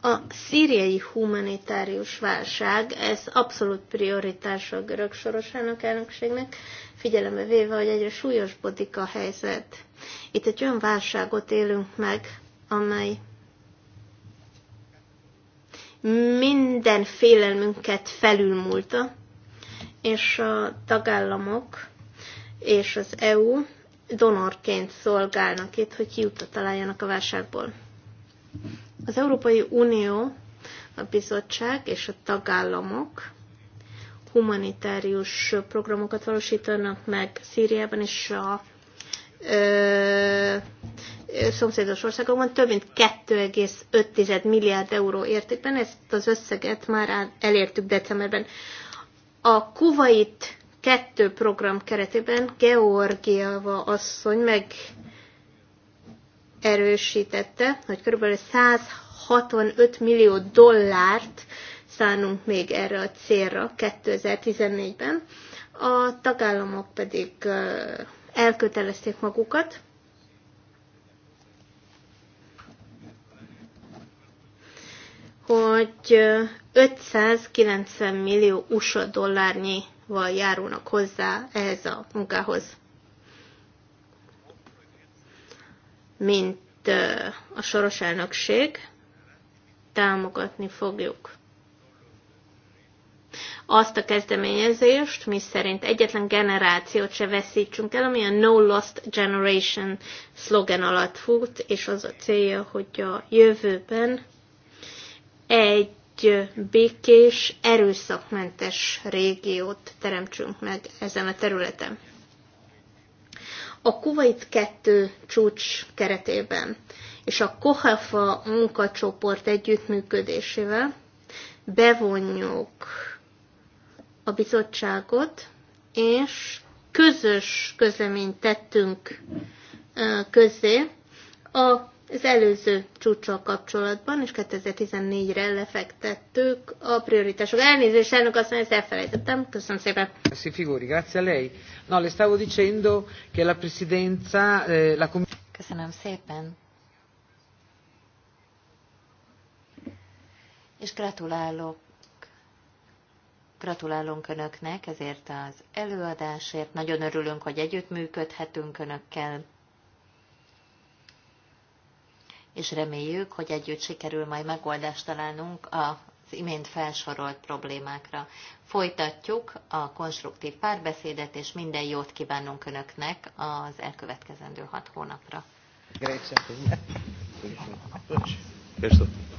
Speaker 2: A szíriai humanitárius válság, ez abszolút prioritása a görög sorosának elnökségnek, figyelembe véve, hogy egyre súlyosbodik a helyzet. Itt egy olyan válságot élünk meg, amely minden félelmünket felülmúlta, és a tagállamok és az EU donorként szolgálnak itt, hogy kiutat találjanak a válságból. Az Európai Unió, a bizottság és a tagállamok humanitárius programokat valósítanak meg Szíriában és a ö, szomszédos országokban több mint 2,5 milliárd euró értékben. Ezt az összeget már elértük decemberben. A Kuwait 2 program keretében Georgiava asszony meg erősítette, hogy kb. 165 millió dollárt szánunk még erre a célra 2014-ben, a tagállamok pedig elkötelezték magukat, hogy 590 millió USA dollárnyival járulnak hozzá ehhez a munkához. Mint a soros elnökség, támogatni fogjuk azt a kezdeményezést, mi szerint egyetlen generációt se veszítsünk el, ami a No Lost Generation szlogen alatt fut, és az a célja, hogy a jövőben egy békés, erőszakmentes régiót teremtsünk meg ezen a területen. A Kuwait 2 csúcs keretében és a Kohafa munkacsoport együttműködésével bevonjuk a bizottságot, és közös közleményt tettünk közzé a az előző csúcsal kapcsolatban, és 2014-re lefektettük a prioritások. Elnézést, elnök, azt mondja, ezt elfelejtettem. Köszönöm szépen.
Speaker 3: Si figuri, grazie a lei. No, le stavo dicendo che la presidenza... Eh, la Köszönöm szépen. És gratulálok. Gratulálunk Önöknek ezért az előadásért. Nagyon örülünk, hogy együttműködhetünk Önökkel és reméljük, hogy együtt sikerül majd megoldást találnunk a az imént felsorolt problémákra. Folytatjuk a konstruktív párbeszédet, és minden jót kívánunk Önöknek az elkövetkezendő hat hónapra.
Speaker 1: Köszönöm.